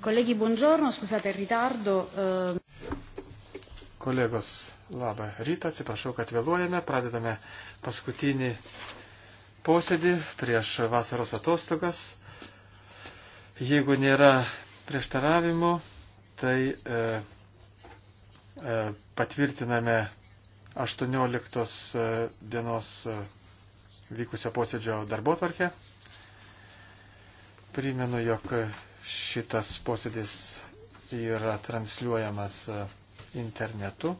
Kolegi, buongiorno, scusate il ritardo. Eh. Kolegos, labą rytą, atsiprašau, kad vėluojame, pradedame paskutinį posėdį prieš vasaros atostogas. Jeigu nėra prieštaravimų, tai e, e, patvirtiname 18 e, dienos e, vykusio posėdžio darbo tvarkę. Primenu, jog Šitas posėdis yra transliuojamas e, internetu.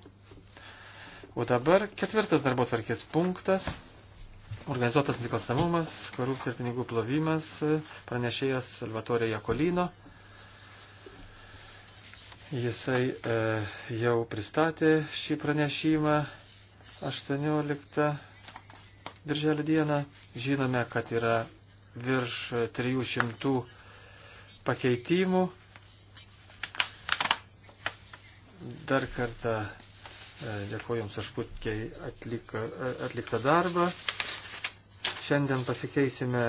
O dabar ketvirtas darbo tvarkės punktas - organizuotas nusikalstamumas, korupcija ir pinigų plovimas, e, pranešėjas Salvatore Jakolino. Jisai e, jau pristatė šį pranešimą 18 birželio dieną. Žinome, kad yra virš 300 pakeitimų. Dar kartą e, dėkoju Jums už putkiai e, atliktą darbą. Šiandien pasikeisime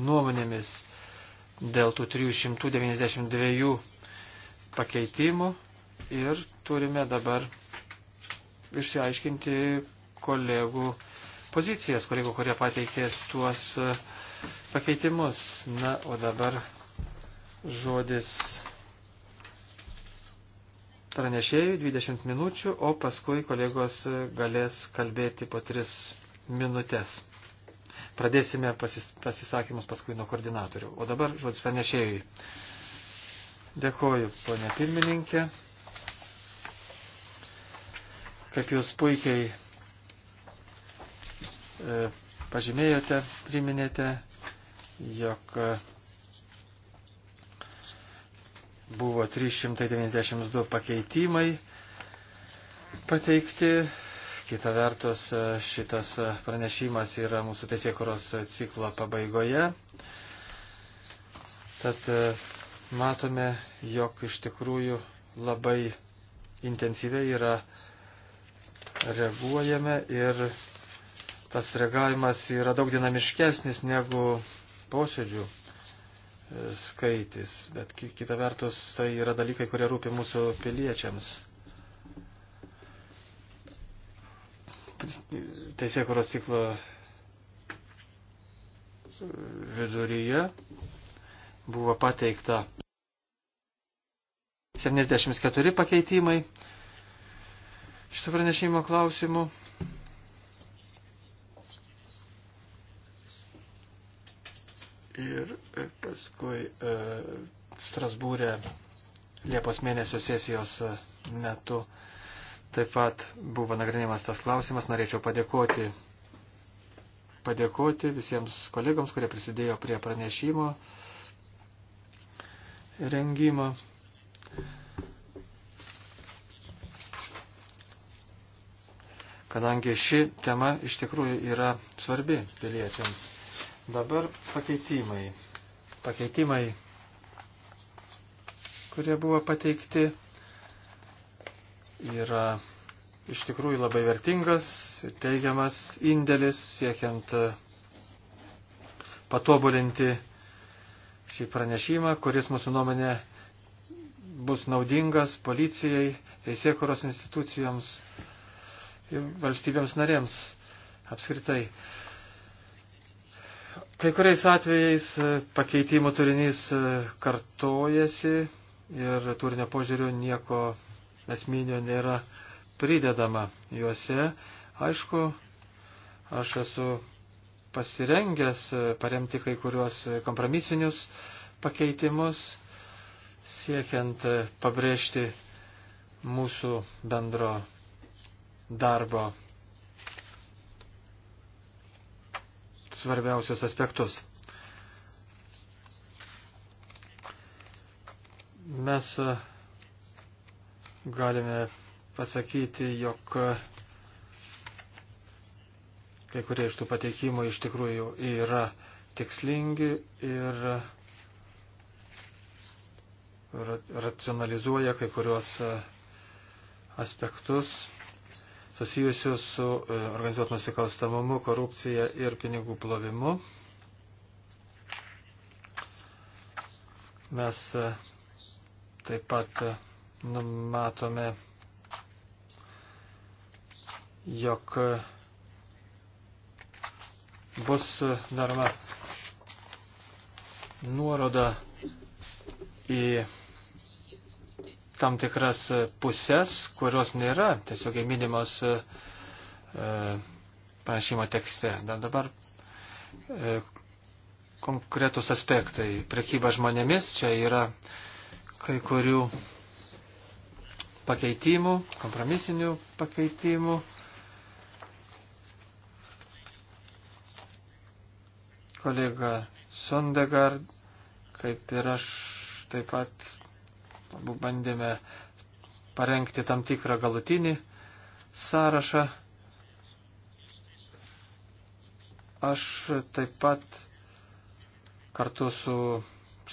nuomonėmis dėl tų 392 pakeitimų ir turime dabar išsiaiškinti kolegų pozicijas, kolegų, kurie pateikė tuos e, pakeitimus. Na, o dabar žodis pranešėjų 20 minučių, o paskui kolegos galės kalbėti po 3 minutės. Pradėsime pasis, pasisakymus paskui nuo koordinatorių. O dabar žodis pranešėjui. Dėkoju, ponė pirmininkė. Kaip jūs puikiai e, pažymėjote, priminėte, jog e, Buvo 392 pakeitimai pateikti. Kita vertus, šitas pranešimas yra mūsų teisėkuros ciklo pabaigoje. Tad e, matome, jog iš tikrųjų labai intensyviai yra reaguojame ir tas reagavimas yra daug dinamiškesnis negu posėdžių skaitis, bet kita vertus tai yra dalykai, kurie rūpi mūsų piliečiams. Teisėkuros ciklo viduryje buvo pateikta 74 pakeitimai šito pranešimo klausimų ir e, paskui e, Strasbūrė Liepos mėnesio sesijos e, metu taip pat buvo nagrinimas tas klausimas. Norėčiau padėkoti, padėkoti visiems kolegams, kurie prisidėjo prie pranešimo rengimo. Kadangi ši tema iš tikrųjų yra svarbi piliečiams. Dabar pakeitimai. Pakeitimai, kurie buvo pateikti, yra iš tikrųjų labai vertingas ir teigiamas indėlis siekiant patobulinti šį pranešimą, kuris mūsų nuomonė bus naudingas policijai, teisėkuros institucijoms, valstybėms narėms apskritai. Kai kuriais atvejais e, pakeitimų turinys e, kartojasi ir turinio požiūriu nieko esminio nėra pridedama juose. Aišku, aš esu pasirengęs e, paremti kai kuriuos kompromisinius pakeitimus, siekiant pabrėžti mūsų bendro darbo svarbiausius aspektus. Mes e, galime pasakyti, jog kai kurie iš tų pateikimų iš tikrųjų yra tikslingi ir racionalizuoja kai kuriuos e, aspektus susijusių su e, organizuotų nusikalstamumu, korupcija ir pinigų plovimu. Mes e, taip pat e, numatome, jog bus daroma nuoroda į tam tikras e, pusės, kurios nėra tiesiog minimos e, e prašymo tekste. Da, dabar e, konkretus aspektai. Prekyba žmonėmis, čia yra kai kurių pakeitimų, kompromisinių pakeitimų. Kolega Sondegard, kaip ir aš taip pat abu bandėme parengti tam tikrą galutinį sąrašą. Aš taip pat kartu su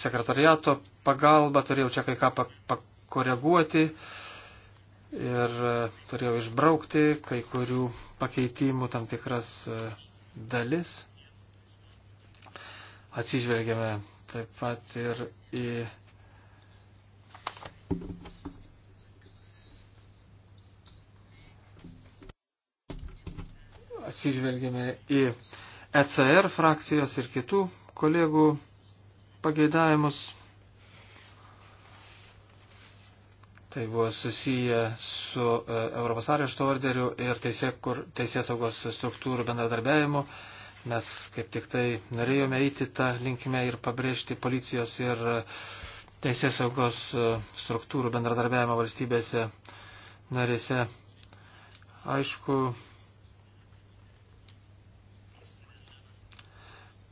sekretariato pagalba turėjau čia kai ką pakoreguoti ir e, turėjau išbraukti kai kurių pakeitimų tam tikras e, dalis. Atsižvelgėme taip pat ir į atsižvelgėme į ECR frakcijos ir kitų kolegų pageidavimus. Tai buvo susiję su e, Europos arešto orderiu ir teisės saugos struktūrų bendradarbiavimu. Mes kaip tik tai norėjome eiti tą linkmę ir pabrėžti policijos ir e, teisės saugos e, struktūrų bendradarbiavimą valstybėse narėse. Aišku,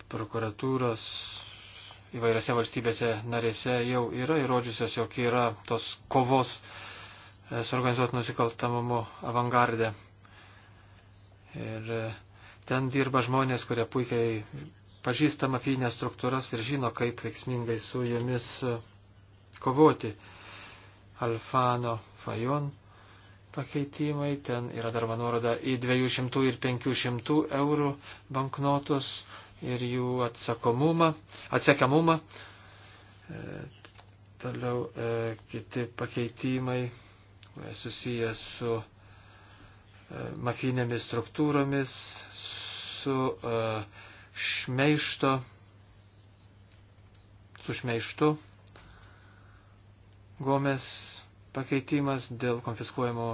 prokuratūros įvairiose valstybėse narėse jau yra įrodžiusios, jog yra tos kovos e, su organizuotų nusikaltamumu avangardė. Ir e, ten dirba žmonės, kurie puikiai pažįsta mafijinės struktūras ir žino, kaip veiksmingai su jomis e, kovoti. Alfano Fajon pakeitimai, ten yra dar nuoroda į 200 ir 500 eurų banknotus ir jų atsakomumą, atsekamumą. E, toliau e, kiti pakeitimai e, susiję su e, mafinėmis struktūromis, su e, šmeišto, su šmeištu. Gomes pakeitimas dėl konfiskuojamo,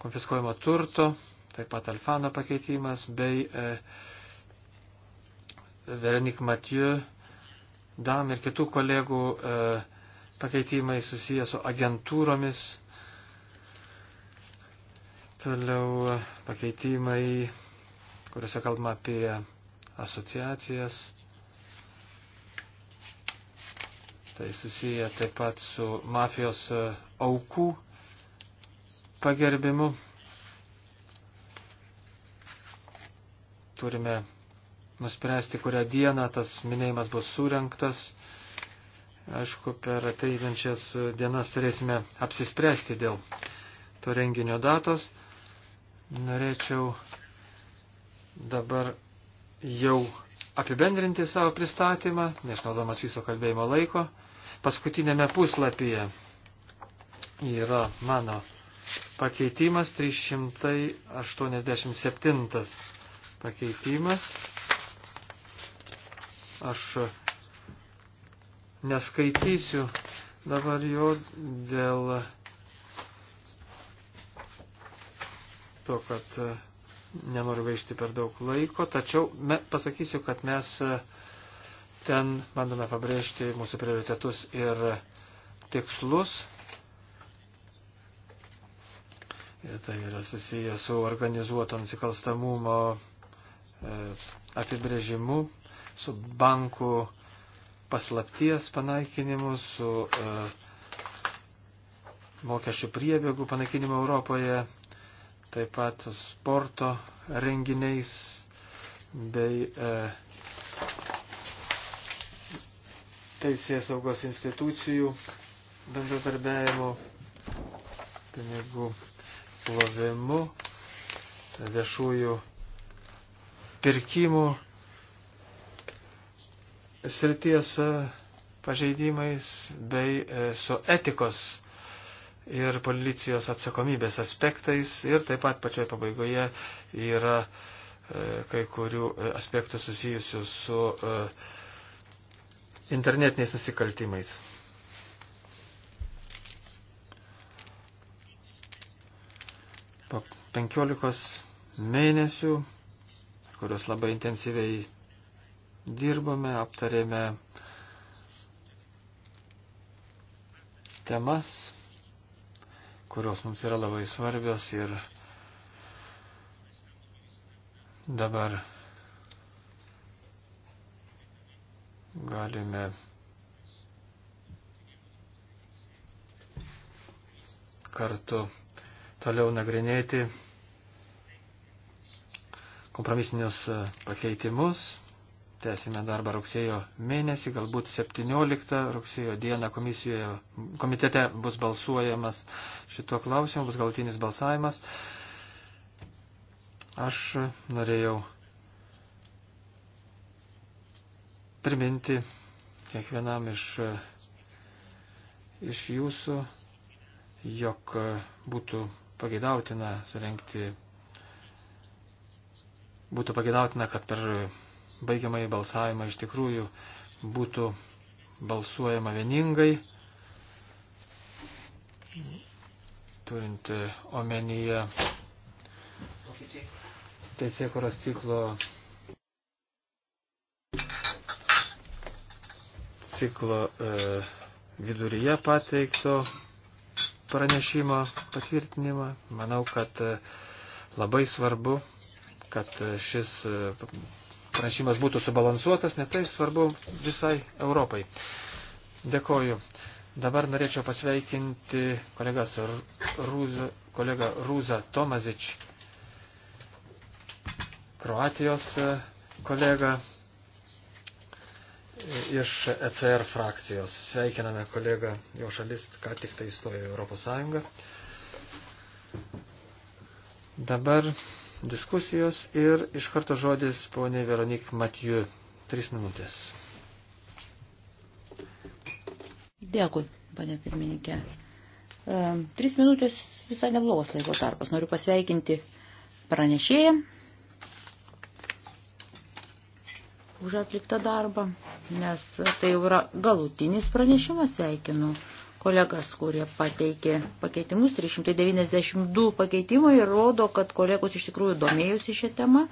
konfiskuojamo turto, taip pat Alfano pakeitimas bei e, Veronik Matiju, Dam ir kitų kolegų e, pakeitimai susiję su agentūromis. Toliau e, pakeitimai, kuriuose kalbama apie asociacijas. Tai susiję taip pat su mafijos e, aukų pagerbimu. Turime nuspręsti, kurią dieną tas minėjimas bus surinktas. Aišku, per ateinančias dienas turėsime apsispręsti dėl to renginio datos. Norėčiau dabar jau apibendrinti savo pristatymą, nešnaudomas viso kalbėjimo laiko. Paskutinėme puslapyje yra mano pakeitimas 387 pakeitimas. Aš neskaitysiu dabar jo dėl to, kad e, nenoriu gaišti per daug laiko, tačiau me, pasakysiu, kad mes e, ten bandome pabrėžti mūsų prioritetus ir tikslus. Ir tai yra susiję su organizuoto nusikalstamumo e, apibrėžimu su bankų paslapties panaikinimu, su uh, mokesčių priebėgų panaikinimu Europoje, taip pat su sporto renginiais bei uh, e, teisės saugos institucijų bendradarbiavimu, pinigų plovimu, viešųjų pirkimų srities e, pažeidimais bei e, su etikos ir policijos atsakomybės aspektais ir taip pat pačioje pabaigoje yra e, kai kurių aspektų susijusių su internetiniais nusikaltimais. Po 15 mėnesių, kurios labai intensyviai dirbome, aptarėme temas, kurios mums yra labai svarbios ir dabar galime kartu toliau nagrinėti kompromisinius pakeitimus, Tęsime darbą rugsėjo mėnesį, galbūt 17 rugsėjo dieną komisijoje, komitete bus balsuojamas šituo klausimu, bus galtinis balsavimas. Aš norėjau priminti kiekvienam iš, iš jūsų, jog būtų pagėdautina surenkti, būtų pagėdautina, kad per baigiamąjį balsavimą iš tikrųjų būtų balsuojama vieningai, turint e, omenyje teisėkuros ciklo ciklo e, viduryje pateikto pranešimo patvirtinimą. Manau, kad e, labai svarbu, kad e, šis e, pranešimas būtų subalansuotas, netai svarbu visai Europai. Dėkoju. Dabar norėčiau pasveikinti kolegas Rūza, kolega Rūza Tomazič, Kroatijos e, kolega e, iš ECR frakcijos. Sveikiname kolegą, jo šalis ką tik tai įstojo į Europos Sąjungą. Dabar diskusijos ir iš karto žodis poniai Veronik Matijų. Tris minutės. Dėkui, panė pirmininkė. E, tris minutės visai neblogas laiko tarpas. Noriu pasveikinti pranešėją už atliktą darbą, nes tai yra galutinis pranešimas, sveikinu kolegas, kurie pateikė pakeitimus. 392 pakeitimai rodo, kad kolegos iš tikrųjų domėjusi šią temą.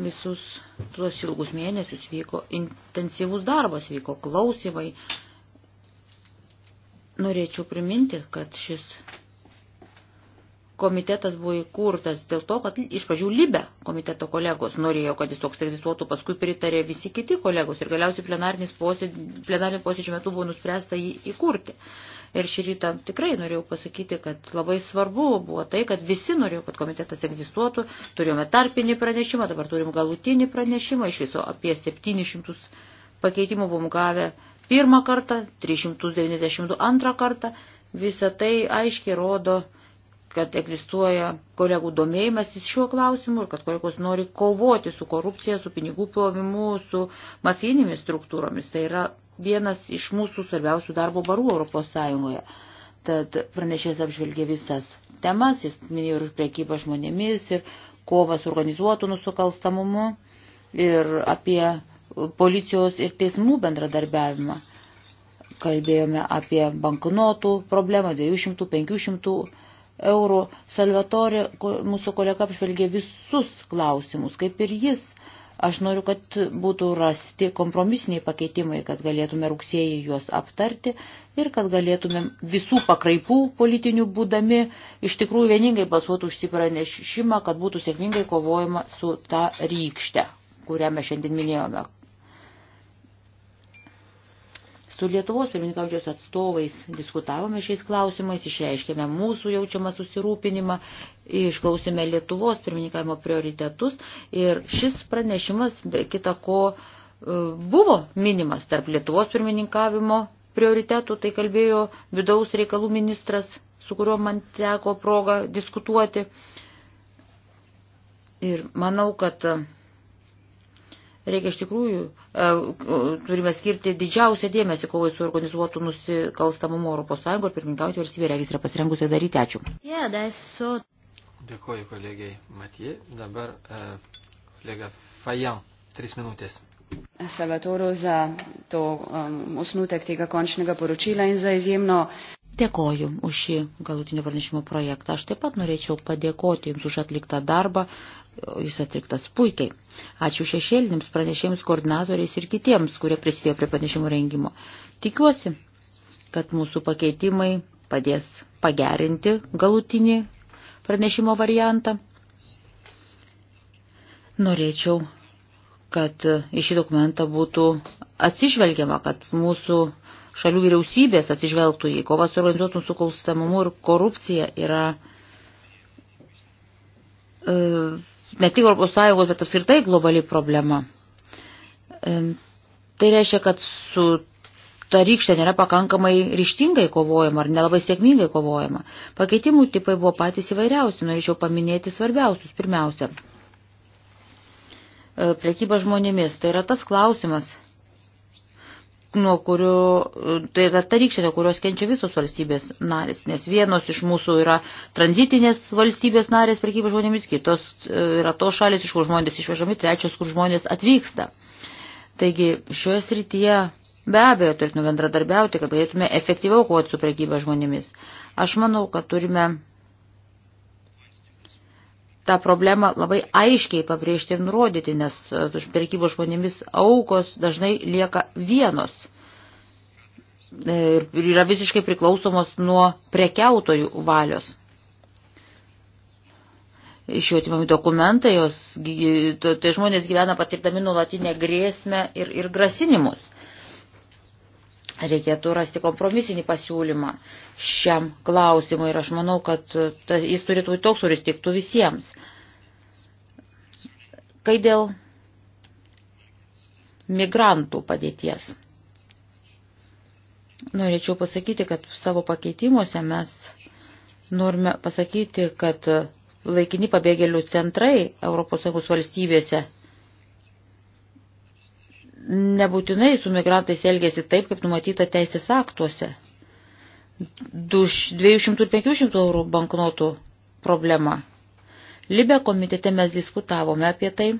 Visus tuos ilgus mėnesius vyko intensyvus darbas, vyko klausimai. Norėčiau priminti, kad šis komitetas buvo įkurtas dėl to, kad iš pradžių Libe komiteto kolegos norėjo, kad jis toks egzistuotų, paskui pritarė visi kiti kolegos ir galiausiai plenarnis plenarnių posėdžių metu buvo nuspręsta jį įkurti. Ir šį rytą tikrai norėjau pasakyti, kad labai svarbu buvo tai, kad visi norėjo, kad komitetas egzistuotų. Turėjome tarpinį pranešimą, dabar turim galutinį pranešimą, iš viso apie 700 pakeitimų buvom gavę pirmą kartą, 392 antrą kartą. Visą tai aiškiai rodo, kad egzistuoja kolegų domėjimasis šiuo klausimu ir kad kolegos nori kovoti su korupcija, su pinigų plovimu, su mafinėmis struktūromis. Tai yra vienas iš mūsų svarbiausių darbo barų Europos Sąjungoje. Tad pranešės apžvelgė visas temas, jis minėjo ir priekybą žmonėmis, ir kovą su organizuotu nusikalstamumu, ir apie policijos ir teismų bendradarbiavimą. Kalbėjome apie banknotų problemą 200-500 eurų. Salvatore, mūsų kolega apžvelgė visus klausimus, kaip ir jis. Aš noriu, kad būtų rasti kompromisiniai pakeitimai, kad galėtume rugsėjį juos aptarti ir kad galėtume visų pakraipų politinių būdami iš tikrųjų vieningai balsuotų už pranešimą, kad būtų sėkmingai kovojama su ta rykšte, kurią mes šiandien minėjome, Su Lietuvos pirmininkaujančios atstovais diskutavome šiais klausimais, išreiškėme mūsų jaučiamą susirūpinimą, išklausėme Lietuvos pirmininkavimo prioritetus ir šis pranešimas, be kita ko, e, buvo minimas tarp Lietuvos pirmininkavimo prioritetų, tai kalbėjo vidaus reikalų ministras, su kuriuo man teko progą diskutuoti. Ir manau, kad Reikia iš tikrųjų, e, turime skirti didžiausią dėmesį kovai su organizuotu nusikalstamumu Europos Sąjungo ir pirmininkauti valstybė registrą pasirengusią daryti. Ačiū. Yeah, so... Dėkuoju kolegiai Matijai. Dabar uh, kolega Fajan, tris minutės. Salvatoru za to um, osnutek tega končnega poročila in za izjemno Dėkoju už šį galutinio pranešimo projektą. Aš taip pat norėčiau padėkoti Jums už atliktą darbą. Jis atliktas puikiai. Ačiū šešėlinėms pranešėjams, koordinatoriais ir kitiems, kurie prisidėjo prie pranešimų rengimo. Tikiuosi, kad mūsų pakeitimai padės pagerinti galutinį pranešimo variantą. Norėčiau, kad į šį dokumentą būtų atsižvelgiama, kad mūsų šalių vyriausybės atsižvelgtų į kovą su organizuotų sukalstamumu ir korupcija yra e, ne tik Europos Sąjungos, bet apskritai globali problema. E, tai reiškia, kad su ta rykštė nėra pakankamai ryštingai kovojama ar nelabai sėkmingai kovojama. Pakeitimų tipai buvo patys įvairiausi, norėčiau paminėti svarbiausius. Pirmiausia, e, prekyba žmonėmis. Tai yra tas klausimas, nuo kurio, tai yra tarykštė, nuo kurios kenčia visos valstybės narės, nes vienos iš mūsų yra tranzitinės valstybės narės prekybos žmonėmis, kitos e, yra tos šalis, iš kur žmonės išvežami, trečios, kur žmonės atvyksta. Taigi šioje srityje be abejo turėtume bendradarbiauti, kad galėtume efektyviau kovoti su prekyba žmonėmis. Aš manau, kad turime tą problemą labai aiškiai pabrėžti ir nurodyti, nes e, prekybos žmonėmis aukos dažnai lieka vienos e, ir yra visiškai priklausomos nuo prekiautojų valios. Iš jų atimami dokumentai, jos, tai žmonės gyvena patirdami nulatinę grėsmę ir, ir grasinimus reikėtų rasti kompromisinį pasiūlymą šiam klausimui ir aš manau, kad e, tas, jis turėtų būti toks, kuris tiktų visiems. Kai dėl migrantų padėties. Norėčiau pasakyti, kad savo pakeitimuose mes norime pasakyti, kad laikini pabėgėlių centrai ES valstybėse nebūtinai su migrantais elgėsi taip, kaip numatyta teisės aktuose. 200-500 eurų banknotų problema. Libė komitete mes diskutavome apie tai.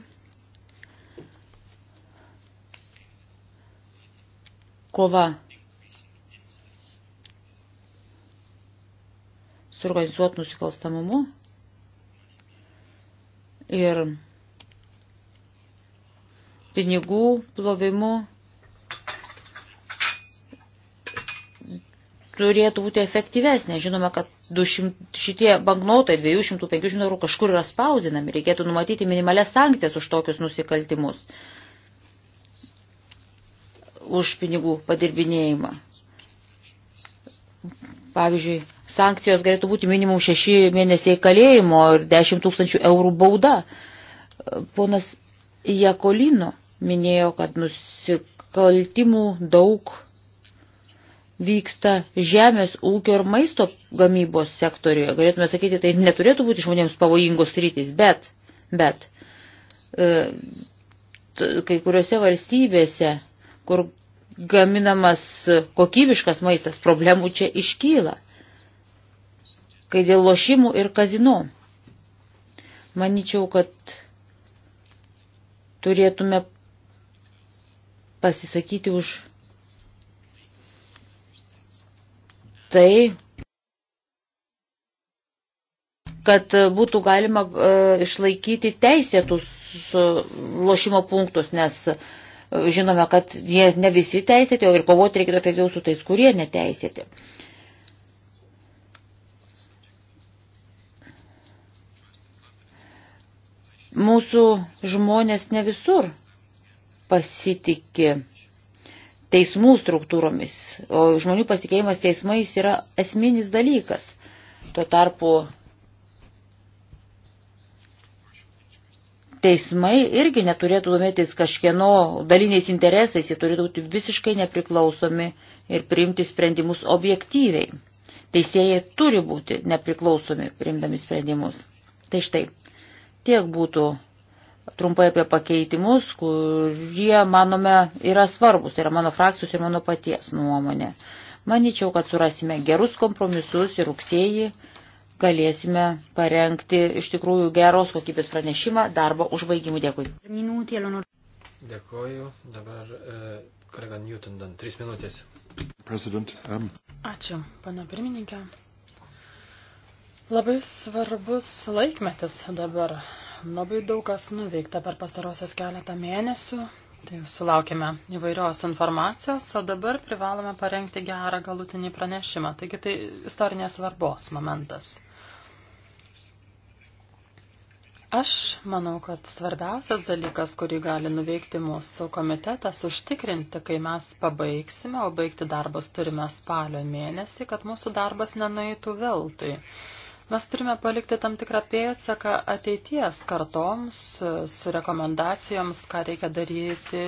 Kova su organizuotų nusikalstamumu ir pinigų plovimu turėtų būti efektyvesnė. Žinoma, kad 200, šitie banknotai 200-500 eurų kažkur yra spausdinami. Reikėtų numatyti minimalias sankcijas už tokius nusikaltimus, už pinigų padirbinėjimą. Pavyzdžiui, sankcijos galėtų būti minimum 6 mėnesiai kalėjimo ir 10 tūkstančių eurų bauda. Ponas Jakolino minėjo, kad nusikaltimų daug vyksta žemės ūkio ir maisto gamybos sektoriuje. Galėtume sakyti, tai neturėtų būti žmonėms pavojingos rytis, bet, bet e, kai kuriuose valstybėse, kur gaminamas kokybiškas maistas, problemų čia iškyla, kai dėl lošimų ir kazino. Manyčiau, kad turėtume pasisakyti už tai, kad būtų galima e, išlaikyti teisėtus e, lošimo punktus, nes e, žinome, kad jie ne visi teisėti, o ir kovoti reikėtų efektyviau su tais, kurie neteisėti. Mūsų žmonės ne visur pasitikė teismų struktūromis, o žmonių pasitikėjimas teismais yra esminis dalykas. Tuo tarpu teismai irgi neturėtų domėtis kažkieno daliniais interesais, jie turėtų būti visiškai nepriklausomi ir priimti sprendimus objektyviai. Teisėjai turi būti nepriklausomi priimdami sprendimus. Tai štai, tiek būtų trumpai apie pakeitimus, kurie, manome, yra svarbus, tai yra mano frakcijos ir mano paties nuomonė. Manyčiau, kad surasime gerus kompromisus ir rugsėjį galėsime parengti iš tikrųjų geros kokybės pranešimą darbo užbaigimų. Dėkui. Dėkuoju. Dabar e, kolega Newton, dan, trys minutės. President, um... Ačiū, pana pirmininkė. Labai svarbus laikmetis dabar. Labai daug kas nuveikta per pastarosios keletą mėnesių. Tai sulaukime įvairios informacijos, o dabar privalome parengti gerą galutinį pranešimą. Taigi tai istorinės svarbos momentas. Aš manau, kad svarbiausias dalykas, kurį gali nuveikti mūsų komitetas, užtikrinti, kai mes pabaigsime, o baigti darbas turime spalio mėnesį, kad mūsų darbas nenueitų veltui. Tai Mes turime palikti tam tikrą pėdsaką ateities kartoms su rekomendacijoms, ką reikia daryti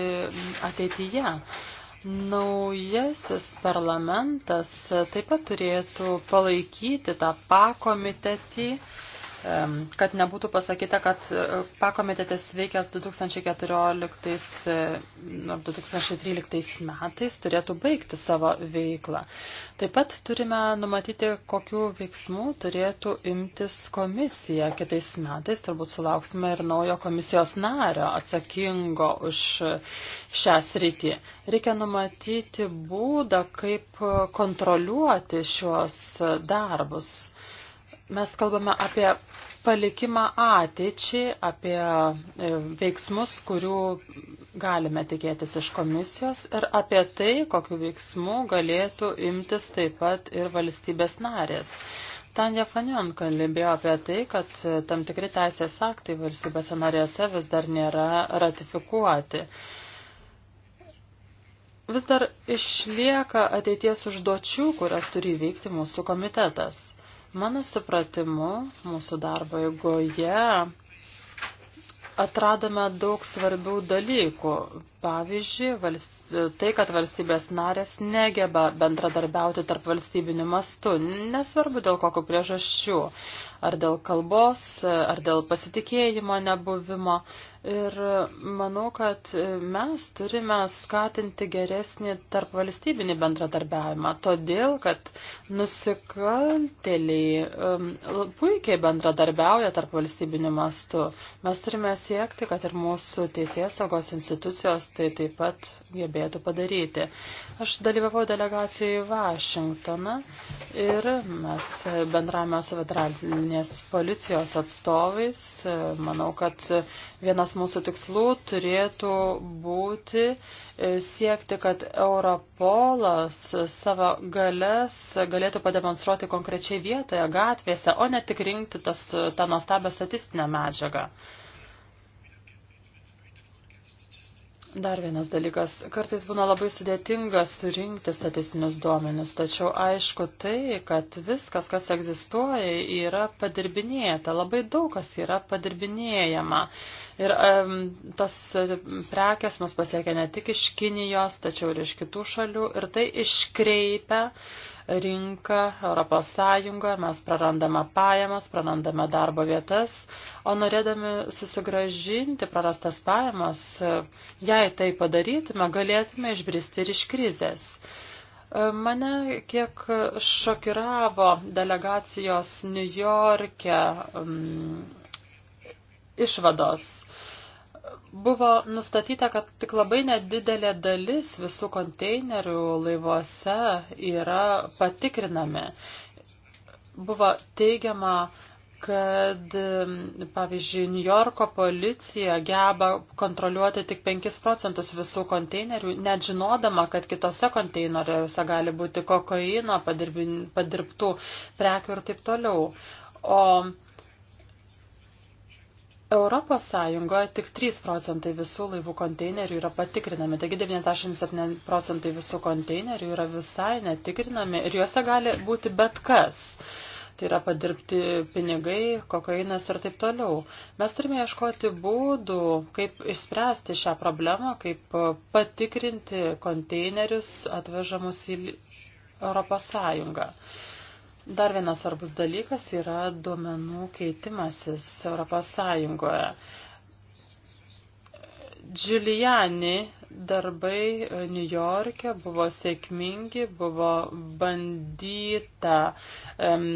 ateityje. Naujasis parlamentas taip pat turėtų palaikyti tą pakomitetį, komitetį kad nebūtų pasakyta, kad e, pakomitėtis veikęs 2014-2013 e, nu, metais turėtų baigti savo veiklą. Taip pat turime numatyti, kokiu veiksmu turėtų imtis komisija kitais metais. Turbūt sulauksime ir naujo komisijos nario atsakingo už šią sritį. Reikia numatyti būdą, kaip kontroliuoti šiuos darbus mes kalbame apie palikimą ateičiai, apie e, veiksmus, kurių galime tikėtis iš komisijos ir apie tai, kokiu veiksmu galėtų imtis taip pat ir valstybės narės. Tanja Fanion kalbėjo apie tai, kad tam tikri teisės aktai valstybėse narėse vis dar nėra ratifikuoti. Vis dar išlieka ateities užduočių, kurias turi veikti mūsų komitetas. Mano supratimu, mūsų darbo eigoje atradome daug svarbių dalykų. Pavyzdžiui, valst... tai, kad valstybės narės negeba bendradarbiauti tarp valstybinių mastų, nesvarbu dėl kokių priežasčių, ar dėl kalbos, ar dėl pasitikėjimo nebuvimo. Ir manau, kad mes turime skatinti geresnį tarp valstybinį bendradarbiavimą, todėl, kad nusikaltėliai um, puikiai bendradarbiauja tarp valstybinių mastų. Mes turime siekti, kad ir mūsų teisės saugos institucijos tai taip pat gebėtų padaryti. Aš dalyvavau delegacijoje į Vašingtoną ir mes bendravome su federalinės policijos atstovais. Manau, kad vienas mūsų tikslų turėtų būti siekti, kad Europolas savo galės galėtų pademonstruoti konkrečiai vietoje, gatvėse, o ne tik rinkti tas, tą nuostabią statistinę medžiagą. Dar vienas dalykas. Kartais būna labai sudėtinga surinkti statistinius duomenis, tačiau aišku tai, kad viskas, kas egzistuoja, yra padirbinėta, labai daug kas yra padirbinėjama. Ir um, tas e, prekes mus pasiekia ne tik iš Kinijos, tačiau ir iš kitų šalių ir tai iškreipia uh, rinką, Europos Sąjungą, mes prarandame pajamas, prarandame darbo vietas, o norėdami susigražinti prarastas pajamas, jei tai padarytume, galėtume išbristi ir iš krizės. Mane kiek šokiravo delegacijos Niujorke um, mm, išvados. Uh, buvo nustatyta, kad tik labai nedidelė dalis visų konteinerių laivuose yra patikrinami. Buvo teigiama, kad, pavyzdžiui, New Yorko policija geba kontroliuoti tik 5 procentus visų konteinerių, net žinodama, kad kitose konteineriuose gali būti kokaino, padirbtų prekių ir taip toliau. O Europos Sąjungoje tik 3 procentai visų laivų konteinerių yra patikrinami, taigi 97 procentai visų konteinerių yra visai netikrinami ir juose gali būti bet kas. Tai yra padirbti pinigai, kokainas ir taip toliau. Mes turime ieškoti būdų, kaip išspręsti šią problemą, kaip patikrinti konteinerius atvežamus į Europos Sąjungą. Dar vienas svarbus dalykas yra duomenų keitimasis Europos Sąjungoje. Giuliani darbai New York'e buvo sėkmingi, buvo bandyta um,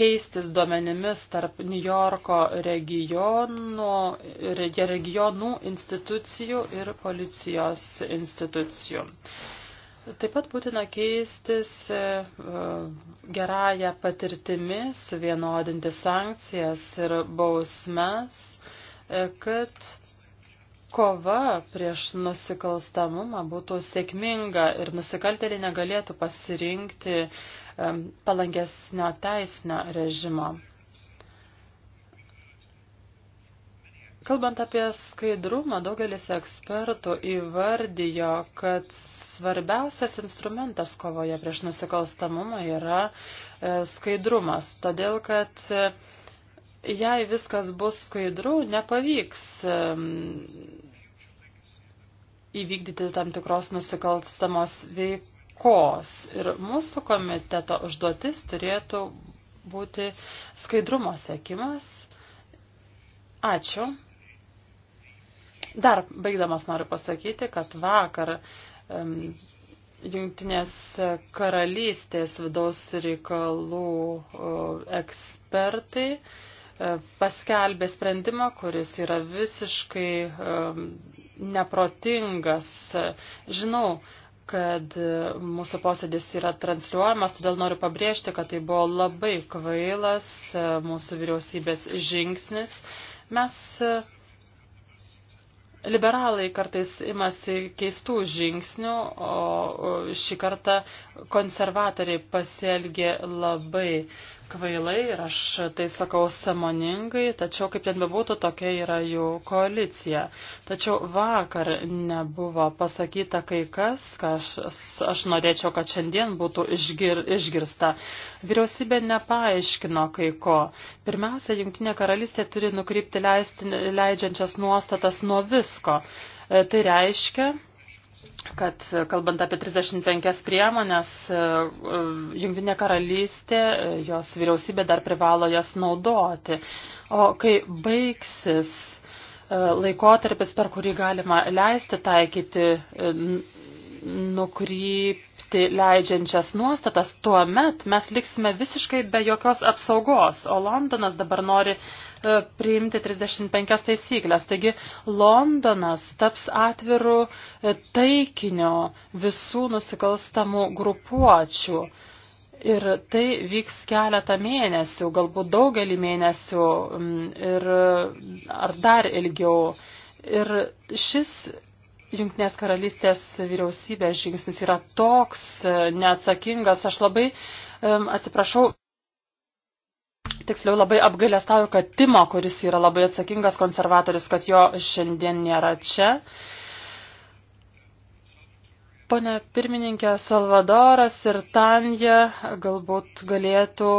keistis duomenimis tarp New Yorko regionų, regionų institucijų ir policijos institucijų. Uh, Taip pat būtina keistis e, e, gerąją patirtimi, suvienodinti sankcijas ir bausmes, e, kad kova prieš nusikalstamumą būtų sėkminga ir nusikaltėliai negalėtų pasirinkti palankesnio teisinio režimo. Kalbant apie skaidrumą, daugelis ekspertų įvardijo, kad svarbiausias instrumentas kovoje prieš nusikalstamumą yra e, skaidrumas, todėl kad e, jei viskas bus skaidru, nepavyks e, įvykdyti tam tikros nusikalstamos veikos. Ir mūsų komiteto užduotis turėtų būti skaidrumo sėkimas. Ačiū. Dar baigdamas noriu pasakyti, kad vakar um, Jungtinės karalystės vidaus reikalų ekspertai e, paskelbė sprendimą, kuris yra visiškai neprotingas. Žinau, kad mūsų posėdis yra transliuojamas, todėl noriu pabrėžti, kad tai buvo labai kvailas e, mūsų vyriausybės žingsnis. Mes Liberalai kartais imasi keistų žingsnių, o šį kartą konservatoriai pasielgė labai kvailai ir aš tai sakau samoningai, tačiau kaip ten bebūtų, tokia yra jų koalicija. Tačiau vakar nebuvo pasakyta kai kas, ką aš, aš norėčiau, kad šiandien būtų išgir, išgirsta. Vyriausybė nepaaiškino kai ko. Pirmiausia, Junktinė karalystė turi nukrypti leisti, leidžiančias nuostatas nuo visko. E, tai reiškia, kad e, kalbant apie 35 priemonės, e, e, Jungtinė karalystė, jos vyriausybė dar privalo jas naudoti. O kai baigsis laikotarpis, per kurį galima leisti taikyti nukrypti leidžiančias nuostatas, tuomet mes liksime visiškai be jokios apsaugos, o Londonas dabar nori E, priimti 35 taisyklės. Taigi Londonas taps atvirų e, taikinio visų nusikalstamų grupuočių. Ir tai vyks keletą mėnesių, galbūt daugelį mėnesių ir, ar dar ilgiau. Ir šis Junktinės karalystės vyriausybės žingsnis yra toks e, neatsakingas. Aš labai um, atsiprašau tiksliau labai apgailestauju, kad Timo, kuris yra labai atsakingas konservatorius, kad jo šiandien nėra čia. Pone pirmininkė, Salvadoras ir Tanja galbūt galėtų,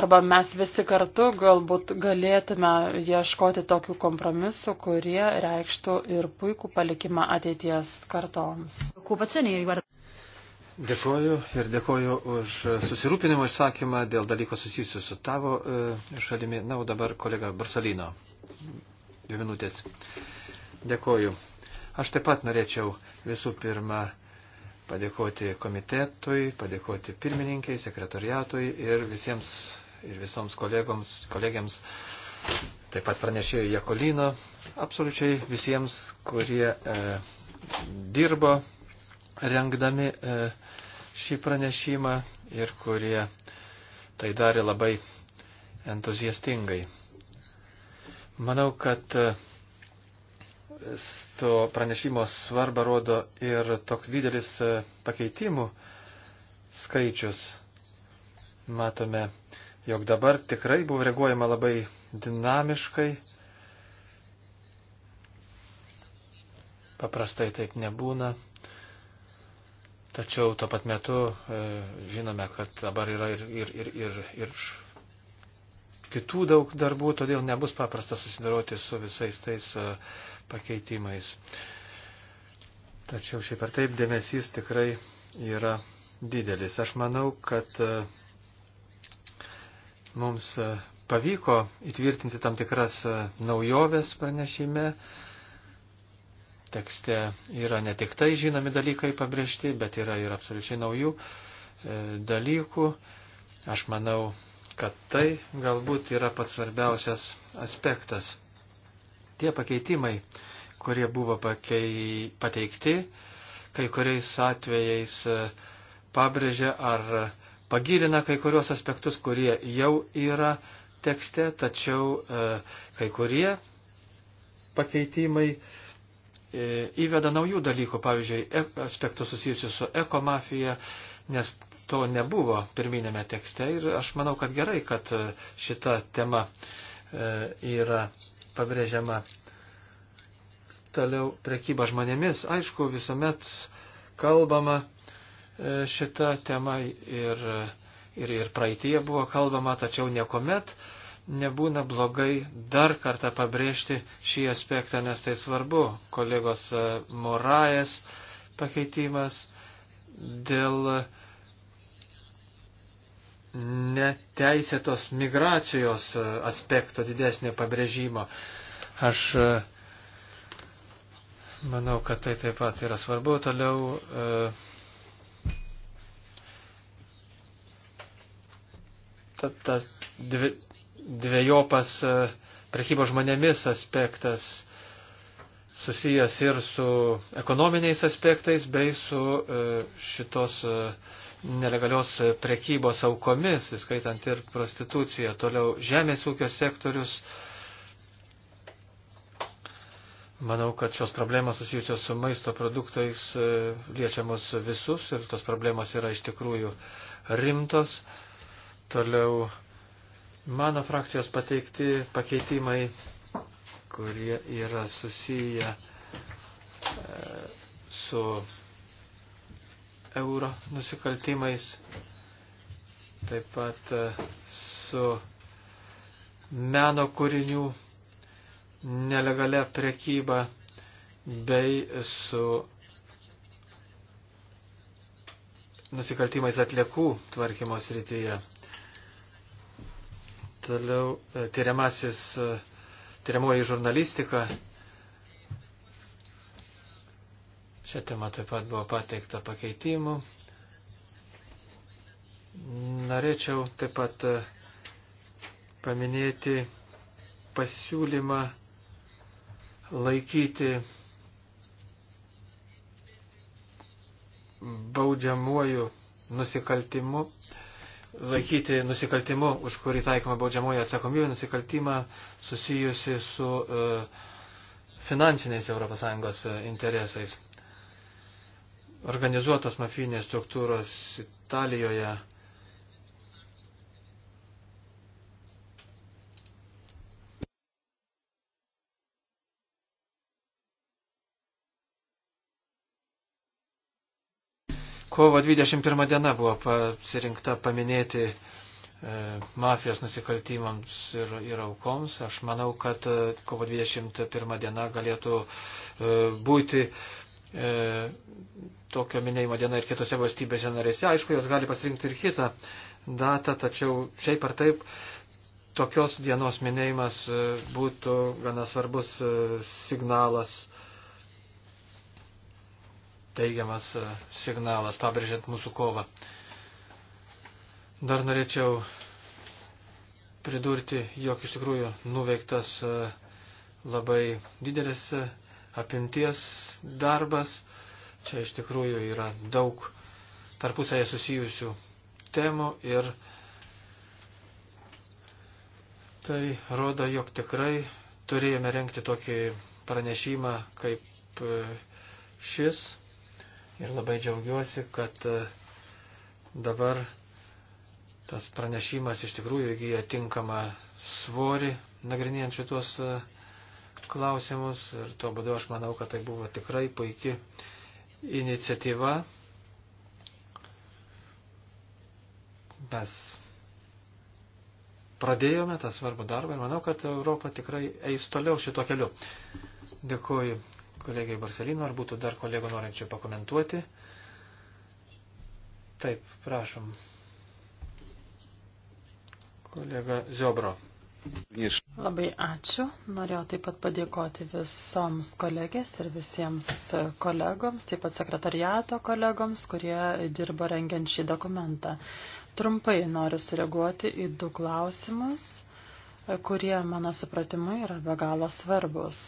arba mes visi kartu galbūt galėtume ieškoti tokių kompromisų, kurie reikštų ir puikų palikimą ateities kartoms. Dėkoju ir dėkoju už susirūpinimo išsakymą dėl dalyko susijusiu su tavo e, šalimi. Na, o dabar kolega Barsalino. Dvi minutės. Dėkoju. Aš taip pat norėčiau visų pirma padėkoti komitetui, padėkoti pirmininkiai, sekretariatui ir visiems ir visoms kolegoms, kolegiams, taip pat pranešėjų Jekolino, absoliučiai visiems, kurie e, dirbo rengdami e, šį pranešimą ir kurie tai darė labai entuziastingai. Manau, kad e, to pranešimo svarbą rodo ir toks didelis e, pakeitimų skaičius. Matome, jog dabar tikrai buvo reaguojama labai dinamiškai. Paprastai taip nebūna. Tačiau tuo pat metu e, žinome, kad dabar yra ir, ir, ir, ir, ir kitų daug darbų, todėl nebus paprasta susidaroti su visais tais e, pakeitimais. Tačiau šiaip ar taip dėmesys tikrai yra didelis. Aš manau, kad e, mums pavyko įtvirtinti tam tikras naujoves pranešime tekste yra ne tik tai žinomi dalykai pabrėžti, bet yra ir absoliučiai naujų e, dalykų. Aš manau, kad tai galbūt yra pats svarbiausias aspektas. Tie pakeitimai, kurie buvo pakei, pateikti, kai kuriais atvejais e, pabrėžia ar pagirina kai kurios aspektus, kurie jau yra tekste, tačiau e, kai kurie pakeitimai E, įveda naujų dalykų, pavyzdžiui, e, aspektų susijusių su ekomafija, nes to nebuvo pirminėme tekste ir aš manau, kad gerai, kad e, šita tema yra pabrėžiama toliau prekyba žmonėmis. Aišku, visuomet kalbama šita tema ir, ir, ir praeitie buvo kalbama, tačiau niekuomet nebūna blogai dar kartą pabrėžti šį aspektą, nes tai svarbu. Kolegos e, Morajas pakeitimas dėl neteisėtos migracijos e, aspekto didesnio pabrėžimo. Aš e, manau, kad tai taip pat yra svarbu. Toliau ta, ta dvi, dviejopas e, prekybos žmonėmis aspektas susijęs ir su ekonominiais aspektais, bei su e, šitos e, nelegalios prekybos aukomis, įskaitant ir prostituciją. Toliau žemės ūkio sektorius. Manau, kad šios problemos susijusios su maisto produktais liečiamos visus ir tos problemos yra iš tikrųjų rimtos. Toliau Mano frakcijos pateikti pakeitimai, kurie yra susiję e, su euro nusikaltimais, taip pat e, su meno kūrinių nelegalia prekyba bei su nusikaltimais atliekų tvarkymo srityje. Toliau e, tyriamasis, e, tyriamoji žurnalistika. Šią temą taip pat buvo pateikta pakeitimų. Norėčiau taip pat e, paminėti pasiūlymą laikyti baudžiamuoju nusikaltimu laikyti nusikaltimu, už kurį taikoma baudžiamoji atsakomybė, nusikaltimą susijusi su e, finansiniais ES e, interesais. Organizuotos mafinės struktūros Italijoje Kovo 21 diena buvo pasirinkta paminėti e, mafijos nusikaltimams ir, ir aukoms. Aš manau, kad e, kovo 21 diena galėtų e, būti tokio minėjimo diena ir kitose valstybėse narėse. Aišku, jos gali pasirinkti ir kitą datą, tačiau šiaip ar taip tokios dienos minėjimas būtų gana svarbus signalas teigiamas e, signalas, pabrėžiant mūsų kovą. Dar norėčiau pridurti, jog iš tikrųjų nuveiktas e, labai didelis e, apimties darbas. Čia iš tikrųjų yra daug tarpusąje susijusių temų ir tai rodo, jog tikrai turėjome renkti tokį pranešimą kaip šis ir labai džiaugiuosi, kad e, dabar tas pranešimas iš tikrųjų įgyja tinkamą svorį, nagrinėjant šitos e, klausimus ir tuo būdu aš manau, kad tai buvo tikrai puikia iniciatyva. Mes pradėjome tą svarbų darbą ir manau, kad Europa tikrai eis toliau šito keliu. Dėkuoju kolegai Barcelino, ar būtų dar kolego norinčių pakomentuoti. Taip, prašom. Kolega Ziobro. Labai ačiū. Norėjau taip pat padėkoti visoms kolegės ir visiems kolegoms, taip pat sekretariato kolegoms, kurie dirba rengiant šį dokumentą. Trumpai noriu sureaguoti į du klausimus, kurie mano supratimu yra be galo svarbus.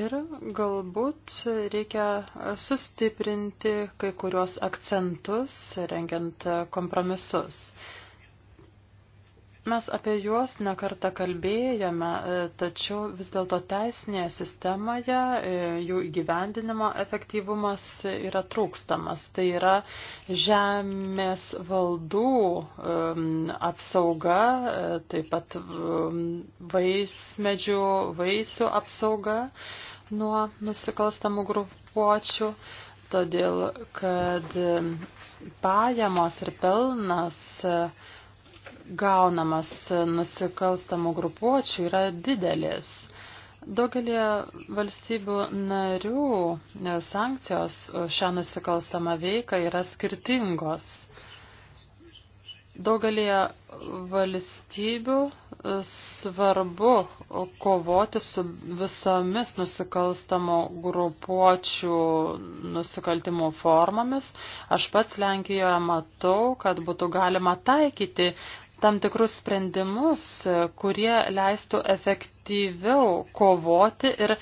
Ir galbūt reikia sustiprinti kai kurios akcentus, rengiant kompromisus. Mes apie juos nekartą kalbėjome, e, tačiau vis dėlto teisinėje sistemoje e, jų įgyvendinimo efektyvumas yra trūkstamas. Tai yra žemės valdų e, apsauga, taip pat vaismedžių, vaisių apsauga nuo nusikalstamų grupuočių, todėl kad pajamos ir pelnas gaunamas nusikalstamų grupuočių yra didelis. Daugelį valstybių narių e, sankcijos šią nusikalstamą veiką yra skirtingos. Daugelį valstybių e, svarbu kovoti su visomis nusikalstamo grupuočių nusikaltimų formomis. Aš pats Lenkijoje matau, kad būtų galima taikyti tam tikrus sprendimus, kurie leistų efektyviau kovoti ir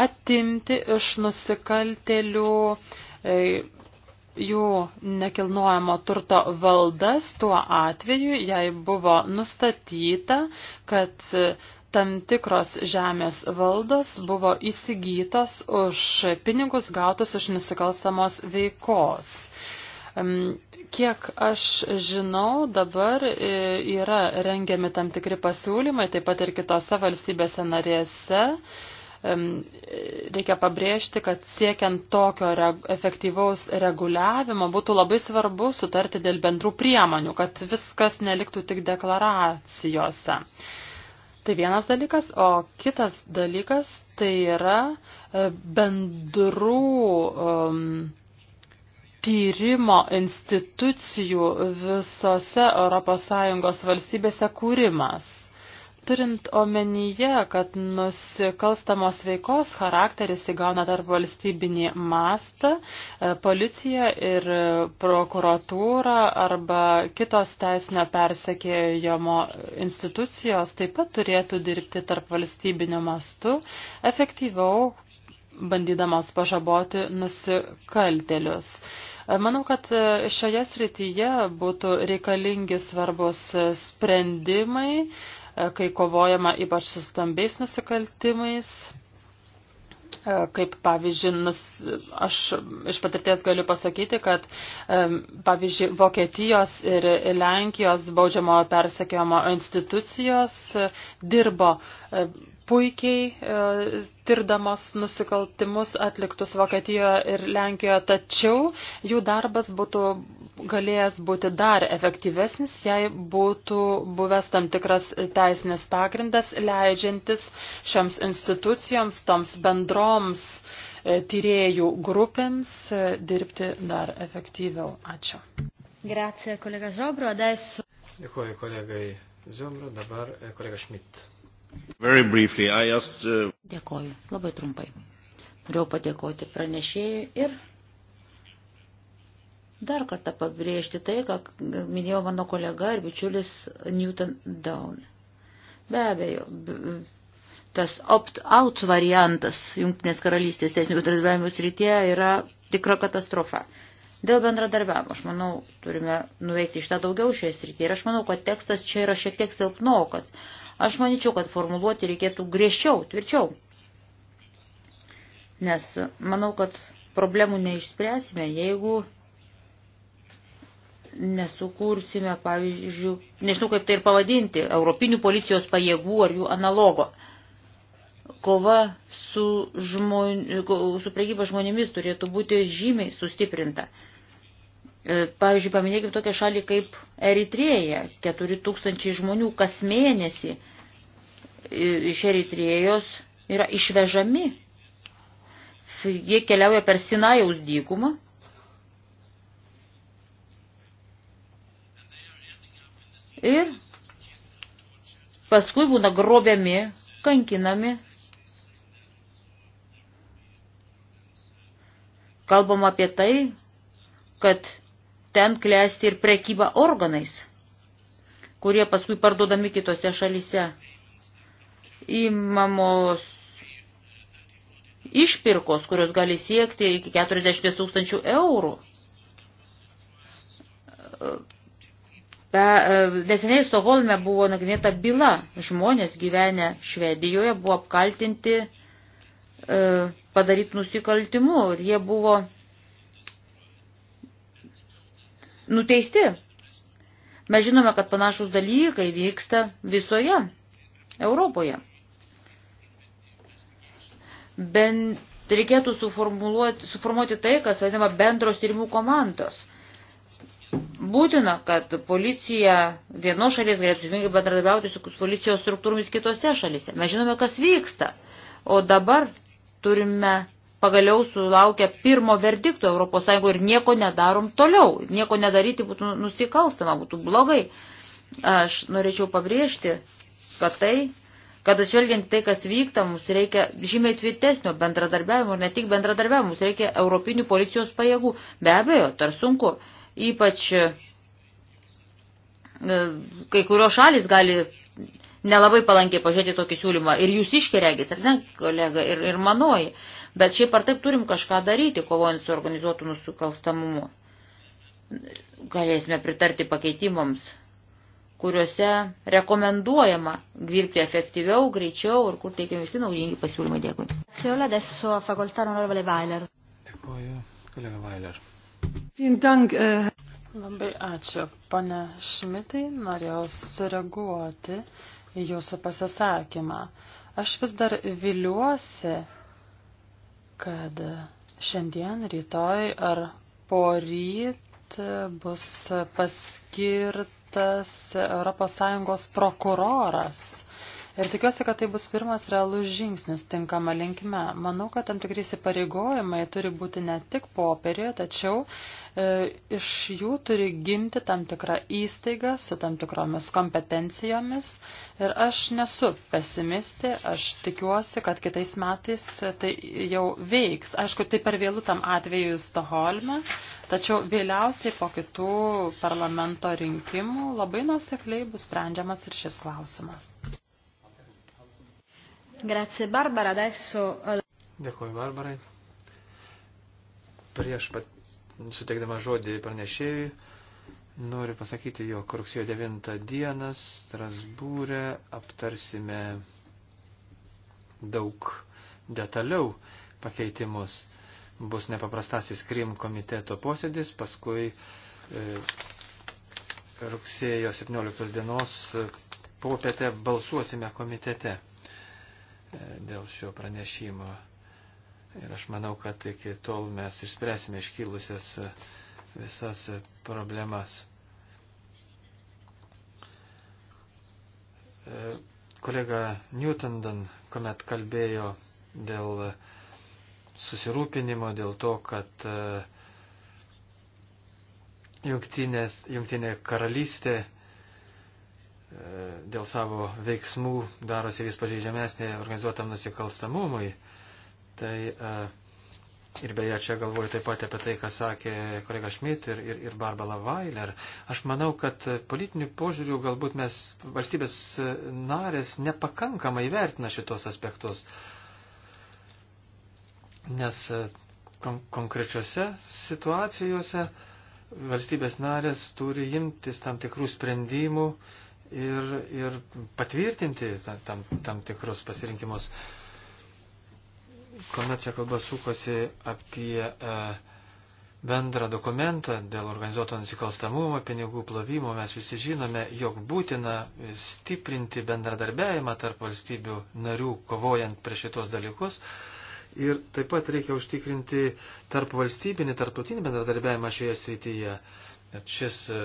atimti iš nusikaltelių e, jų nekilnojamo turto valdas tuo atveju, jei buvo nustatyta, kad e, tam tikros žemės valdos buvo įsigytos už pinigus gautus iš nusikalstamos veikos Kiek aš žinau, dabar e, yra rengiami tam tikri pasiūlymai, taip pat ir kitose valstybėse narėse. Reikia pabrėžti, kad siekiant tokio reg efektyvaus reguliavimo būtų labai svarbu sutarti dėl bendrų priemonių, kad viskas neliktų tik deklaracijose. Tai vienas dalykas, o kitas dalykas tai yra e, bendrų um, tyrimo institucijų visose ES valstybėse kūrimas. Turint omenyje, kad nusikalstamos veikos charakteris įgauna tarp valstybinį mastą, e, policija ir prokuratūra arba kitos teisinio persekėjimo institucijos taip pat turėtų dirbti tarp valstybinių mastų efektyviau bandydamos pažaboti nusikaltelius. Manau, kad e, šioje srityje būtų reikalingi svarbus e, sprendimai, e, kai kovojama ypač su stambiais nusikaltimais. Kaip pavyzdžiui, nus, aš iš patirties galiu pasakyti, kad pavyzdžiui, Vokietijos ir Lenkijos baudžiamo persekiojimo institucijos dirbo puikiai e, tirdamos nusikaltimus atliktus Vokietijoje ir Lenkijoje, tačiau jų darbas būtų galėjęs būti dar efektyvesnis, jei būtų buvęs tam tikras teisinis pagrindas, leidžiantis šioms institucijoms, toms bendroms e, tyriejų grupėms e, dirbti dar efektyviau. Ačiū. Grazie, kolega Žobro. Adesso... Dėkuoju kolegai Žobro, dabar kolega Šmit. Briefly, asked, uh... Dėkoju, labai trumpai. Norėjau padėkoti pranešėjui ir dar kartą pabrėžti tai, ką minėjo mano kolega ir bičiulis Newton Down. Be abejo, tas opt-out variantas Junktinės karalystės teisinių bendradarbiavimų srityje yra tikra katastrofa. Dėl bendradarbiavimo, aš manau, turime nuveikti šitą daugiau šioje srityje ir aš manau, kad tekstas čia yra šiek tiek silpnokas. Aš manyčiau, kad formuluoti reikėtų griežčiau, tvirčiau. Nes manau, kad problemų neišspręsime, jeigu nesukursime, pavyzdžiui, nežinau kaip tai ir pavadinti, europinių policijos pajėgų ar jų analogo. Kova su, žmon, su prekyba žmonėmis turėtų būti žymiai sustiprinta. E, pavyzdžiui, paminėkime tokią šalį kaip Eritrėja, 4000 žmonių kas mėnesį iš Eritrėjos yra išvežami. Jie keliauja per Sinajaus dykumą. Ir paskui būna grobiami, kankinami. Kalbam apie tai, kad ten klesti ir prekyba organais, kurie paskui parduodami kitose šalyse įmamos išpirkos, kurios gali siekti iki 40 tūkstančių eurų. Neseniai Stoholme buvo nagrinėta byla. Žmonės gyvenę Švedijoje buvo apkaltinti e, padaryti nusikaltimu ir jie buvo nuteisti. Mes žinome, kad panašus dalykai vyksta visoje Europoje ben, reikėtų suformuoti tai, kas vadinama bendros tyrimų komandos. Būtina, kad policija vienos šalies galėtų žymingai bendradarbiauti su policijos struktūromis kitose šalise. Mes žinome, kas vyksta. O dabar turime pagaliau sulaukę pirmo verdikto ES ir nieko nedarom toliau. Nieko nedaryti būtų nusikalstama, būtų blogai. Aš norėčiau pabrėžti, kad tai kad atžvelgiant tai, kas vyksta, mums reikia žymiai tvirtesnio bendradarbiavimo, ne tik bendradarbiavimo, mums reikia europinių policijos pajėgų. Be abejo, tar sunku, ypač e, kai kurios šalis gali nelabai palankiai pažiūrėti tokį siūlymą ir jūs iškeregis, ar ne, kolega, ir, ir manoji. Bet šiaip ar taip turim kažką daryti, kovojant su organizuotu nusikalstamumu. Galėsime pritarti pakeitimams kuriuose rekomenduojama dirbti efektyviau, greičiau ir kur teikiami visi naudingi pasiūlymai. Dėkui. Dėkuoju, kolega Vailer. Äh, Labai ačiū, pane Šmitai, norėjau sureaguoti į jūsų pasisakymą. Aš vis dar viliuosi, kad šiandien, rytoj ar poryt bus paskirt paskirtas ES prokuroras. Ir tikiuosi, kad tai bus pirmas realus žingsnis tinkama linkme. Manau, kad tam tikrai įsipareigojimai turi būti ne tik popierioje, tačiau e, iš jų turi gimti tam tikrą įstaigą su tam tikromis kompetencijomis. Ir aš nesu pesimistė, aš tikiuosi, kad kitais metais tai jau veiks. Aišku, tai per vėlų tam atveju Stoholme, Tačiau vėliausiai po kitų parlamento rinkimų labai nusekliai bus sprendžiamas ir šis klausimas. Grazie Barbara, adesso... Eh, Dėkuoju Barbarai. Prieš pat suteikdama žodį pranešėjui, noriu pasakyti, jog rugsėjo 9 dieną Strasbūrė aptarsime daug detaliau pakeitimus. Bus nepaprastasis Krim komiteto posėdis, paskui e, rugsėjo 17 dienos popietę balsuosime komitete dėl šio pranešimo. Ir aš manau, kad iki tol mes išspręsime iškilusias e, visas e, problemas. E, kolega Newtondon, kuomet kalbėjo dėl susirūpinimo, dėl to, kad jungtinės, jungtinė karalystė dėl savo veiksmų darosi vis pažeidžiamesnė organizuotam nusikalstamumui. Tai e, ir beje čia galvoju taip pat apie tai, ką sakė kolega Šmit ir, ir, ir Barbara Vailer. Aš manau, kad politinių požiūrių galbūt mes valstybės narės nepakankamai vertina šitos aspektus. Nes e, kon konkrečiose situacijose valstybės narės turi imtis tam tikrų sprendimų, uh, ir, ir patvirtinti tam, tam tikrus pasirinkimus. Kuomet čia kalba sukosi apie e, bendrą dokumentą dėl organizuoto nusikalstamumo, pinigų plovimo, mes visi žinome, jog būtina stiprinti bendradarbiavimą tarp valstybių narių, kovojant prieš šitos dalykus. Ir taip pat reikia užtikrinti tarp valstybinį, tarptautinį bendradarbiavimą šioje srityje. Net šis e,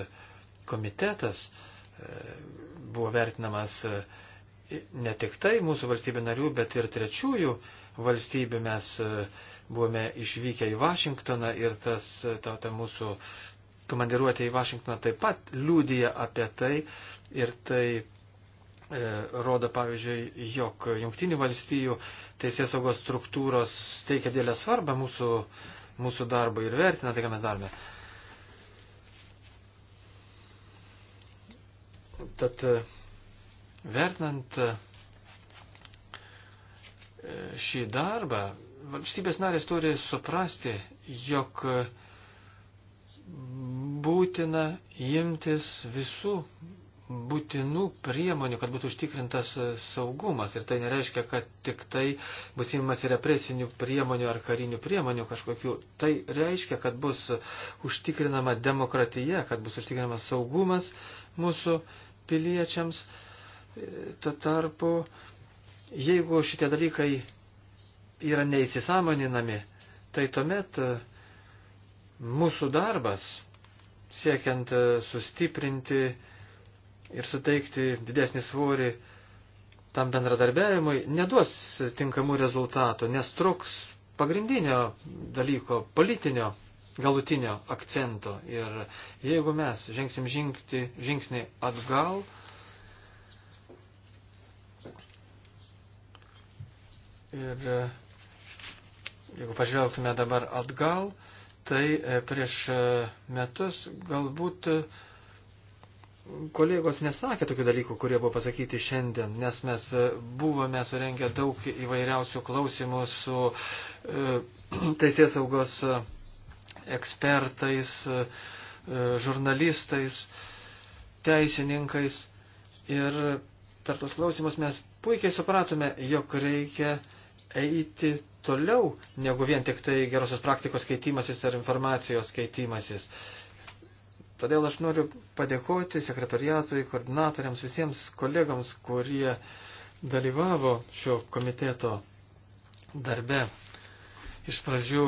komitetas uh, buvo vertinamas e, ne tik tai mūsų valstybių narių, bet ir trečiųjų valstybių. Mes e, buvome išvykę į Vašingtoną ir tas, e, ta, ta mūsų komandiruotė į Vašingtoną taip pat liūdija apie tai. Ir tai rodo, pavyzdžiui, jog jungtinių valstybių teisės saugos struktūros teikia dėlę svarbą mūsų, mūsų darbui ir vertina tai, ką mes darome. Tad e, vertinant e, šį darbą, valstybės narės turi suprasti, jog būtina imtis visų būtinų priemonių, kad būtų užtikrintas e, saugumas. Ir tai nereiškia, kad tik tai bus įmamas represinių priemonių ar karinių priemonių kažkokių. Tai reiškia, kad bus užtikrinama demokratija, kad bus užtikrinamas saugumas mūsų piliečiams. E, tuo tarpu, jeigu šitie dalykai yra neįsisamoninami, tai tuomet e, mūsų darbas siekiant sustiprinti ir suteikti didesnį svorį tam bendradarbiavimui neduos tinkamų rezultatų, nes truks pagrindinio dalyko, politinio galutinio akcento. Ir jeigu mes žengsim žingti, žingsnį atgal, ir e, jeigu pažvelgtume dabar atgal, tai e, prieš e, metus galbūt kolegos nesakė tokių dalykų, kurie buvo pasakyti šiandien, nes mes e, buvome surengę daug įvairiausių klausimų su e, teisės saugos e, ekspertais, e, e, žurnalistais, teisininkais. Ir per tos klausimus mes puikiai supratome, jog reikia eiti toliau, negu vien tik tai gerosios praktikos keitimasis ar informacijos keitimasis. E, Todėl aš noriu padėkoti sekretariatui, koordinatoriams, visiems kolegams, kurie dalyvavo šio komiteto darbe. Iš pradžių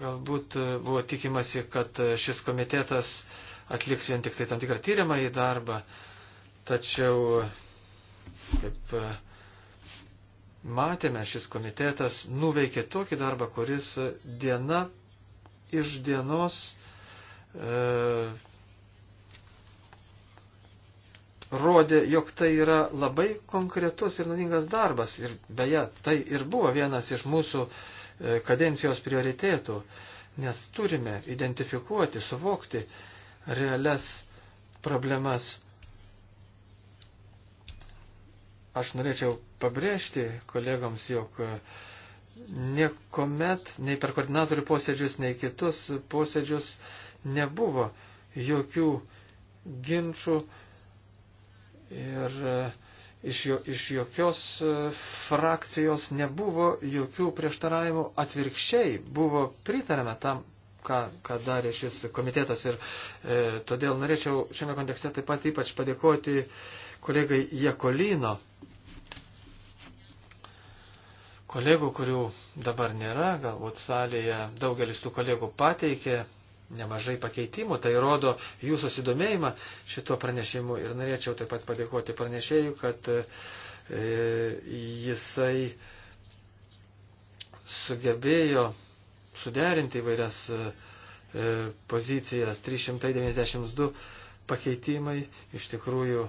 galbūt buvo tikimasi, kad šis komitetas atliks vien tik tai tam tikrą tyrimą į darbą, tačiau, kaip matėme, šis komitetas nuveikė tokį darbą, kuris diena iš dienos E, rodė, jog tai yra labai konkretus ir naudingas darbas. Ir beje, tai ir buvo vienas iš mūsų e, kadencijos prioritėtų, nes turime identifikuoti, suvokti realias problemas. Aš norėčiau pabrėžti kolegams, jog e, niekuomet, nei per koordinatorių posėdžius, nei kitus posėdžius, uh, nebuvo jokių ginčių ir e, iš, jo, iš jokios e, frakcijos nebuvo jokių prieštaravimų, atvirkščiai buvo pritarama tam, ką, ką darė šis komitetas ir e, todėl norėčiau šiame kontekste taip pat ypač padėkoti kolegai Jekolino, kolegų, kurių dabar nėra, galbūt salėje daugelis tų kolegų pateikė nemažai pakeitimų, tai rodo jų susidomėjimą šituo pranešimu ir norėčiau taip pat padėkoti pranešėjui, kad e, jisai sugebėjo suderinti įvairias e, e pozicijas 392 pakeitimai, iš tikrųjų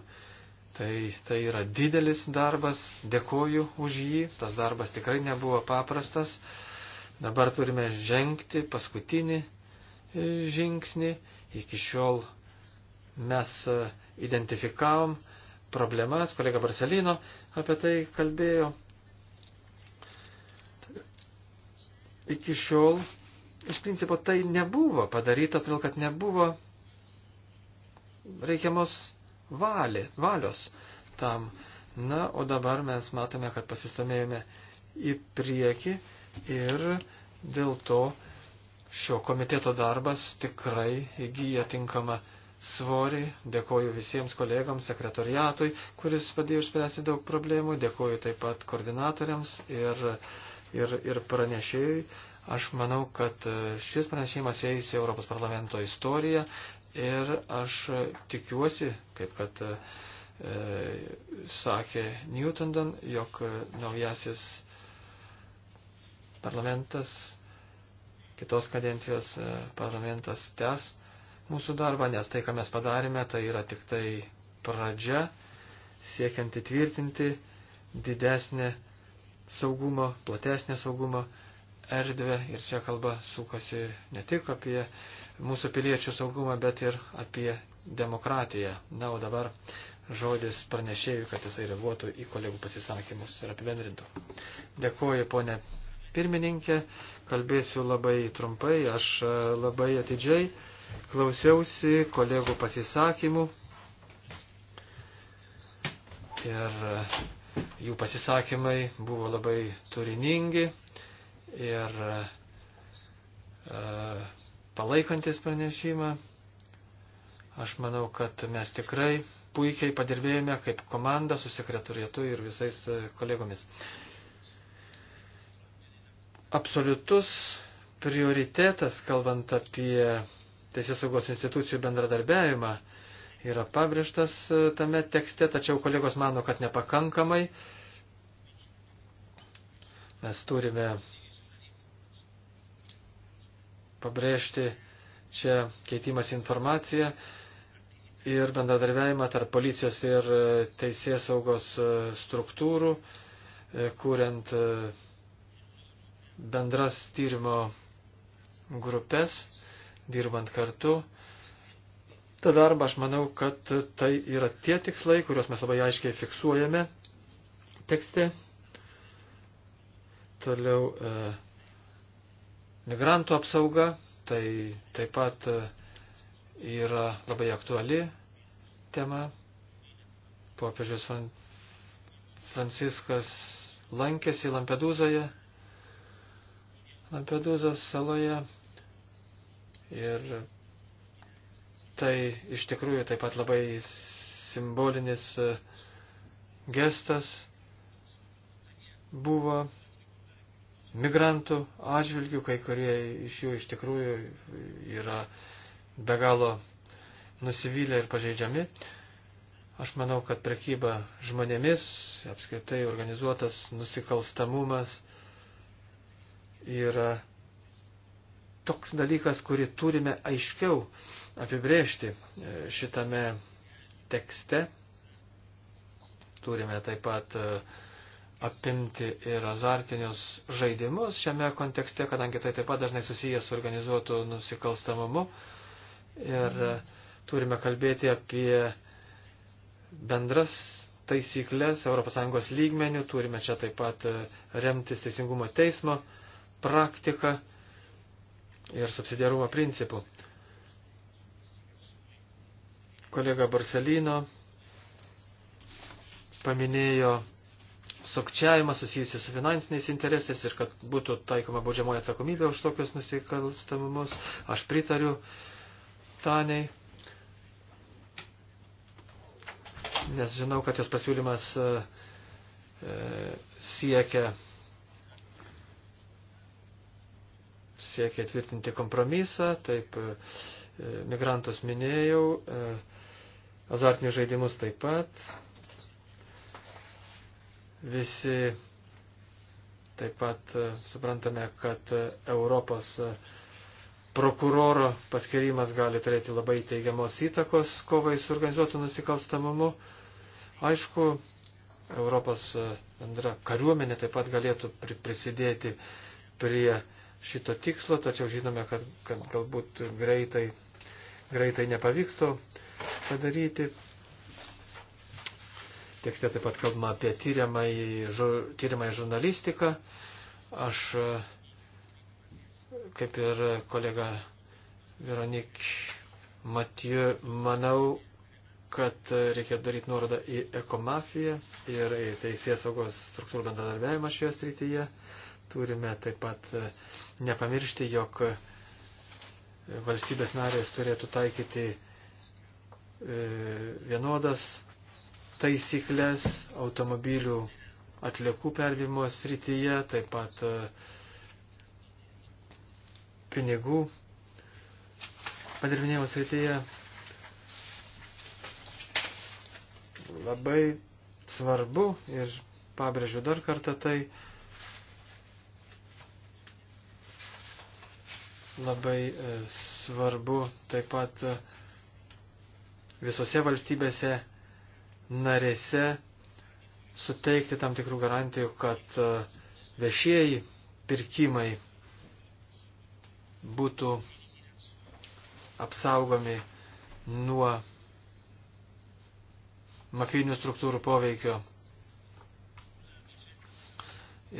tai, tai yra didelis darbas, dėkoju už jį, tas darbas tikrai nebuvo paprastas. Dabar turime žengti paskutinį žingsnį. Iki šiol mes e, identifikavom problemas, kolega Barcelino apie tai kalbėjo. Iki šiol iš principo tai nebuvo padaryta, todėl kad nebuvo reikiamos valė, valios tam. Na, o dabar mes matome, kad pasistumėjome į priekį ir dėl to šio komiteto darbas tikrai įgyja tinkamą svorį. Dėkoju visiems kolegams, sekretoriatui, kuris padėjo išspręsti daug problemų. Dėkoju taip pat koordinatoriams ir, ir, ir pranešėjui. Aš manau, kad šis pranešimas eis į Europos parlamento istoriją ir aš tikiuosi, kaip kad e, sakė Newtondon, jog naujasis parlamentas kitos kadencijos e, parlamentas tęs mūsų darbą, nes tai, ką mes padarėme, tai yra tik tai pradžia, siekiant įtvirtinti didesnę saugumo, platesnę saugumo erdvę. Ir čia kalba sukasi ne tik apie mūsų piliečių saugumą, bet ir apie demokratiją. Na, o dabar žodis pranešėjui, kad jisai reaguotų į kolegų pasisakymus ir apibendrintų. Dėkuoju, ponė pirmininkė, kalbėsiu labai trumpai, aš e, labai atidžiai klausiausi kolegų pasisakymų ir e, jų pasisakymai buvo labai turiningi ir e, e, palaikantis pranešimą. Aš manau, kad mes tikrai puikiai padirbėjome kaip komanda su sekretorietu ir visais kolegomis absoliutus prioritetas, kalbant apie Teisės saugos institucijų bendradarbiavimą, yra pabrėžtas e, tame tekste, tačiau kolegos mano, kad nepakankamai. Mes turime pabrėžti čia keitimas informaciją ir bendradarbiavimą tarp policijos ir e, teisės saugos e, struktūrų, kuriant bendras tyrimo grupės, dirbant kartu. Ta darba, aš manau, kad tai yra tie tikslai, kuriuos mes labai aiškiai fiksuojame tekste. Toliau e, migrantų apsauga, tai taip pat e, yra labai aktuali tema. Popiežius Franciskas lankėsi Lampedūzoje Lampedūzos saloje. Ir tai iš tikrųjų taip pat labai simbolinis e, gestas buvo migrantų atžvilgių, kai kurie iš jų iš tikrųjų yra be galo nusivylę ir pažeidžiami. Aš manau, kad prekyba žmonėmis, apskritai organizuotas nusikalstamumas yra toks dalykas, kurį turime aiškiau apibrėžti e, šitame tekste. Turime taip pat e, apimti ir azartinius žaidimus šiame kontekste, kadangi tai taip pat dažnai susijęs su organizuotu nusikalstamumu. Ir e, turime kalbėti apie bendras taisyklės ES lygmenių, turime čia taip pat remtis Teisingumo teismo praktiką ir subsidiarumo principų. Kolega Barcelino paminėjo sukčiavimą susijusiu su finansiniais interesais ir kad būtų taikoma baudžiamoja atsakomybė už tokius nusikalstamumus. Aš pritariu Taniai, nes žinau, kad jos pasiūlymas e, e, siekia siekia tvirtinti kompromisą, taip e, migrantus minėjau, e, azartinius žaidimus taip pat. Visi taip pat e, suprantame, kad Europos prokuroro paskirimas gali turėti labai teigiamos įtakos kovai su organizuotu nusikalstamumu. Aišku, Europos bendra kariuomenė taip pat galėtų prisidėti prie šito tikslo, tačiau žinome, kad, kad galbūt greitai, greitai nepavyks to padaryti. Tekste taip pat kalbama apie tyriamąją žurnalistiką. Aš, kaip ir kolega Veronik Matiju, manau, kad reikia daryti nuorodą į ekomafiją ir į teisės saugos struktūrų bendradarbiavimą šioje srityje. Turime taip pat e, nepamiršti, jog e, valstybės narės turėtų taikyti e, vienodas taisyklės automobilių atliekų perdimo srityje, taip pat pinigų padirbinėjimo srityje. Labai svarbu ir pabrėžiu dar kartą tai, Labai e, svarbu taip pat e, visose valstybėse narėse suteikti tam tikrų garantijų, kad e, viešieji pirkimai būtų apsaugomi nuo mafijinių struktūrų poveikio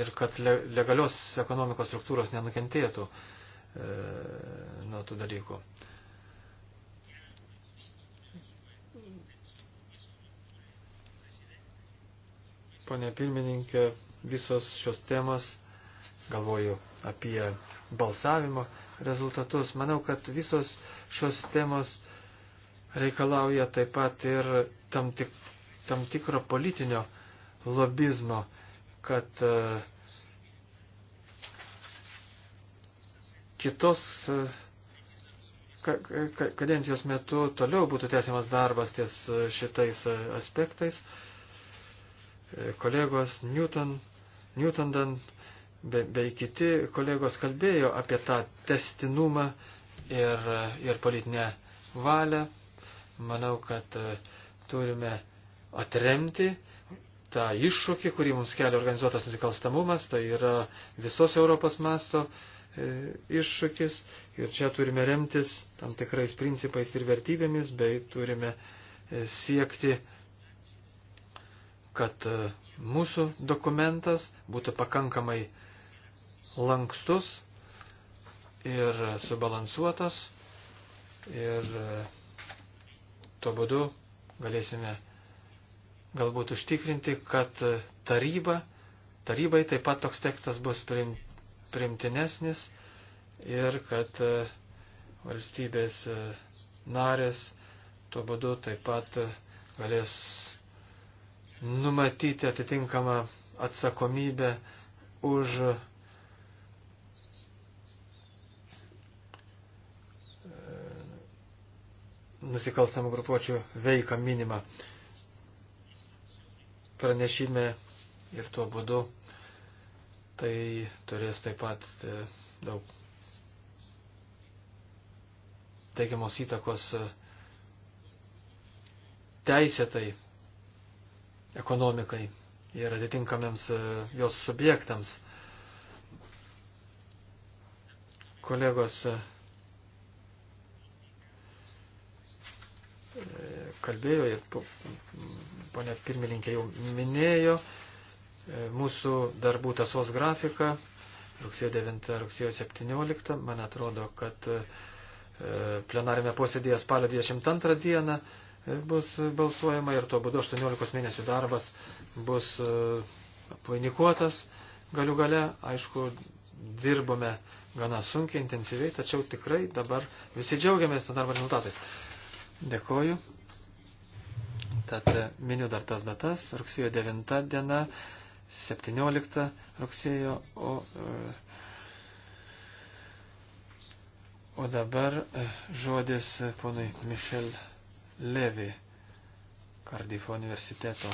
ir kad legalios ekonomikos struktūros nenukentėtų. E, nuo tų dalykų. Pone pirmininkė, visos šios temos, galvoju apie balsavimo rezultatus. Manau, kad visos šios temos reikalauja taip pat ir tam, tik, tam tikro politinio lobizmo, kad uh, kitos e, kadencijos metu toliau būtų tęsiamas darbas ties e, šitais e, aspektais. Kolegos Newton, Newtondan bei be kiti kolegos kalbėjo apie tą testinumą ir, ir politinę valią. Manau, kad turime atremti tą iššūkį, kurį mums kelia organizuotas nusikalstamumas, tai yra visos Europos masto E, iššūkis ir čia turime remtis tam tikrais principais ir vertybėmis, bei turime e, siekti, kad e, mūsų dokumentas būtų pakankamai lankstus ir subalansuotas ir tuo būdu galėsime galbūt užtikrinti, kad taryba, tarybai taip pat toks tekstas bus priimtas primtinesnis ir kad e, valstybės e, narės tuo būdu taip pat e, galės numatyti atitinkamą atsakomybę už nusikalstamų grupuočių veiką minimą pranešime ir tuo būdu tai turės taip pat e, daug teigiamos įtakos e, teisėtai ekonomikai ir atitinkamiems e, jos subjektams. Kolegos kalbėjo ir ponė pirmininkė jau minėjo, mūsų darbų tasos grafiką, rugsėjo 9, rugsėjo 17, man atrodo, kad e, plenarime posėdėje spalio 22 dieną e, bus balsuojama ir tuo būdu 18 mėnesių darbas bus e, apvainikuotas. Galių gale, aišku, dirbome gana sunkiai, intensyviai, tačiau tikrai dabar visi džiaugiamės to darbo rezultatais. Dėkoju. Tad miniu dar tas datas. Rugsėjo 9 diena 17 rugsėjo, o, e, o dabar e, žodis ponui Mišel Levi, Kardifo universiteto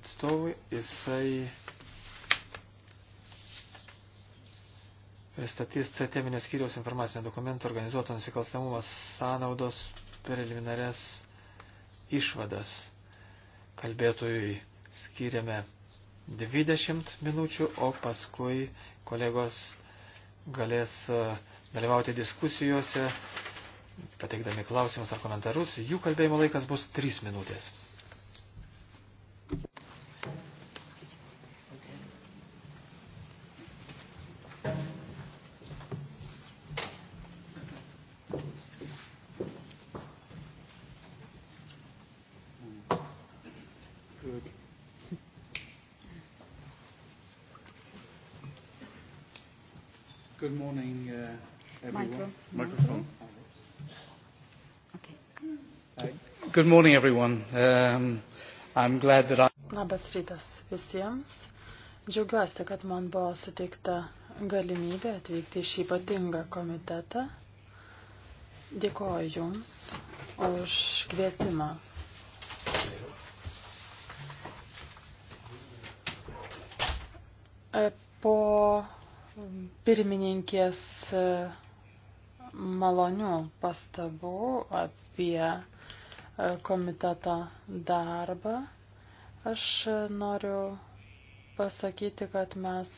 atstovui. Jisai pristatys C teminio skyriaus informacinio dokumento organizuoto nusikalstamumas sąnaudos preliminarias išvadas kalbėtojui skiriame 20 minučių, o paskui kolegos galės e, dalyvauti diskusijose, pateikdami klausimus ar komentarus. Jų kalbėjimo laikas bus 3 minutės. Good morning, everyone. Um, I'm glad that I... Labas rytas visiems. Džiaugiuosi, kad man buvo suteikta galimybė atvykti į šį ypatingą komitetą. Dėkoju Jums už kvietimą. E, po pirmininkės e, malonių pastabų apie komiteto darbą. Aš noriu pasakyti, kad mes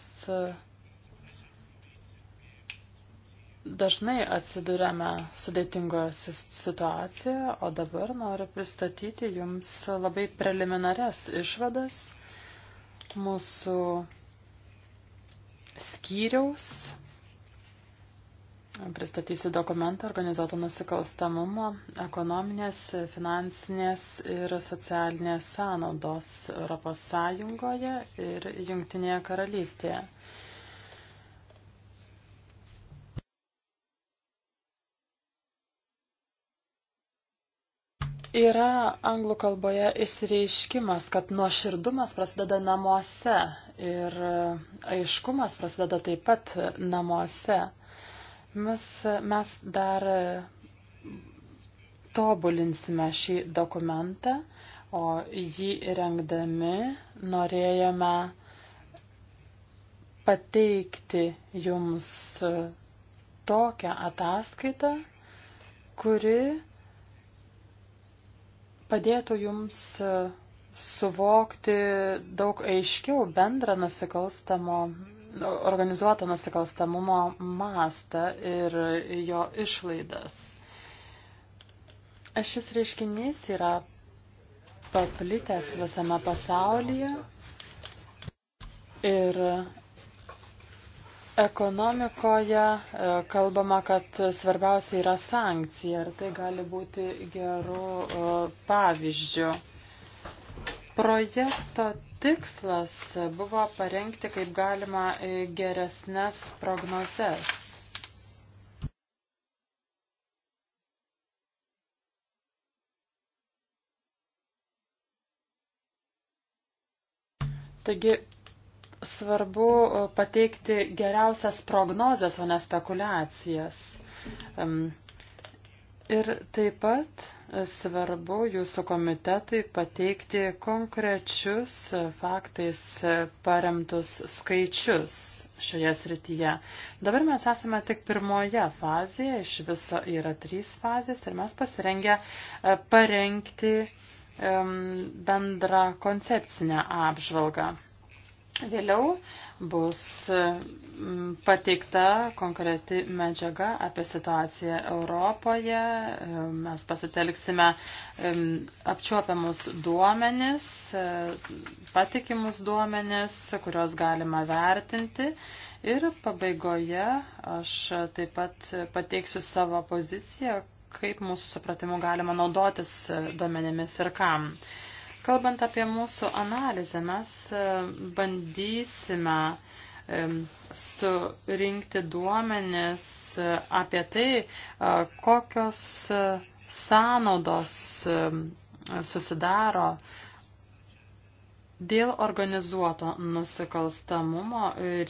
dažnai atsidurėme sudėtingoje situacijoje, o dabar noriu pristatyti jums labai preliminarias išvadas mūsų skyriaus Pristatysiu dokumentą organizuoto nusikalstamumo, ekonominės, finansinės ir socialinės sąnaudos Europos Sąjungoje ir Jungtinėje karalystėje. Yra anglų kalboje išsireiškimas, kad nuoširdumas prasideda namuose ir aiškumas prasideda taip pat namuose. Mes, mes dar e, tobulinsime šį dokumentą, o jį rengdami norėjome pateikti jums e, tokią ataskaitą, kuri padėtų jums e, suvokti daug aiškiau bendrą nusikalstamo organizuoto nusikalstamumo mastą ir jo išlaidas. Šis reiškinys yra paplitęs visame pasaulyje ir ekonomikoje e, kalbama, kad svarbiausia yra sankcija ir tai gali būti gerų e, pavyzdžių. Projekto tikslas buvo parengti kaip galima e, geresnes prognozes. Taigi svarbu e, pateikti geriausias prognozes, o ne spekulacijas. Um, Ir taip pat svarbu jūsų komitetui pateikti konkrečius faktais paremtus skaičius šioje srityje. Dabar mes esame tik pirmoje fazėje, iš viso yra trys fazės ir mes pasirengę e, parengti bendrą koncepcinę apžvalgą. Vėliau bus mm, pateikta konkreti medžiaga apie situaciją Europoje. E, mes pasitelksime e, apčiuopiamus duomenis, e, patikimus duomenis, kuriuos galima vertinti. Ir pabaigoje aš taip pat pateiksiu savo poziciją, kaip mūsų supratimu galima naudotis duomenėmis ir kam. Kalbant apie mūsų analizę, mes e, bandysime e, surinkti duomenis e, apie tai, kokios sąnaudos susidaro uh, Dėl organizuoto nusikalstamumo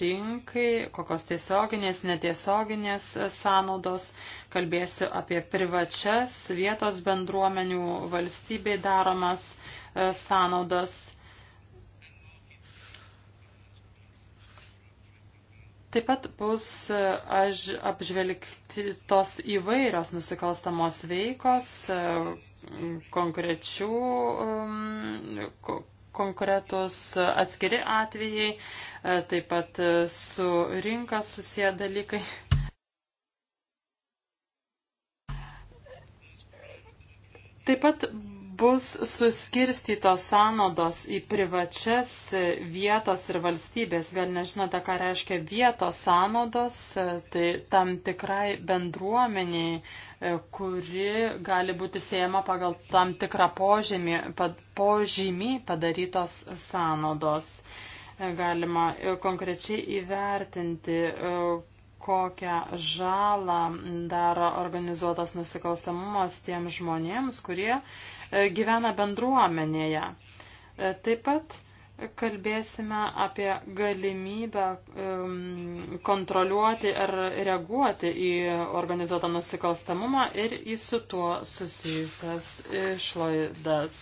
rinkai, kokios tiesioginės, netiesioginės sąnaudos, kalbėsiu apie privačias vietos bendruomenių valstybei daromas e, sąnaudas. Taip pat bus e, apžvelgtos įvairios nusikalstamos veikos, e, konkrečių, konkretus atskiri atvejai, e, taip pat e, su rinka susiję dalykai. Taip pat bus suskirstytos sąnaudos į privačias vietos ir valstybės. Gal nežinote, ką reiškia vietos sąnaudos, tai tam tikrai bendruomeniai, e, kuri gali būti siejama pagal tam tikrą požymį, pad, požymį padarytos sąnaudos. E, galima e, konkrečiai įvertinti, kokią žalą daro organizuotas nusikalstamumas tiems žmonėms, kurie e, gyvena bendruomenėje. E, taip pat kalbėsime apie galimybę kontroliuoti ar reaguoti į organizuotą nusikalstamumą ir į su tuo susijusias išlaidas.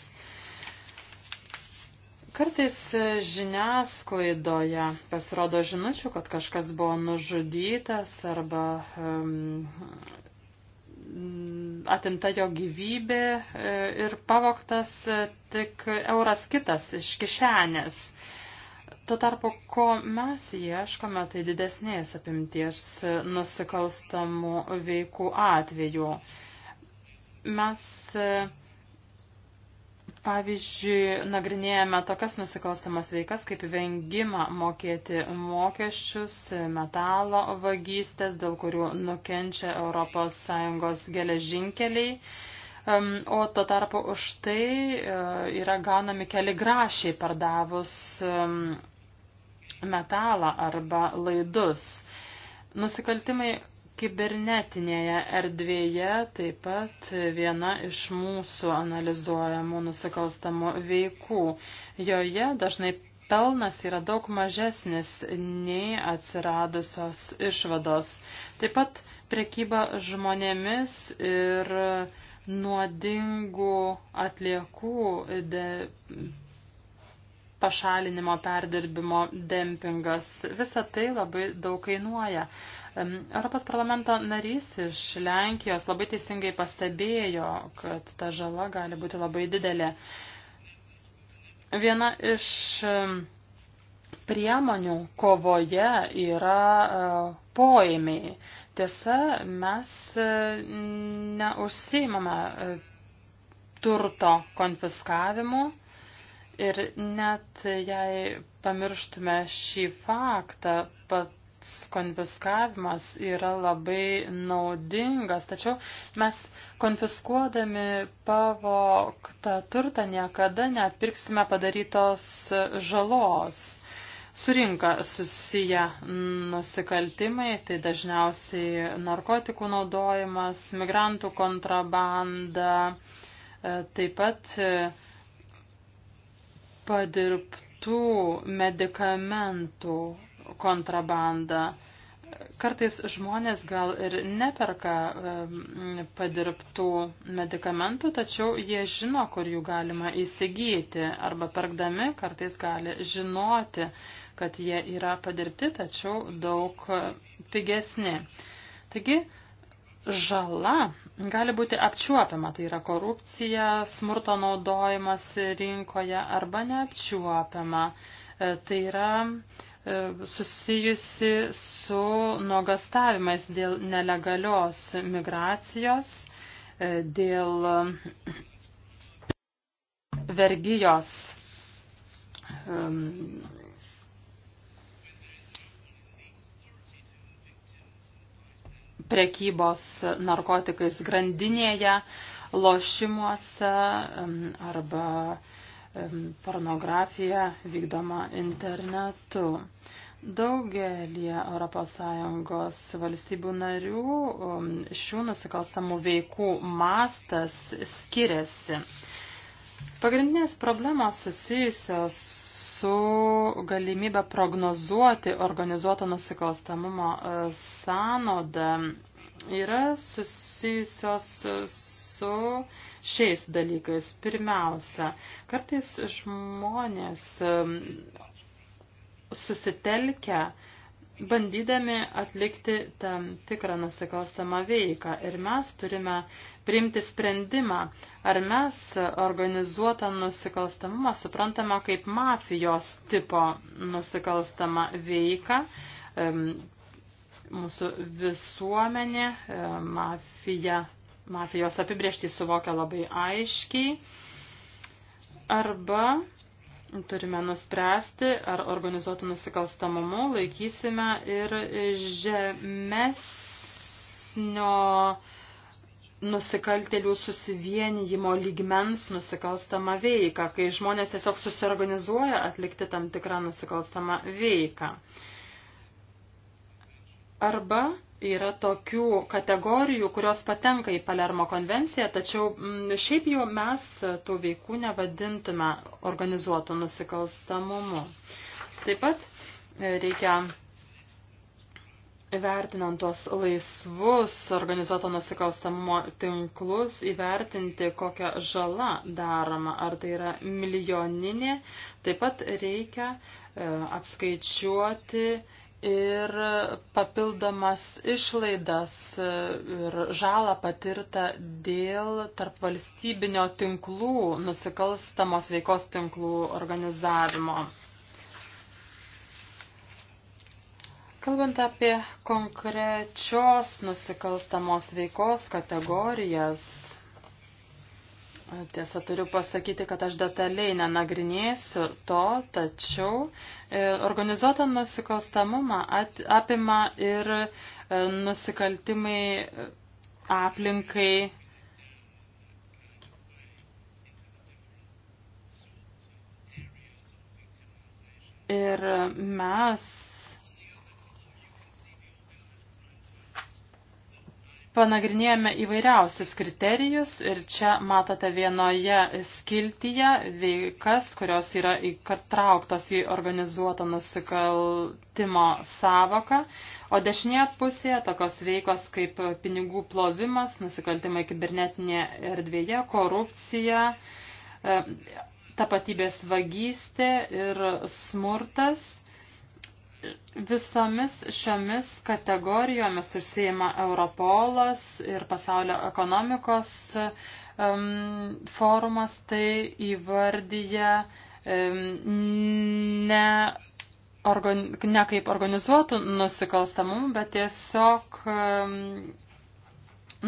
Kartais žiniasklaidoje pasirodo žinučių, kad kažkas buvo nužudytas arba um, atimta jo gyvybė e, ir pavoktas e, tik euras kitas iš kišenės. Tuo tarpu, ko mes ieškome, tai didesnės apimties nusikalstamų veikų atveju. Mes uh, Pavyzdžiui, nagrinėjame tokias nusikalstamas veikas kaip vengimą mokėti mokesčius, metalo vagystės, dėl kurių nukenčia ES geležinkeliai, o tuo tarpu už tai e, yra gaunami keli grašiai pardavus metalą arba laidus. Nusikaltimai Kibernetinėje erdvėje taip pat viena iš mūsų analizuojamų nusikalstamų veikų. Joje dažnai pelnas yra daug mažesnis nei atsiradusios išvados. Taip pat prekyba žmonėmis ir nuodingų atliekų de, pašalinimo perdirbimo dempingas. Visa tai labai daug kainuoja. Europos parlamento narys iš Lenkijos labai teisingai pastebėjo, kad ta žala gali būti labai didelė. Viena iš priemonių kovoje yra e, poėmiai. Tiesa, mes e, neužsiimame e, turto konfiskavimu ir net jei pamirštume šį faktą, pat pats konfiskavimas yra labai naudingas, tačiau mes konfiskuodami pavoktą turtą niekada neatpirksime padarytos žalos. Su rinka susiję nusikaltimai, tai dažniausiai narkotikų naudojimas, migrantų kontrabanda, e, taip pat e, padirbtų medikamentų kontrabandą. Kartais žmonės gal ir neperka padirbtų medikamentų, tačiau jie žino, kur jų galima įsigyti arba perkdami kartais gali žinoti, kad jie yra padirbti, tačiau daug pigesni. Taigi, žala gali būti apčiuopiama, tai yra korupcija, smurto naudojimas rinkoje arba neapčiuopiama. E, tai yra E, susijusi su nuogastavimais dėl nelegalios migracijos, e, dėl vergyjos prekybos narkotikais grandinėje, lošimuose arba pornografija vykdoma internetu. Daugelį ES valstybių narių šių nusikalstamų veikų mastas skiriasi. Pagrindinės problemos susijusios su galimybė prognozuoti organizuoto nusikalstamumo e, sąnodą yra susijusios su šiais dalykais. Pirmiausia, kartais žmonės um, susitelkia bandydami atlikti tam tikrą nusikalstamą veiką. Ir mes turime priimti sprendimą, ar mes organizuotą nusikalstamumą suprantame kaip mafijos tipo nusikalstamą veiką. Um, mūsų visuomenė um, mafija mafijos apibriežtį suvokia labai aiškiai. Arba turime nuspręsti, ar organizuotų nusikalstamumu laikysime ir žemesnio nusikaltelių susivienijimo lygmens nusikalstamą veiką, kai žmonės tiesiog susiorganizuoja atlikti tam tikrą nusikalstamą veiką. Arba yra tokių kategorijų, kurios patenka į Palermo konvenciją, tačiau mm, šiaip jau mes tų veikų nevadintume organizuotų nusikalstamumu. Taip pat e, reikia įvertinant tuos laisvus organizuoto nusikalstamumo tinklus, įvertinti, kokią žalą daroma, ar tai yra milijoninė, taip pat reikia e, apskaičiuoti ir papildomas išlaidas ir žalą patirtą dėl tarpvalstybinio tinklų, nusikalstamos veikos tinklų organizavimo. Kalbant apie konkrečios nusikalstamos veikos kategorijas, Tiesa, turiu pasakyti, kad aš detaliai nenagrinėsiu to, tačiau e, organizuotą nusikalstamumą apima ir e, nusikaltimai e, aplinkai. Ir mes panagrinėjome įvairiausius kriterijus ir čia matote vienoje skiltyje veikas, kurios yra įtrauktos į organizuotą nusikaltimo savoką, o dešinėje pusėje tokios veikos kaip pinigų plovimas, nusikaltimai kibernetinėje erdvėje, korupcija, e, tapatybės vagystė ir smurtas – Visomis šiomis kategorijomis užsieima Europolas ir pasaulio ekonomikos um, forumas, tai įvardyje um, ne, organ, ne kaip organizuotų nusikalstamumų, bet tiesiog um,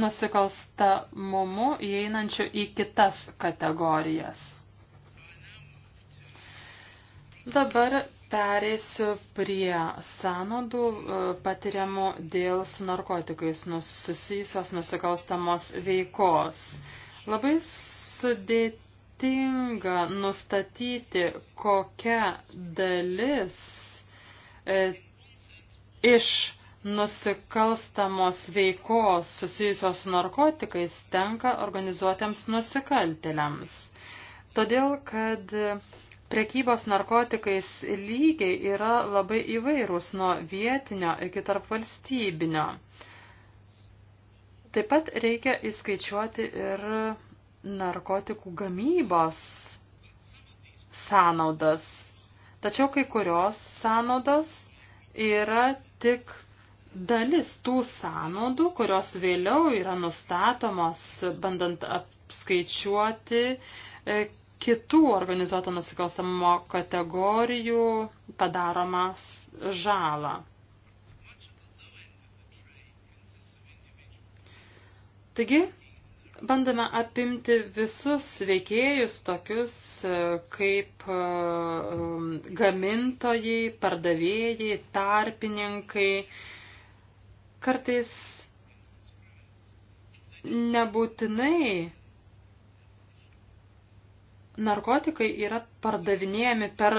nusikalstamumu įeinančių į kitas kategorijas. Dabar Perėsiu prie sąnaudų e, patiriamų dėl su narkotikais susijusios nusikalstamos veikos. Labai sudėtinga nustatyti, kokia dalis e, iš nusikalstamos veikos susijusios su narkotikais tenka organizuotėms nusikaltėliams. Todėl, kad Prekybos narkotikais lygiai yra labai įvairūs nuo vietinio iki tarp valstybinio. Taip pat reikia įskaičiuoti ir narkotikų gamybos sąnaudas. Tačiau kai kurios sąnaudos yra tik dalis tų sąnaudų, kurios vėliau yra nustatomos, bandant apskaičiuoti e, kitų organizuoto nusikalstamumo kategorijų padaromą žalą. Taigi, bandome apimti visus veikėjus, tokius e, kaip e, um, gamintojai, pardavėjai, tarpininkai. Kartais nebūtinai narkotikai yra pardavinėjami per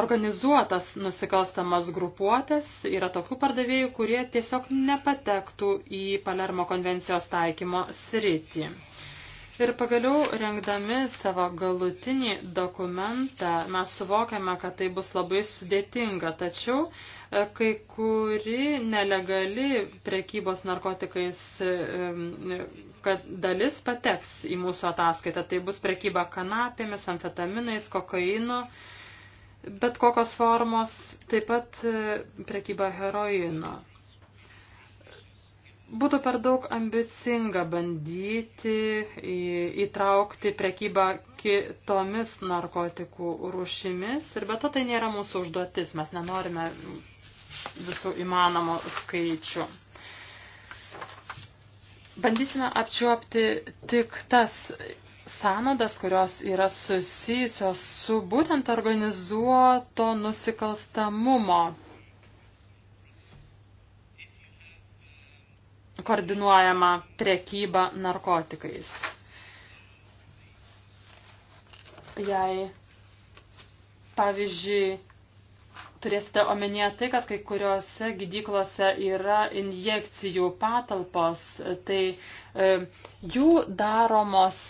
organizuotas nusikalstamas grupuotės. Yra tokių pardavėjų, kurie tiesiog nepatektų į Palermo konvencijos taikymo sritį. Ir pagaliau, rengdami savo galutinį dokumentą, mes suvokiame, kad tai bus labai sudėtinga, tačiau kai kuri nelegali prekybos narkotikais kad dalis pateks į mūsų ataskaitą. Tai bus prekyba kanapėmis, amfetaminais, kokainu, bet kokios formos, taip pat e, prekyba heroino. Būtų per daug ambicinga bandyti įtraukti prekybą kitomis narkotikų rūšimis ir be to tai nėra mūsų užduotis. Mes nenorime visų įmanomų skaičių. Bandysime apčiuopti tik tas sąnadas, kurios yra susijusios su būtent organizuoto nusikalstamumo koordinuojama prekyba narkotikais. Jei, pavyzdžiui, turėsite omenyje tai, kad kai kuriuose gydyklose yra injekcijų patalpos, tai e, jų daromos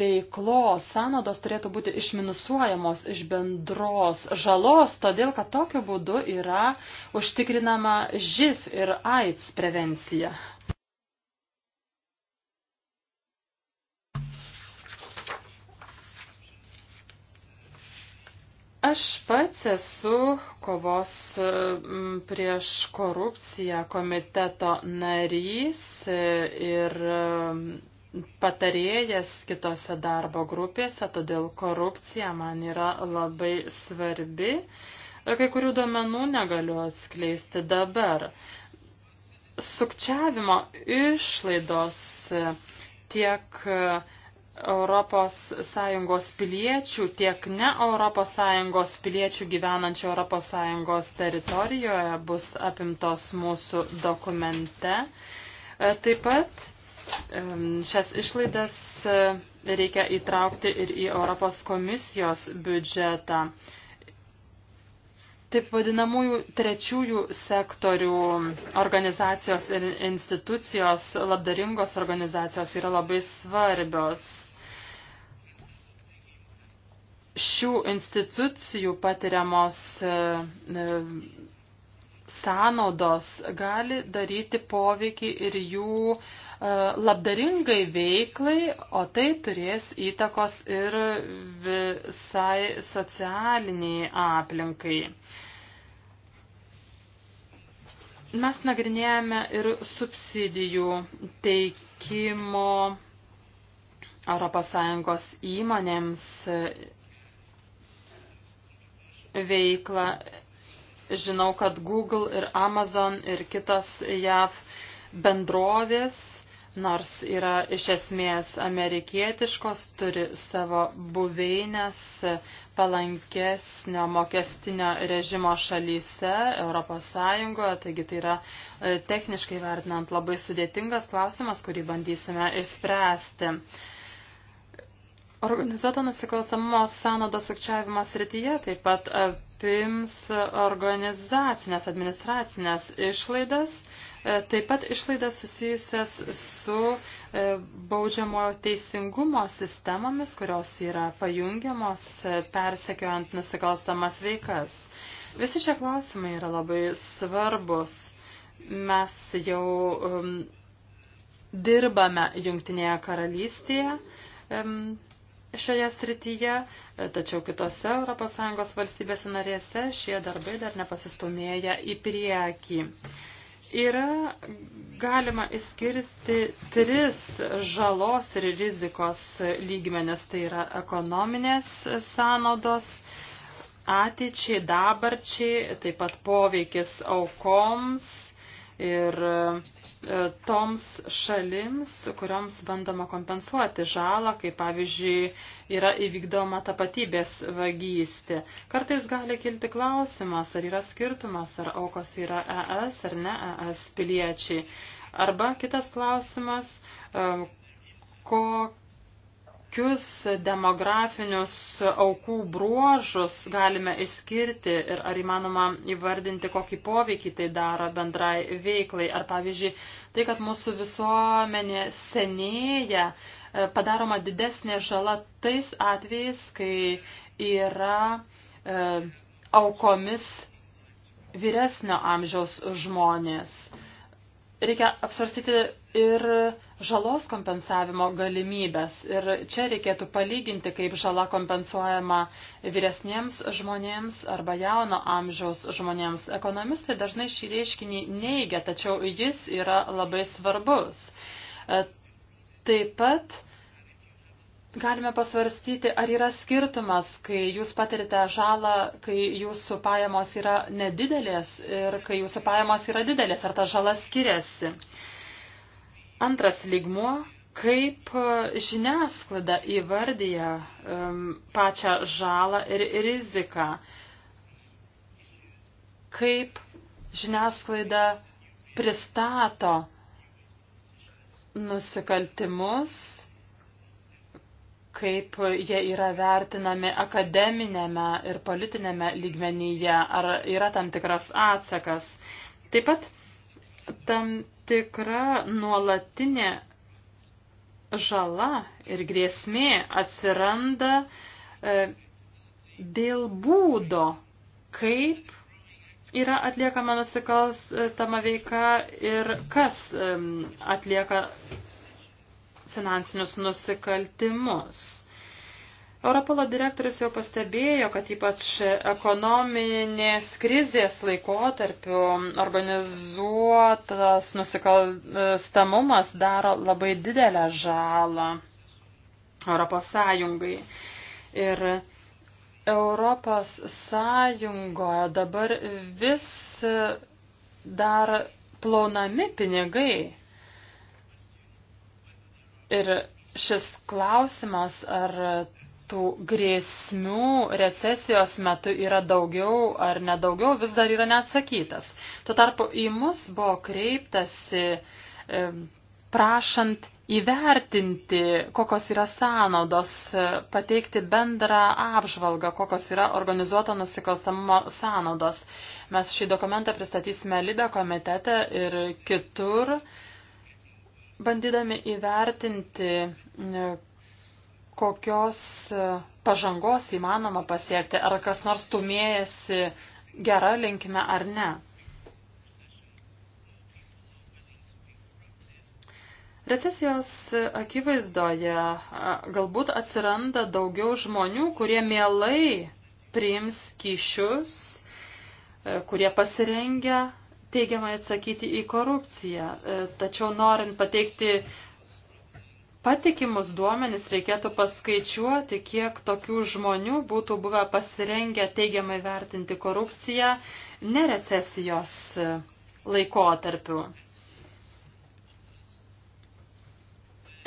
veiklos sąnaudos turėtų būti išminusuojamos iš bendros žalos, todėl kad tokiu būdu yra užtikrinama živ ir AIDS prevencija. Aš pats esu kovos prieš korupciją komiteto narys ir patarėjas kitose darbo grupėse, todėl korupcija man yra labai svarbi. Kai kurių duomenų negaliu atskleisti dabar. Sukčiavimo išlaidos tiek ES piliečių, tiek ne ES piliečių gyvenančių ES teritorijoje bus apimtos mūsų dokumente. E, taip pat šias išlaidas e, reikia įtraukti ir į Europos komisijos biudžetą. Taip vadinamųjų trečiųjų sektorių organizacijos ir institucijos, labdaringos organizacijos yra labai svarbios šių institucijų patiriamos e, e, sąnaudos gali daryti poveikį ir jų e, labdaringai veiklai, o tai turės įtakos ir visai socialiniai aplinkai. Mes nagrinėjame ir subsidijų teikimo ES įmonėms veiklą. Žinau, kad Google ir Amazon ir kitos JAV bendrovės, nors yra iš esmės amerikietiškos, turi savo buveinės palankesnio mokestinio režimo šalyse, Europos Sąjungoje. Taigi tai yra e, techniškai vertinant labai sudėtingas klausimas, kurį bandysime išspręsti. Organizuoto nusikalstamumo sąnaudo sukčiavimo srityje taip pat apims organizacinės administracinės išlaidas, e, taip pat išlaidas susijusias su e, baudžiamojo teisingumo sistemomis, kurios yra pajungiamos e, persekiojant nusikalstamas veikas. Visi šie klausimai yra labai svarbus. Mes jau um, dirbame Jungtinėje karalystėje. Um, šioje srityje, tačiau kitose ES valstybėse narėse šie darbai dar nepasistumėja į priekį. Yra galima išskirti tris žalos ir rizikos lygmenis, tai yra ekonominės sąnaudos, ateičiai, dabarčiai, taip pat poveikis aukoms ir E, toms šalims, kurioms bandoma kompensuoti žalą, kaip pavyzdžiui yra įvykdoma tapatybės vagystė. Kartais gali kilti klausimas, ar yra skirtumas, ar aukos yra ES ar ne ES piliečiai. Arba kitas klausimas, e, kokia kokius demografinius aukų bruožus galime išskirti ir ar įmanoma įvardinti, kokį poveikį tai daro bendrai veiklai. Ar pavyzdžiui, tai, kad mūsų visuomenė senėja, e, padaroma didesnė žala tais atvejais, kai yra e, aukomis vyresnio amžiaus žmonės. E, reikia apsvarstyti ir žalos kompensavimo galimybės. Ir čia reikėtų palyginti, kaip žala kompensuojama vyresniems žmonėms arba jauno amžiaus žmonėms. Ekonomistai dažnai šį reiškinį neigia, tačiau jis yra labai svarbus. E, taip pat galime pasvarstyti, ar yra skirtumas, kai jūs patirite žalą, kai jūsų pajamos yra nedidelės ir kai jūsų pajamos yra didelės, ar ta žala skiriasi. Antras lygmuo, kaip žiniasklaida įvardyja um, pačią žalą ir riziką, kaip žiniasklaida pristato nusikaltimus kaip jie yra vertinami akademinėme ir politinėme lygmenyje, ar yra tam tikras atsakas. Taip pat tam tikra nuolatinė žala ir grėsmė atsiranda e, dėl būdo, kaip yra atliekama nusikalstama veika ir kas atlieka finansinius nusikaltimus. Europolo direktorius jau pastebėjo, kad ypač ekonominės krizės laikotarpiu organizuotas nusikalstamumas daro labai didelę žalą Europos Sąjungai. Ir Europos Sąjungoje dabar vis dar plaunami pinigai Ir šis klausimas, ar tų grėsmių recesijos metu yra daugiau ar nedaugiau, vis dar yra neatsakytas. Tuo tarpu į mus buvo kreiptasi prašant įvertinti, kokios yra sąnaudos, pateikti bendrą apžvalgą, kokios yra organizuoto nusikalstamumo sąnaudos. Mes šį dokumentą pristatysime Libe komitete ir kitur. Uh, bandydami įvertinti, e, kokios e, pažangos įmanoma pasiekti, ar kas nors tumėjasi gerą linkime ar ne. Recesijos akivaizdoje e, galbūt atsiranda daugiau žmonių, kurie mielai priims kyšius, kurie pasirengia teigiamai atsakyti į korupciją. E, tačiau norint pateikti patikimus duomenis, reikėtų paskaičiuoti, kiek tokių žmonių būtų buvę pasirengę teigiamai vertinti korupciją nerecesijos e, laikotarpiu.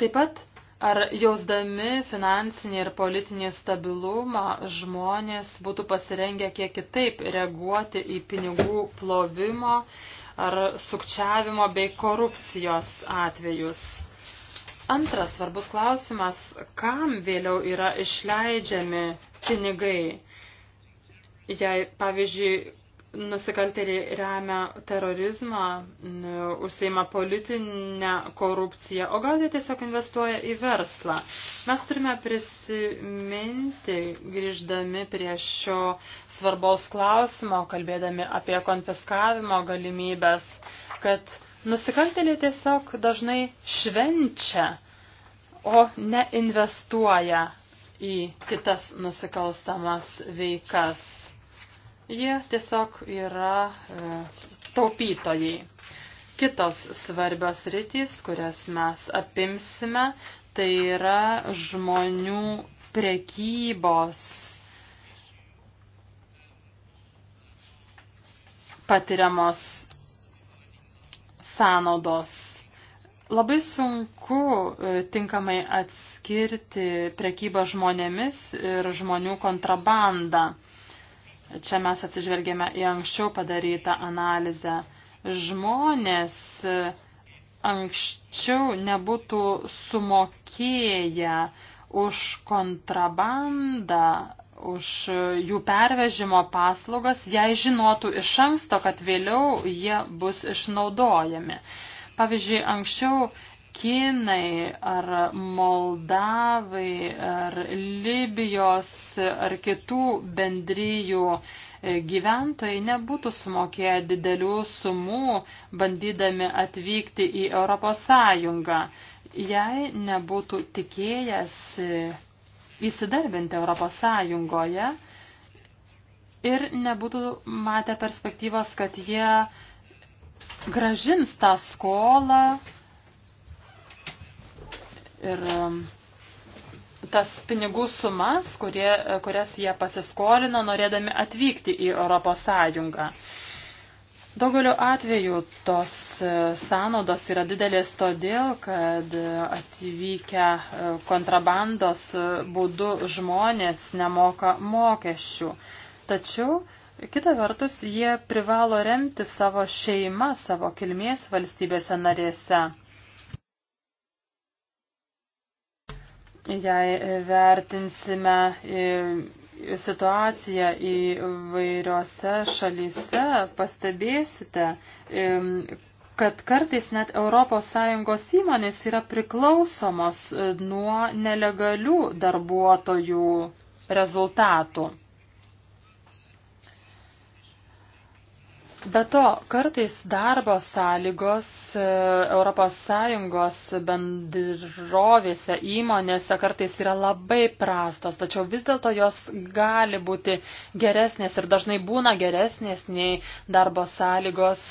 Taip pat ar jausdami finansinį ir politinį stabilumą žmonės būtų pasirengę kiek kitaip reaguoti į pinigų plovimo ar sukčiavimo bei korupcijos atvejus. Antras svarbus klausimas, kam vėliau yra išleidžiami pinigai. Jei, pavyzdžiui, nusikaltėliai remia terorizmą, užseima politinę korupciją, o gal jie tiesiog investuoja į verslą. Mes turime prisiminti, grįždami prie šio svarbaus klausimo, kalbėdami apie konfiskavimo galimybės, kad nusikaltėliai tiesiog dažnai švenčia, o ne investuoja į kitas nusikalstamas veikas. Jie tiesiog yra e, taupytojai. Kitos svarbios rytis, kurias mes apimsime, tai yra žmonių prekybos patiriamos sąnaudos. Labai sunku e, tinkamai atskirti prekybą žmonėmis ir žmonių kontrabandą. Čia mes atsižvelgėme į anksčiau padarytą analizę. Žmonės e, anksčiau nebūtų sumokėję už kontrabandą, už jų pervežimo paslaugas, jei žinotų iš anksto, kad vėliau jie bus išnaudojami. Pavyzdžiui, anksčiau Kinai ar Moldavai ar Libijos ar kitų bendryjų e, gyventojai nebūtų sumokėję didelių sumų, bandydami atvykti į Europos Sąjungą, jei nebūtų tikėjęs e, įsidarbinti Europos Sąjungoje ir nebūtų matę perspektyvos, kad jie gražins tą skolą ir um, tas pinigų sumas, kurie, kurias jie pasiskolino, norėdami atvykti į Europos Sąjungą. Daugeliu atveju tos e, sąnaudos yra didelės todėl, kad e, atvykę e, kontrabandos būdu žmonės nemoka mokesčių. Tačiau Kita vertus, jie privalo remti savo šeimą savo kilmės valstybėse narėse. jei vertinsime e, situaciją įvairiose šalyse, pastebėsite, e, kad kartais net ES įmonės yra priklausomos e, nuo nelegalių darbuotojų rezultatų. Be to, kartais darbo sąlygos ES bendrovėse, įmonėse kartais yra labai prastos, tačiau vis dėlto jos gali būti geresnės ir dažnai būna geresnės nei darbo sąlygos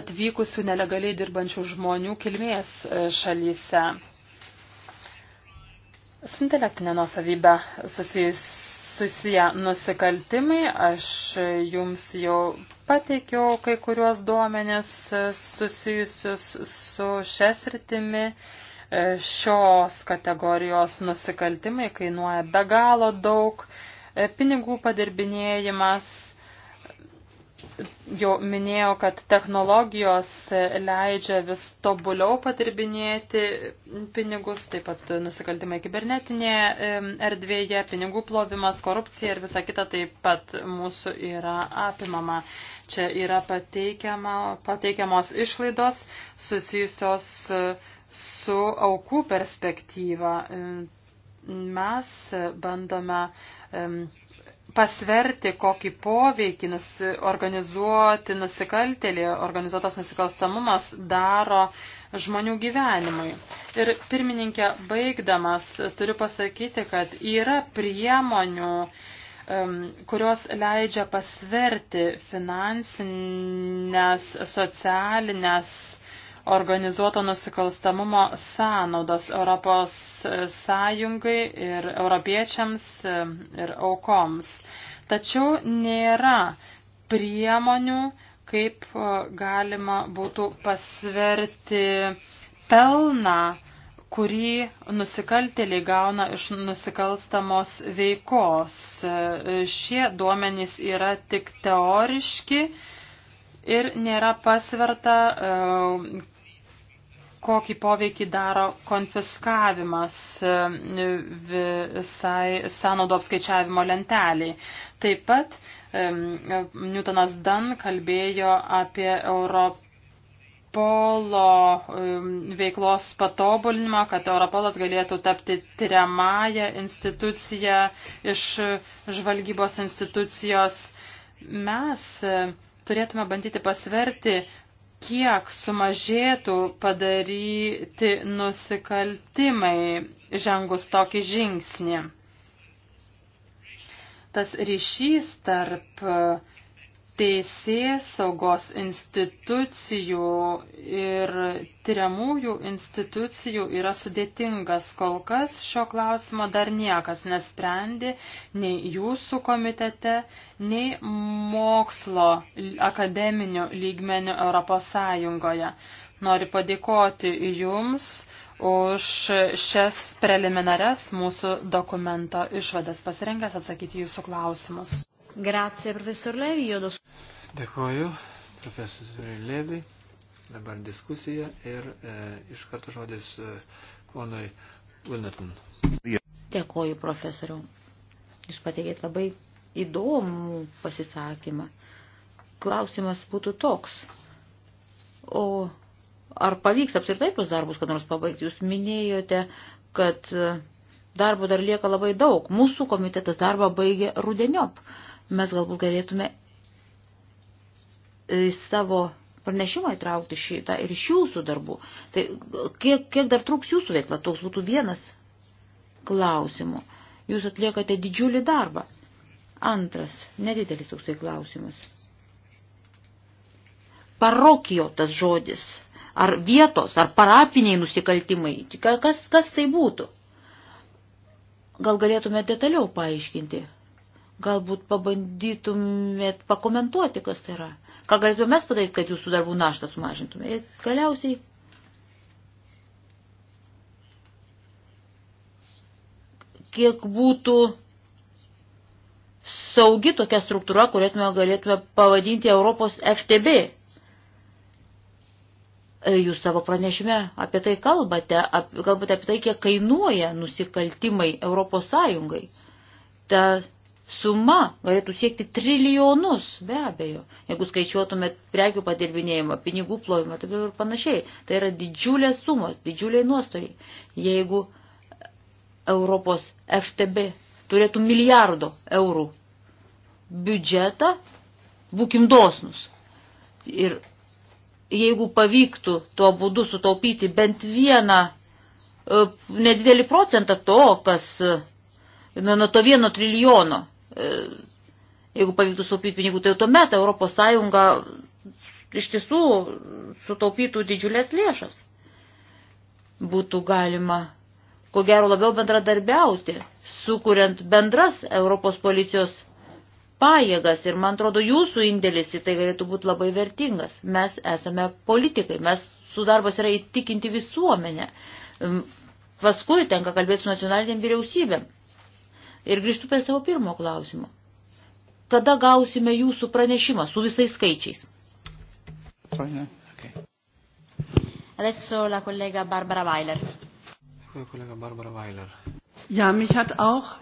atvykusių nelegaliai dirbančių žmonių kilmės e, šalyse. Su intelektinė nuosavybė susijus susiję nusikaltimai. Aš jums jau pateikiau kai kuriuos duomenės susijusius su šias rytimi. Šios kategorijos nusikaltimai kainuoja be galo daug. Pinigų padirbinėjimas jau minėjo, kad technologijos leidžia vis tobuliau padirbinėti pinigus, taip pat nusikaltimai kibernetinėje erdvėje, pinigų plovimas, korupcija ir visa kita taip pat mūsų yra apimama. Čia yra pateikiama, pateikiamos išlaidos susijusios e, su aukų perspektyva. E, mes bandome pasverti, kokį poveikį nusi, organizuoti nusikaltėlį, organizuotas nusikalstamumas daro žmonių gyvenimui. Ir pirmininkė, baigdamas, turiu pasakyti, kad yra priemonių, um, kurios leidžia pasverti finansinės, socialinės organizuoto nusikalstamumo sąnaudas Europos sąjungai ir europiečiams ir aukoms. Tačiau nėra priemonių, kaip galima būtų pasverti pelną, kurį nusikaltėliai gauna iš nusikalstamos veikos. Šie duomenys yra tik teoriški ir nėra pasverta, kokį poveikį daro konfiskavimas e, visai sąnaudo apskaičiavimo lenteliai. Taip pat e, Newtonas Dunn kalbėjo apie Europą Europolo e, veiklos patobulinimą, kad Europolas galėtų tapti tyriamąją instituciją iš žvalgybos institucijos. Mes turėtume bandyti pasverti, kiek sumažėtų padaryti nusikaltimai žengus tokį žingsnį. Tas ryšys tarp uh, teisės saugos institucijų ir tyriamųjų institucijų yra sudėtingas. Kol kas šio klausimo dar niekas nesprendė nei jūsų komitete, nei mokslo akademinių lygmenių Europos Sąjungoje. Noriu padėkoti Jums už šias preliminarias mūsų dokumento išvadas. Pasirengęs atsakyti Jūsų klausimus. Grazie, profesor Levi. Jodo... Dėkoju, profesoriui Levi. Dabar diskusija ir e, iš karto žodis e, ponui Wilnerton. Dėkoju, profesoriu. Jūs pateikėt labai įdomų pasisakymą. Klausimas būtų toks. O ar pavyks apskritai tuos darbus, kad nors pabaigti? Jūs minėjote, kad e, darbo dar lieka labai daug. Mūsų komitetas darbą baigė rudeniop mes galbūt galėtume į e, savo pranešimą įtraukti šitą ir iš jūsų darbų. Tai kiek, kiek dar truks jūsų veikla, toks būtų vienas klausimų. Jūs atliekate didžiulį darbą. Antras, nedidelis toksai klausimas. Parokijo tas žodis. Ar vietos, ar parapiniai nusikaltimai. Kas, kas tai būtų? Gal galėtume detaliau paaiškinti? Galbūt pabandytumėt pakomentuoti, kas tai yra. Ką galėtume mes padaryti, kad jūsų darbų naštą sumažintume. Ir galiausiai kiek būtų saugi tokia struktūra, kurėtume galėtume pavadinti Europos FTB. Jūs savo pranešime apie tai kalbate, apie, kalbate apie tai, kiek kainuoja nusikaltimai Europos Sąjungai. Ta suma galėtų siekti trilijonus, be abejo. Jeigu skaičiuotumėt prekių padirbinėjimą, pinigų plovimą taip ir panašiai, tai yra didžiulės sumos, didžiuliai nuostoliai. Jeigu Europos FTB turėtų milijardo eurų biudžetą, būkim dosnus. Ir jeigu pavyktų tuo būdu sutaupyti bent vieną e, nedidelį procentą to, kas na, nuo to vieno trilijono E, jeigu pavyktų sutaupyti pinigų, tai tuomet Europos Sąjunga iš tiesų sutaupytų didžiulės lėšas. Būtų galima, ko gero, labiau bendradarbiauti, sukuriant bendras Europos policijos pajėgas ir, man atrodo, jūsų indėlis į tai galėtų būti labai vertingas. Mes esame politikai, mes su darbas yra įtikinti visuomenę. Paskui tenka kalbėti su nacionalinėm vyriausybėm. Ir grįžtu prie savo pirmo klausimo. Kada gausime jūsų pranešimą su visais skaičiais? Sorry, okay. Adesso la collega Barbara Weiler. Kolega Barbara Weiler. Ja, mich hat auch.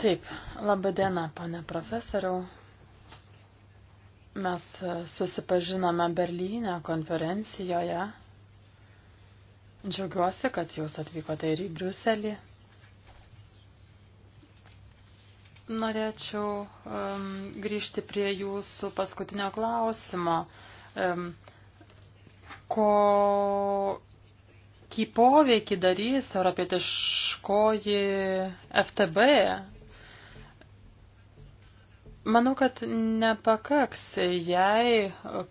Taip, laba diena, pane profesoriau. Mes e, susipažinome Berlyne konferencijoje. Džiaugiuosi, kad jūs atvykote ir į Briuselį. Norėčiau um, grįžti prie jūsų paskutinio klausimo. Um, ko kokį poveikį darys europietiškoji FTB. Manau, kad nepakaks, jei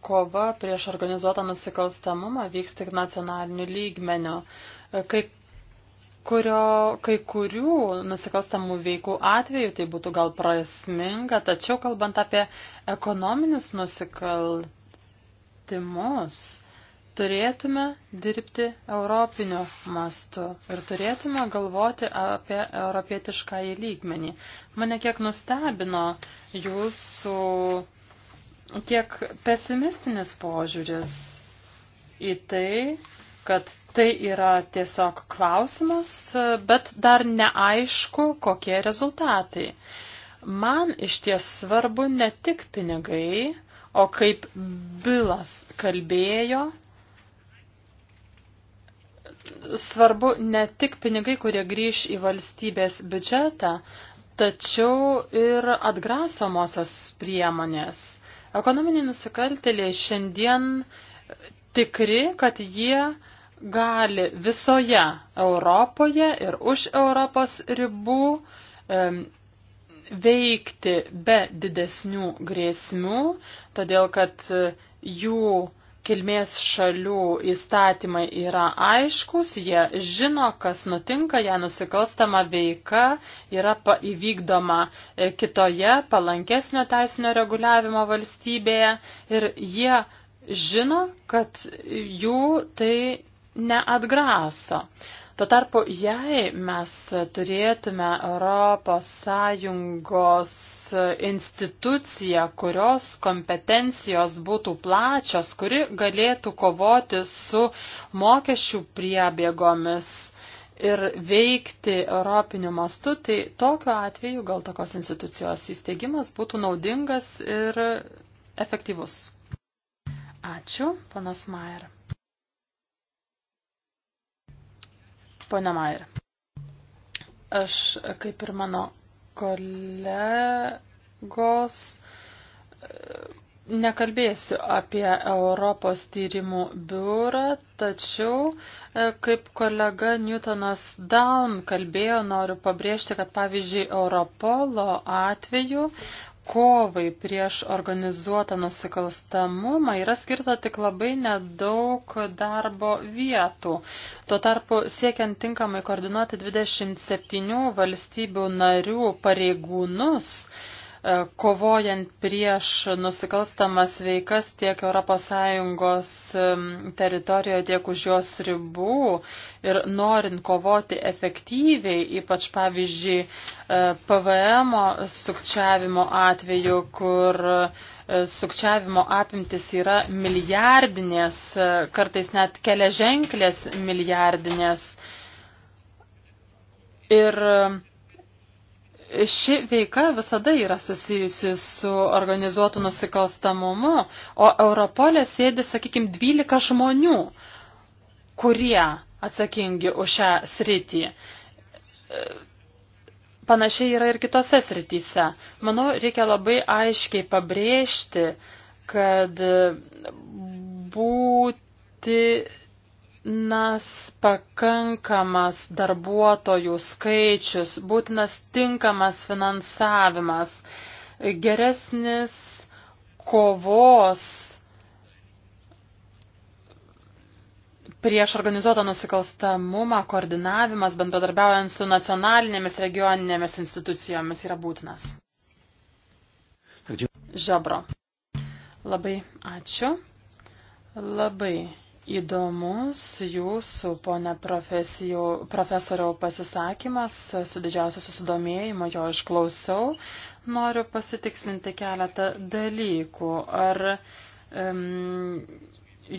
kova prieš organizuotą nusikalstamumą vyks tik nacionaliniu lygmeniu. Kai kurio kai kurių nusikalstamų veikų atveju tai būtų gal prasminga, tačiau kalbant apie ekonominius nusikaltimus, turėtume dirbti europiniu mastu ir turėtume galvoti apie europietišką į lygmenį. Mane kiek nustebino jūsų kiek pesimistinis požiūris į tai, kad tai yra tiesiog klausimas, bet dar neaišku, kokie rezultatai. Man iš ties svarbu ne tik pinigai, o kaip Bilas kalbėjo, svarbu ne tik pinigai, kurie grįž į valstybės biudžetą, tačiau ir atgrasomosios priemonės. Ekonominiai nusikaltėliai šiandien tikri, kad jie gali visoje Europoje ir už Europos ribų veikti be didesnių grėsmių, todėl kad e, jų kilmės šalių įstatymai yra aiškus, jie žino, kas nutinka, jei nusikalstama veika yra įvykdoma e, kitoje palankesnio teisinio reguliavimo valstybėje ir jie žino, kad jų tai neatgraso. Tuo tarpu, jei mes turėtume ES instituciją, kurios kompetencijos būtų plačios, kuri galėtų kovoti su mokesčių priebėgomis ir veikti europiniu mastu, tai tokiu atveju gal tokios institucijos įsteigimas būtų naudingas ir efektyvus. Ačiū, panas Mayer. Pone Maier, aš kaip ir mano kolegos nekalbėsiu apie Europos tyrimų biurą, tačiau, kaip kolega Newtonas Down kalbėjo, noriu pabrėžti, kad pavyzdžiui Europolo atveju kovai prieš organizuotą nusikalstamumą yra skirta tik labai nedaug darbo vietų. Tuo tarpu siekiant tinkamai koordinuoti 27 valstybių narių pareigūnus, E, kovojant prieš nusikalstamas veikas tiek ES e, teritorijoje, tiek už jos ribų ir norint kovoti efektyviai, ypač pavyzdžiui e, PVM sukčiavimo atveju, kur sukčiavimo apimtis yra milijardinės, kartais net keliaženklės milijardinės. Ir ši veika visada yra susijusi su organizuotu nusikalstamumu, o Europolė sėdi, sakykime, 12 žmonių, kurie atsakingi už šią sritį. Panašiai yra ir kitose srityse. Manau, reikia labai aiškiai pabrėžti, kad būti Nas pakankamas darbuotojų skaičius, būtinas tinkamas finansavimas, geresnis kovos prieš organizuotą nusikalstamumą koordinavimas bendradarbiaujant su nacionalinėmis regioninėmis institucijomis yra būtinas. Žabro. Labai ačiū. Labai įdomus jūsų, pone profesoriau, pasisakymas. Su didžiausiu susidomėjimu jo išklausiau. Noriu pasitikslinti keletą dalykų. Ar um,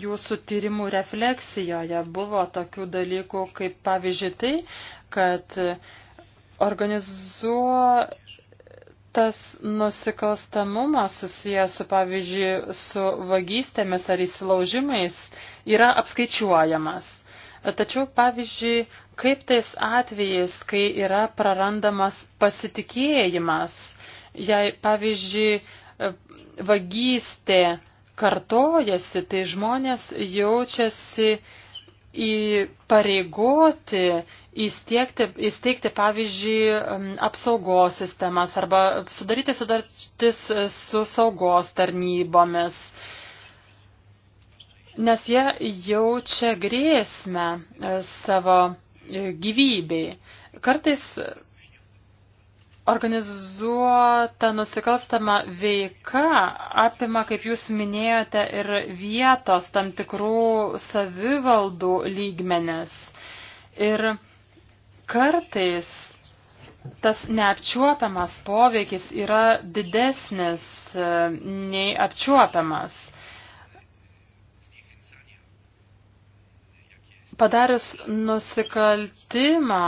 jūsų tyrimų refleksijoje buvo tokių dalykų, kaip pavyzdžiui tai, kad organizuo tas nusikalstamumas susijęs su, pavyzdžiui, su vagystėmis ar įsilaužimais yra apskaičiuojamas. Tačiau, pavyzdžiui, kaip tais atvejais, kai yra prarandamas pasitikėjimas, jei, pavyzdžiui, vagystė kartojasi, tai žmonės jaučiasi įpareigoti įstiekti, įsteigti, pavyzdžiui, um, apsaugos sistemas arba sudaryti sudartis uh, su saugos tarnybomis, nes jie jaučia grėsmę uh, savo uh, gyvybei. Kartais organizuota nusikalstama veika apima, kaip jūs minėjote, ir vietos tam tikrų savivaldų lygmenis. Ir kartais tas neapčiuopiamas poveikis yra didesnis e, nei apčiuopiamas. Padarius nusikaltimą,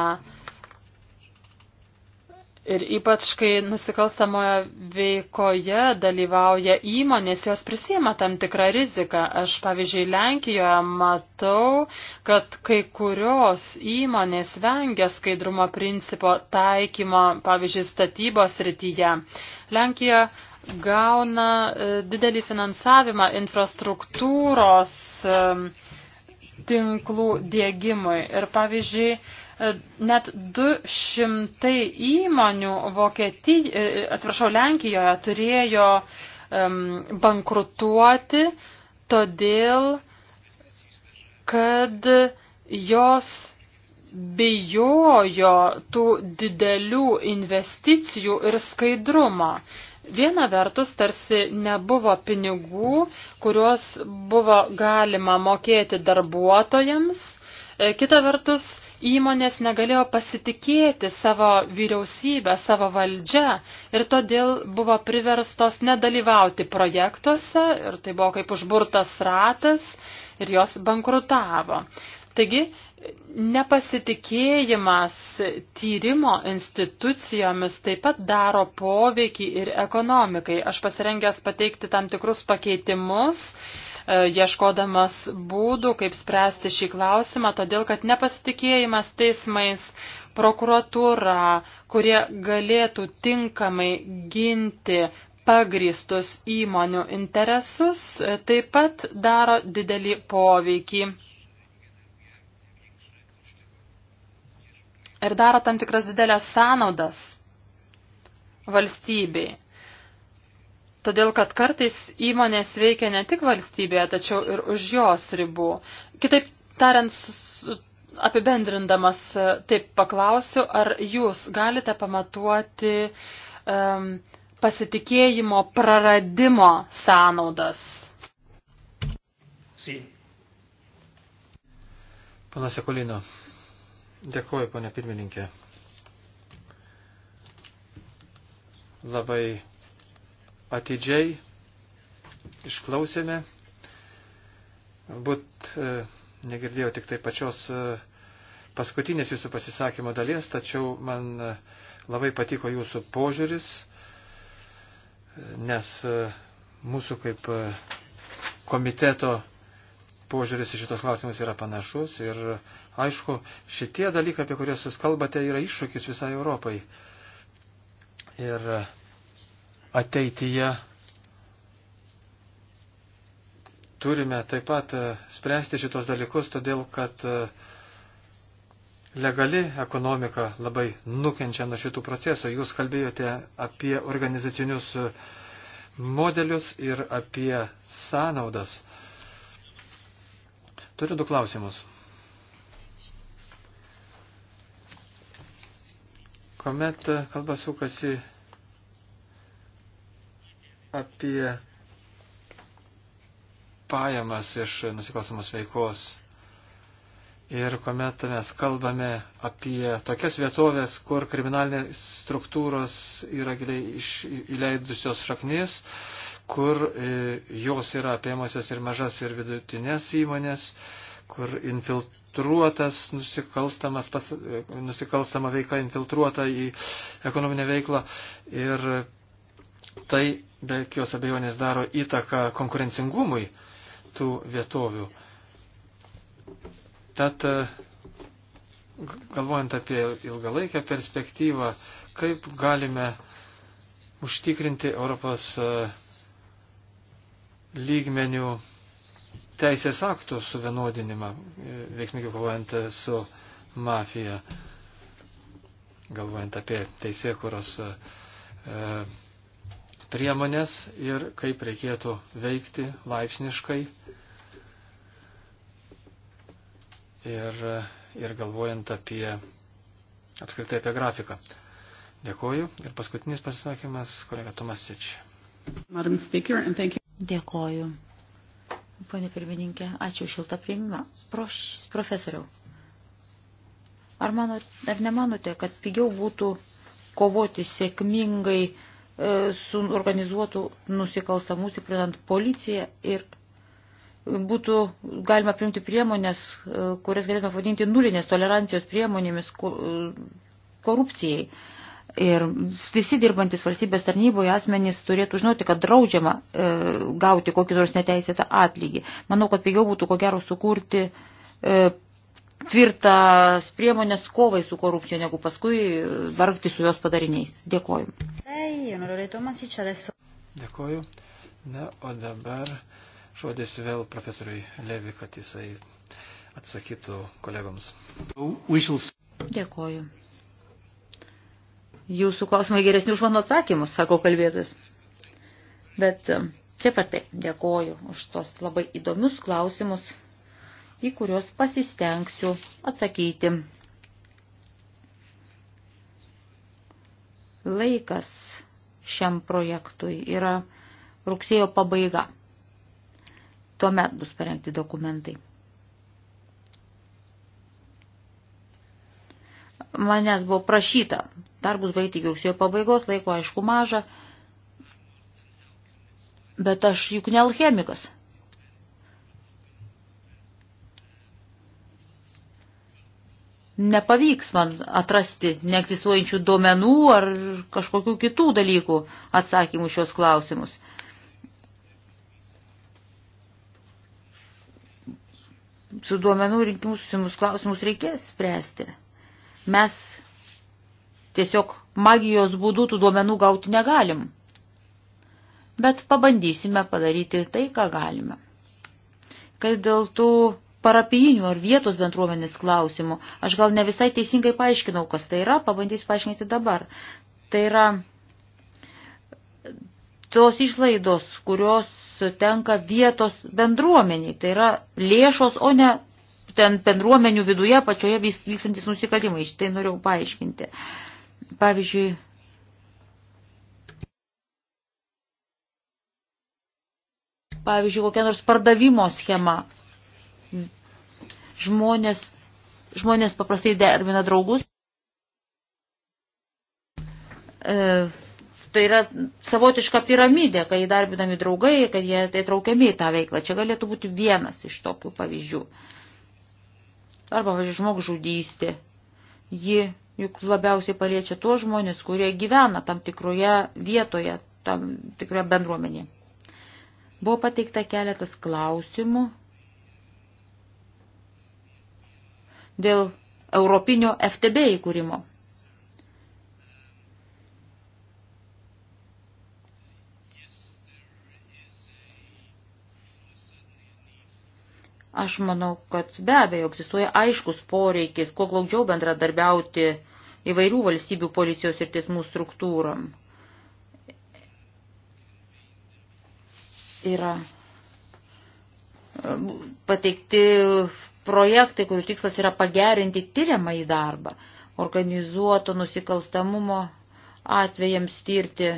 Ir ypač, kai nusikalstamoje veikoje dalyvauja įmonės, jos prisima tam tikrą riziką. Aš, pavyzdžiui, Lenkijoje matau, kad kai kurios įmonės vengia skaidrumo principo taikymo, pavyzdžiui, statybos rytyje. Lenkija gauna e, didelį finansavimą infrastruktūros e, tinklų dėgymui. Ir, pavyzdžiui, Net 200 įmonių Vokietijoje, atsiprašau, Lenkijoje turėjo bankrutuoti, todėl, kad jos bijojo tų didelių investicijų ir skaidrumo. Viena vertus tarsi nebuvo pinigų, kuriuos buvo galima mokėti darbuotojams, e, kita vertus Įmonės negalėjo pasitikėti savo vyriausybę, savo valdžią ir todėl buvo priverstos nedalyvauti projektuose ir tai buvo kaip užburtas ratas ir jos bankrutavo. Taigi, nepasitikėjimas tyrimo institucijomis taip pat daro poveikį ir ekonomikai. Aš pasirengęs pateikti tam tikrus pakeitimus, uh, E, ieškodamas būdų, kaip spręsti šį klausimą, todėl kad nepasitikėjimas teismais, prokuratūra, kurie galėtų tinkamai ginti pagristus įmonių interesus, e, taip pat daro didelį poveikį. Ir daro tam tikras didelės sąnaudas valstybei. Todėl, kad kartais įmonės veikia ne tik valstybėje, tačiau ir už jos ribų. Kitaip tariant, apibendrindamas e, taip paklausiu, ar jūs galite pamatuoti um, pasitikėjimo praradimo sąnaudas? Sí. Pana Sekulino, dėkuoju, ponė pirmininkė. Labai atidžiai išklausėme. Galbūt e, negirdėjau tik tai pačios e, paskutinės jūsų pasisakymo dalies, tačiau man e, labai patiko jūsų požiūris, nes mūsų kaip komiteto požiūris į šitos klausimus yra panašus ir aišku, šitie dalykai, apie kuriuos jūs kalbate, yra iššūkis visai Europai. Ir ateityje turime taip pat e, spręsti šitos dalykus, todėl kad e, legali ekonomika labai nukenčia nuo šitų procesų. Jūs kalbėjote apie organizacinius e, modelius ir apie sąnaudas. Turiu du klausimus. Komet kalba sukasi apie pajamas iš nusikalstamos veikos. Ir kuomet mes kalbame apie tokias vietovės, kur kriminalinės struktūros yra giliai iš, įleidusios šaknis, kur e, jos yra apėmusios ir mažas ir vidutinės įmonės, kur infiltruotas nusikalstamas, pas, e, nusikalstama veikla infiltruota į ekonominę veiklą. Ir tai be jokios abejonės daro įtaką konkurencingumui tų vietovių. Tad e, galvojant apie ilgalaikę perspektyvą, kaip galime užtikrinti Europos e, lygmenių teisės aktų suvienodinimą, e, veiksmingiau kovojant su mafija, galvojant apie teisėkuros e, priemonės ir kaip reikėtų veikti laipsniškai. Ir, ir galvojant apie apskritai apie grafiką. Dėkoju. Ir paskutinis pasisakymas kolega Tomasič. Dėkoju. Pane pirmininkė, ačiū šiltą priimimą. Profesoriau, ar, mano, ar nemanote, kad pigiau būtų kovoti sėkmingai E, su organizuotų nusikalstamų, stiprinant policiją ir būtų galima priimti priemonės, e, kurias galėtume vadinti nulinės tolerancijos priemonėmis e, korupcijai. Ir visi dirbantis valstybės tarnyboje asmenys turėtų žinoti, kad draudžiama e, gauti kokį nors neteisėtą atlygį. Manau, kad pigiau būtų ko gero sukurti e, tvirtas priemonės kovai su korupcija, negu paskui vargti su jos padariniais. Dėkoju. Dėkoju. Na, o dabar žodis vėl profesoriui Levi, kad jisai atsakytų kolegoms. Dėkoju. Jūsų klausimai geresni už mano atsakymus, sako kalbėtas. Bet e, čia pat taip, dėkoju už tos labai įdomius klausimus į kuriuos pasistengsiu atsakyti. Laikas šiam projektui yra rugsėjo pabaiga. Tuomet bus parengti dokumentai. Manęs buvo prašyta, darbus baigti iki rugsėjo pabaigos, laiko aišku maža, bet aš juk ne alchemikas. nepavyks man atrasti neegzistuojančių duomenų ar kažkokių kitų dalykų atsakymų šios klausimus. Su duomenų rinkimu susimus klausimus reikės spręsti. Mes tiesiog magijos būdų tų duomenų gauti negalim. Bet pabandysime padaryti tai, ką galime. Kai dėl tų parapijinių ar vietos bendruomenės klausimų. Aš gal ne visai teisingai paaiškinau, kas tai yra, pabandysiu paaiškinti dabar. Tai yra tos išlaidos, kurios tenka vietos bendruomeniai, tai yra lėšos, o ne ten bendruomenių viduje pačioje vykstantis nusikaltimai. Štai norėjau paaiškinti. Pavyzdžiui, pavyzdžiui, kokia nors pardavimo schema Žmonės, žmonės paprastai dermina draugus. E, tai yra savotiška piramidė, kai įdarbinami draugai, kad jie tai traukiami į tą veiklą. Čia galėtų būti vienas iš tokių pavyzdžių. Arba, važiuoju, žmogžudystė. Ji juk labiausiai paliečia tuos žmonės, kurie gyvena tam tikroje vietoje, tam tikroje bendruomenėje. Buvo pateikta keletas klausimų dėl Europinio FTB įkūrimo. Aš manau, kad be abejo egzistuoja aiškus poreikis, kuo glaudžiau bendradarbiauti įvairių valstybių policijos ir teismų struktūram. Yra e, pateikti projektai, kurių tikslas yra pagerinti tyriamą į darbą, organizuoto nusikalstamumo atvejams tirti.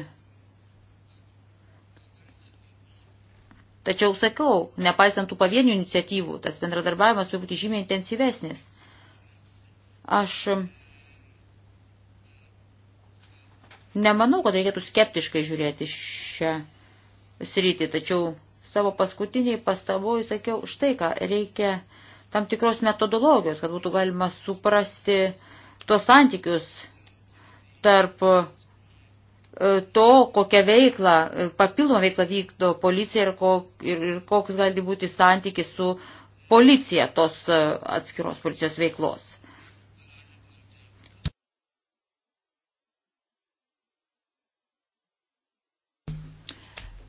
Tačiau sakiau, nepaisant tų pavienių iniciatyvų, tas bendradarbiavimas turi būti žymiai intensyvesnis. Aš nemanau, kad reikėtų skeptiškai žiūrėti šią sritį, tačiau savo paskutiniai pastaboj sakiau, štai ką reikia tam tikros metodologijos, kad būtų galima suprasti tuos santykius tarp e, to, kokią veiklą, e, papildomą veiklą vykdo policija ir, kok, ir, ir koks gali būti santykis su policija tos e, atskiros policijos veiklos.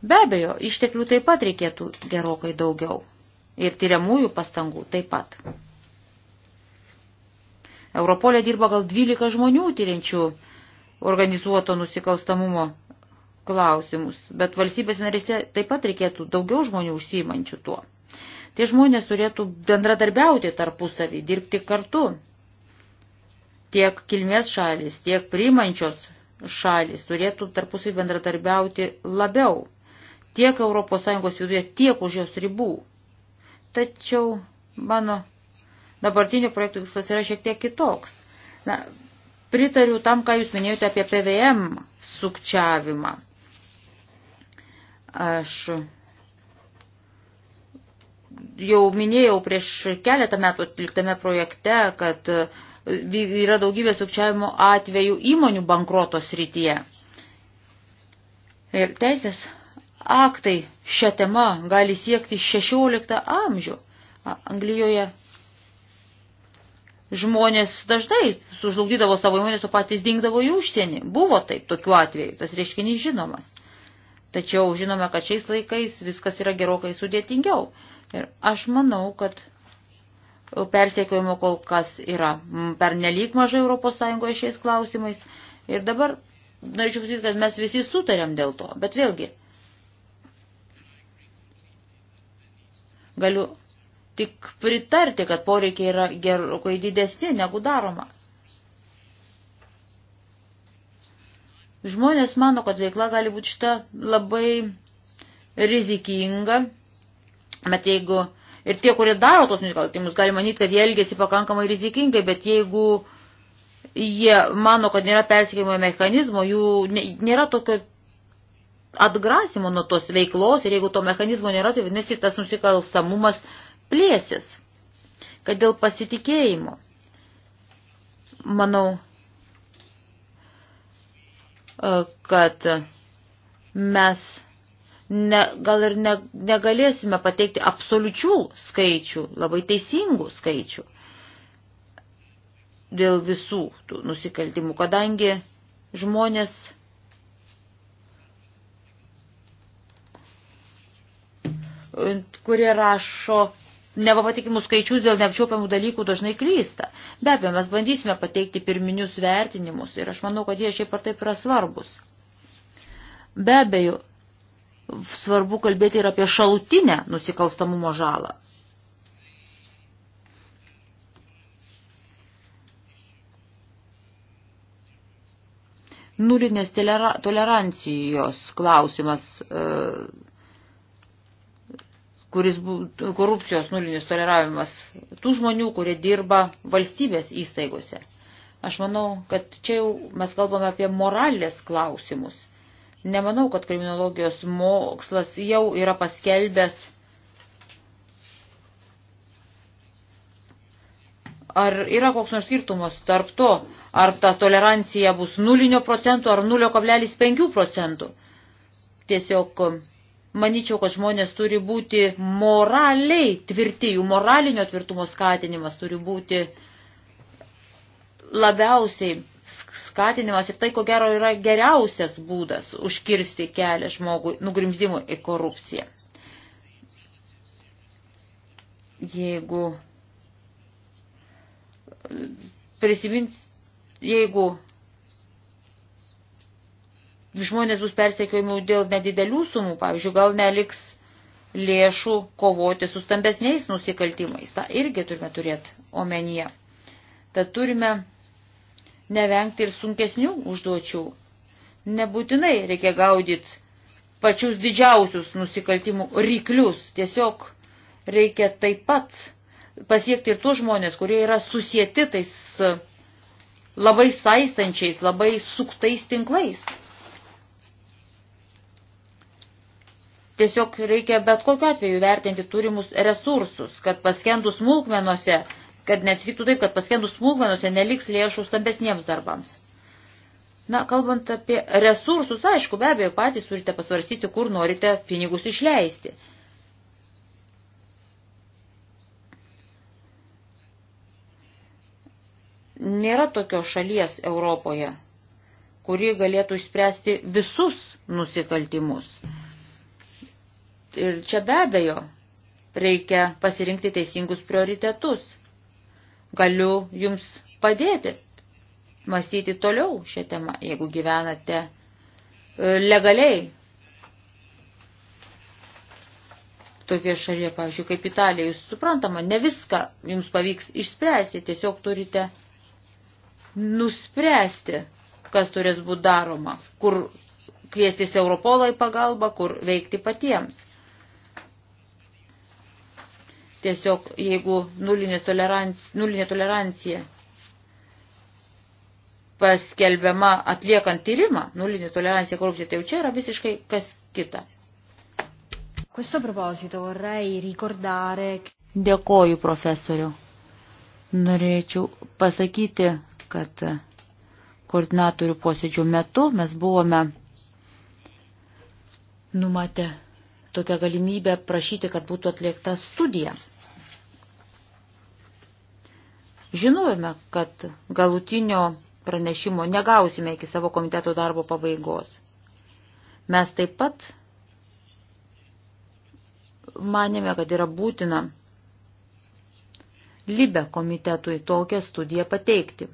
Be abejo, išteklių taip pat reikėtų gerokai daugiau ir tyriamųjų pastangų taip pat. Europolė dirba gal 12 žmonių tyrinčių organizuoto nusikalstamumo klausimus, bet valstybės narėse taip pat reikėtų daugiau žmonių užsiimančių tuo. Tie žmonės turėtų bendradarbiauti tarpusavį, dirbti kartu. Tiek kilmės šalis, tiek priimančios šalis turėtų tarpusavį bendradarbiauti labiau, tiek ES viduje, tiek už jos ribų Tačiau mano dabartinių projektų tikslas yra šiek tiek kitoks. Na, pritariu tam, ką jūs minėjote apie PVM sukčiavimą. Aš jau minėjau prieš keletą metų atliktame projekte, kad yra daugybė sukčiavimo atvejų įmonių bankroto srityje. Ir teisės aktai šią temą gali siekti 16 amžių. Anglijoje žmonės dažnai sužlugdydavo savo įmonės, o patys dingdavo į užsienį. Buvo taip tokiu atveju, tas reiškinys žinomas. Tačiau žinome, kad šiais laikais viskas yra gerokai sudėtingiau. Ir aš manau, kad persiekiojimo kol kas yra per nelik mažai Europos Sąjungoje šiais klausimais. Ir dabar norėčiau pasakyti, kad mes visi sutarėm dėl to. Bet vėlgi, Galiu tik pritarti, kad poreikiai yra gerokai didesni negu daroma. Žmonės mano, kad veikla gali būti šita labai rizikinga, bet jeigu ir tie, kurie daro tos nusikaltimus, gali manyti, kad jie elgesi pakankamai rizikingai, bet jeigu jie mano, kad nėra persikėjimo mechanizmo, jų nėra tokio atgrasimo nuo tos veiklos ir jeigu to mechanizmo nėra, tai vadinasi, tas nusikalstamumas plėsis. Kad dėl pasitikėjimo, manau, e, kad mes ne, gal ir ne, negalėsime pateikti absoliučių skaičių, labai teisingų skaičių dėl visų tų nusikaltimų, kadangi žmonės kurie rašo neva patikimus skaičius dėl neapčiuopiamų dalykų dažnai klysta. Be abejo, mes bandysime pateikti pirminius vertinimus ir aš manau, kad jie šiaip ar taip yra svarbus. Be abejo, svarbu kalbėti ir apie šalutinę nusikalstamumo žalą. Nulinės tolerancijos klausimas e, kuris būtų korupcijos nulinis toleravimas tų žmonių, kurie dirba valstybės įstaigose. Aš manau, kad čia jau mes kalbame apie moralės klausimus. Nemanau, kad kriminologijos mokslas jau yra paskelbęs Ar yra koks nors skirtumas tarp to, ar ta tolerancija bus nulinio procentų ar 0,5 procentų? Tiesiog Maničiau, kad žmonės turi būti moraliai tvirti, jų moralinio tvirtumo skatinimas turi būti labiausiai skatinimas ir tai, ko gero, yra geriausias būdas užkirsti kelią žmogui nugrimzdimui į korupciją. Jeigu prisimins, jeigu žmonės bus persekiojami dėl nedidelių sumų, pavyzdžiui, gal neliks lėšų kovoti su stambesniais nusikaltimais. Ta irgi turime turėti omenyje. Tad turime nevengti ir sunkesnių užduočių. Nebūtinai reikia gaudyti pačius didžiausius nusikaltimų ryklius. Tiesiog reikia taip pat pasiekti ir tuos žmonės, kurie yra susieti tais labai saistančiais, labai suktais tinklais. Tiesiog reikia bet kokiu atveju vertinti turimus resursus, kad paskendus smulkmenuose, kad neatsitiktų taip, kad paskendus smulkmenuose neliks lėšų stambesniems darbams. Na, kalbant apie resursus, aišku, be abejo, patys turite pasvarstyti, kur norite pinigus išleisti. Nėra tokios šalies Europoje, kuri galėtų išspręsti visus nusikaltimus. Ir čia be abejo reikia pasirinkti teisingus prioritetus. Galiu jums padėti mąstyti toliau šią temą, jeigu gyvenate e, legaliai. Tokie šalyje, pavyzdžiui, kaip Italija, jūs suprantama, ne viską jums pavyks išspręsti, tiesiog turite nuspręsti, kas turės būti daroma, kur kviestis Europolą į pagalbą, kur veikti patiems. Tiesiog jeigu nulinė tolerancija, nulinė tolerancija paskelbiama atliekant tyrimą, nulinė tolerancija korupcijai, tai jau čia yra visiškai kas kita. Questo proposito vorrei ricordare. Dėkoju, profesoriu. Norėčiau pasakyti, kad koordinatorių posėdžių metu mes buvome numatę tokią galimybę prašyti, kad būtų atliekta studija Žinojome, kad galutinio pranešimo negausime iki savo komiteto darbo pabaigos. Mes taip pat manėme, kad yra būtina Libe komitetui tokią studiją pateikti.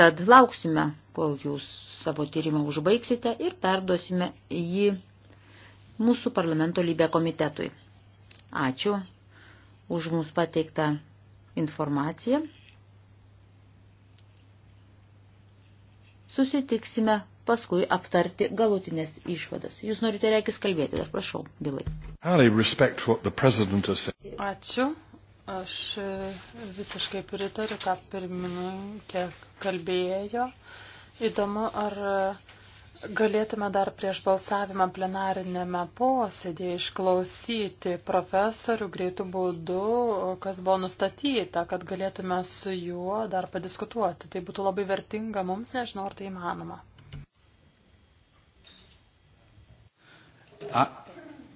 Tad lauksime, kol jūs savo tyrimą užbaigsite ir perduosime jį mūsų parlamento Libe komitetui. Ačiū už mums pateiktą informaciją. Susitiksime paskui aptarti galutinės išvadas. Jūs norite reikis kalbėti, dar prašau, Bilai. Ačiū. Aš visiškai pritariu, ką pirmininkė kalbėjo. Įdomu, ar Galėtume dar prieš balsavimą plenarinėme posėdėje išklausyti profesorių greitų būdų, kas buvo nustatyta, kad galėtume su juo dar padiskutuoti. Tai būtų labai vertinga mums, nežinau, ar tai įmanoma. I,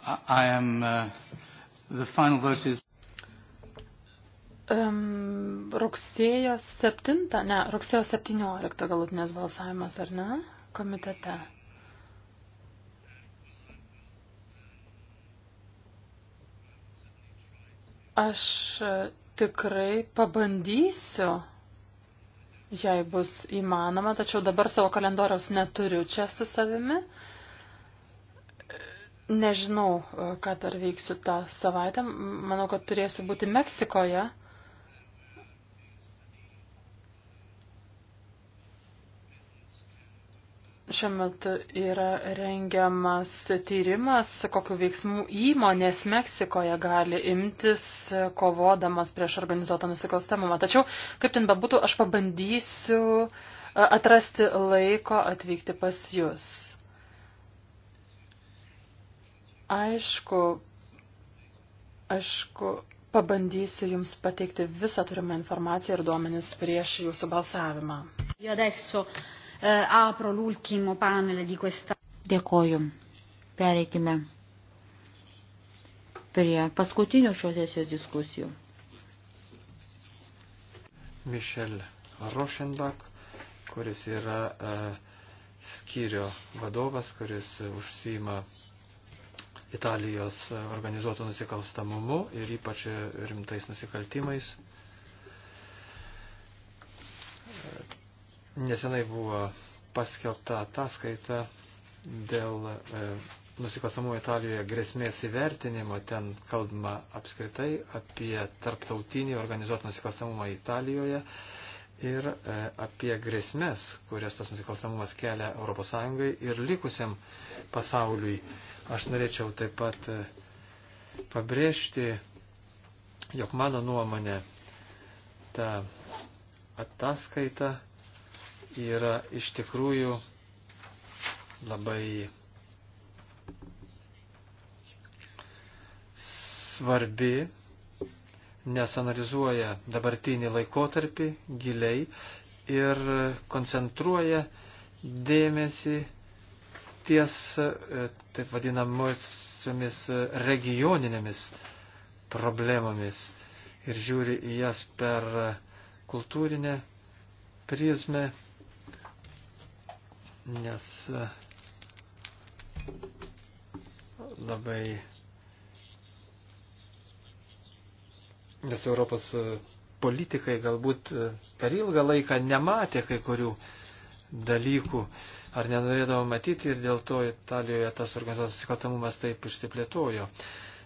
I am, uh, is... um, rugsėjo 7, ne, rugsėjo 17 galutinės balsavimas, ar ne? komitete. Aš tikrai pabandysiu, jei bus įmanoma, tačiau dabar savo kalendoriaus neturiu čia su savimi. Nežinau, ką dar veiksiu tą savaitę. Manau, kad turėsiu būti Meksikoje. šiuo metu yra rengiamas tyrimas, kokiu veiksmu įmonės Meksikoje gali imtis, kovodamas prieš organizuotą nusikalstamumą. Tačiau, kaip ten bebūtų, aš pabandysiu e, atrasti laiko atvykti pas jūs. Aišku, aišku, pabandysiu jums pateikti visą turimą informaciją ir duomenis prieš jūsų balsavimą. Jo adesso Eh, apro l'ultimo panel di questa. Dėkoju. Pereikime prie paskutinių šios sesijos diskusijų. Mišel Rošendak, kuris yra uh, skyrio vadovas, kuris užsima Italijos organizuotų nusikalstamumu ir ypač rimtais nusikaltimais Nesenai buvo paskelbta ataskaita dėl e, nusikalstamų Italijoje grėsmės įvertinimo. Ten kalbama apskritai apie tarptautinį organizuotą nusikalstamumą Italijoje ir e, apie grėsmės, kurias tas nusikalstamumas kelia ES ir likusiam pasauliui. Aš norėčiau taip pat e, pabrėžti, jog mano nuomonė ta ataskaita yra iš tikrųjų labai svarbi, nes analizuoja dabartinį laikotarpį giliai ir koncentruoja dėmesį ties e, taip vadinamosiomis regioninėmis problemomis ir žiūri į jas per kultūrinę prizmę nes e, labai. Nes Europos e, politikai galbūt e, per ilgą laiką nematė kai kurių dalykų ar nenorėdavo matyti ir dėl to Italijoje tas organizuotas nusikaltamumas taip išsiplėtojo.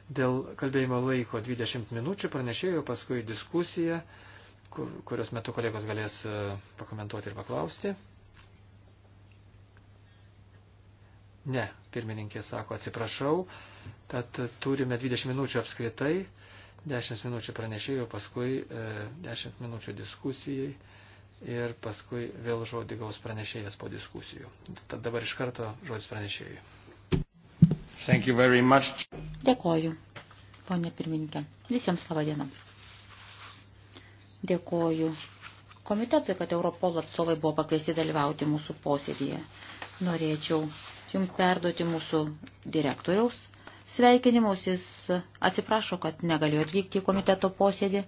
Dėl kalbėjimo laiko 20 minučių pranešėjau, paskui diskusija, kur, kurios metu kolegos galės pakomentuoti ir paklausti. Ne, pirmininkė sako, atsiprašau, tad turime 20 minučių apskritai, 10 minučių pranešėjų, paskui e, 10 minučių diskusijai ir paskui vėl žodį gaus pranešėjas po diskusijų. Tad dabar iš karto žodis pranešėjui. Dėkoju, ponė pirmininkė. Visiems savo dieną. Dėkoju komitetui, kad Europolo atstovai buvo pakviesti dalyvauti mūsų posėdėje. Norėčiau jums perduoti mūsų direktoriaus sveikinimus. Jis atsiprašo, kad negalėjo atvykti į komiteto posėdį.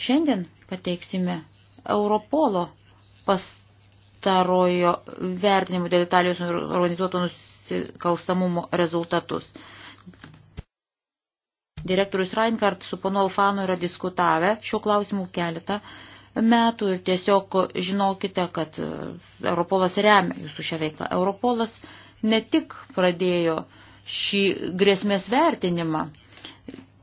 Šiandien pateiksime Europolo pastarojo vertinimų dėl Italijos organizuoto nusikalstamumo rezultatus. Direktorius Reinkart su ponu Alfano yra diskutavę šiuo klausimu keletą metų ir tiesiog žinokite, kad e, Europolas remia jūsų šią veiklą. Europolas ne tik pradėjo šį grėsmės vertinimą,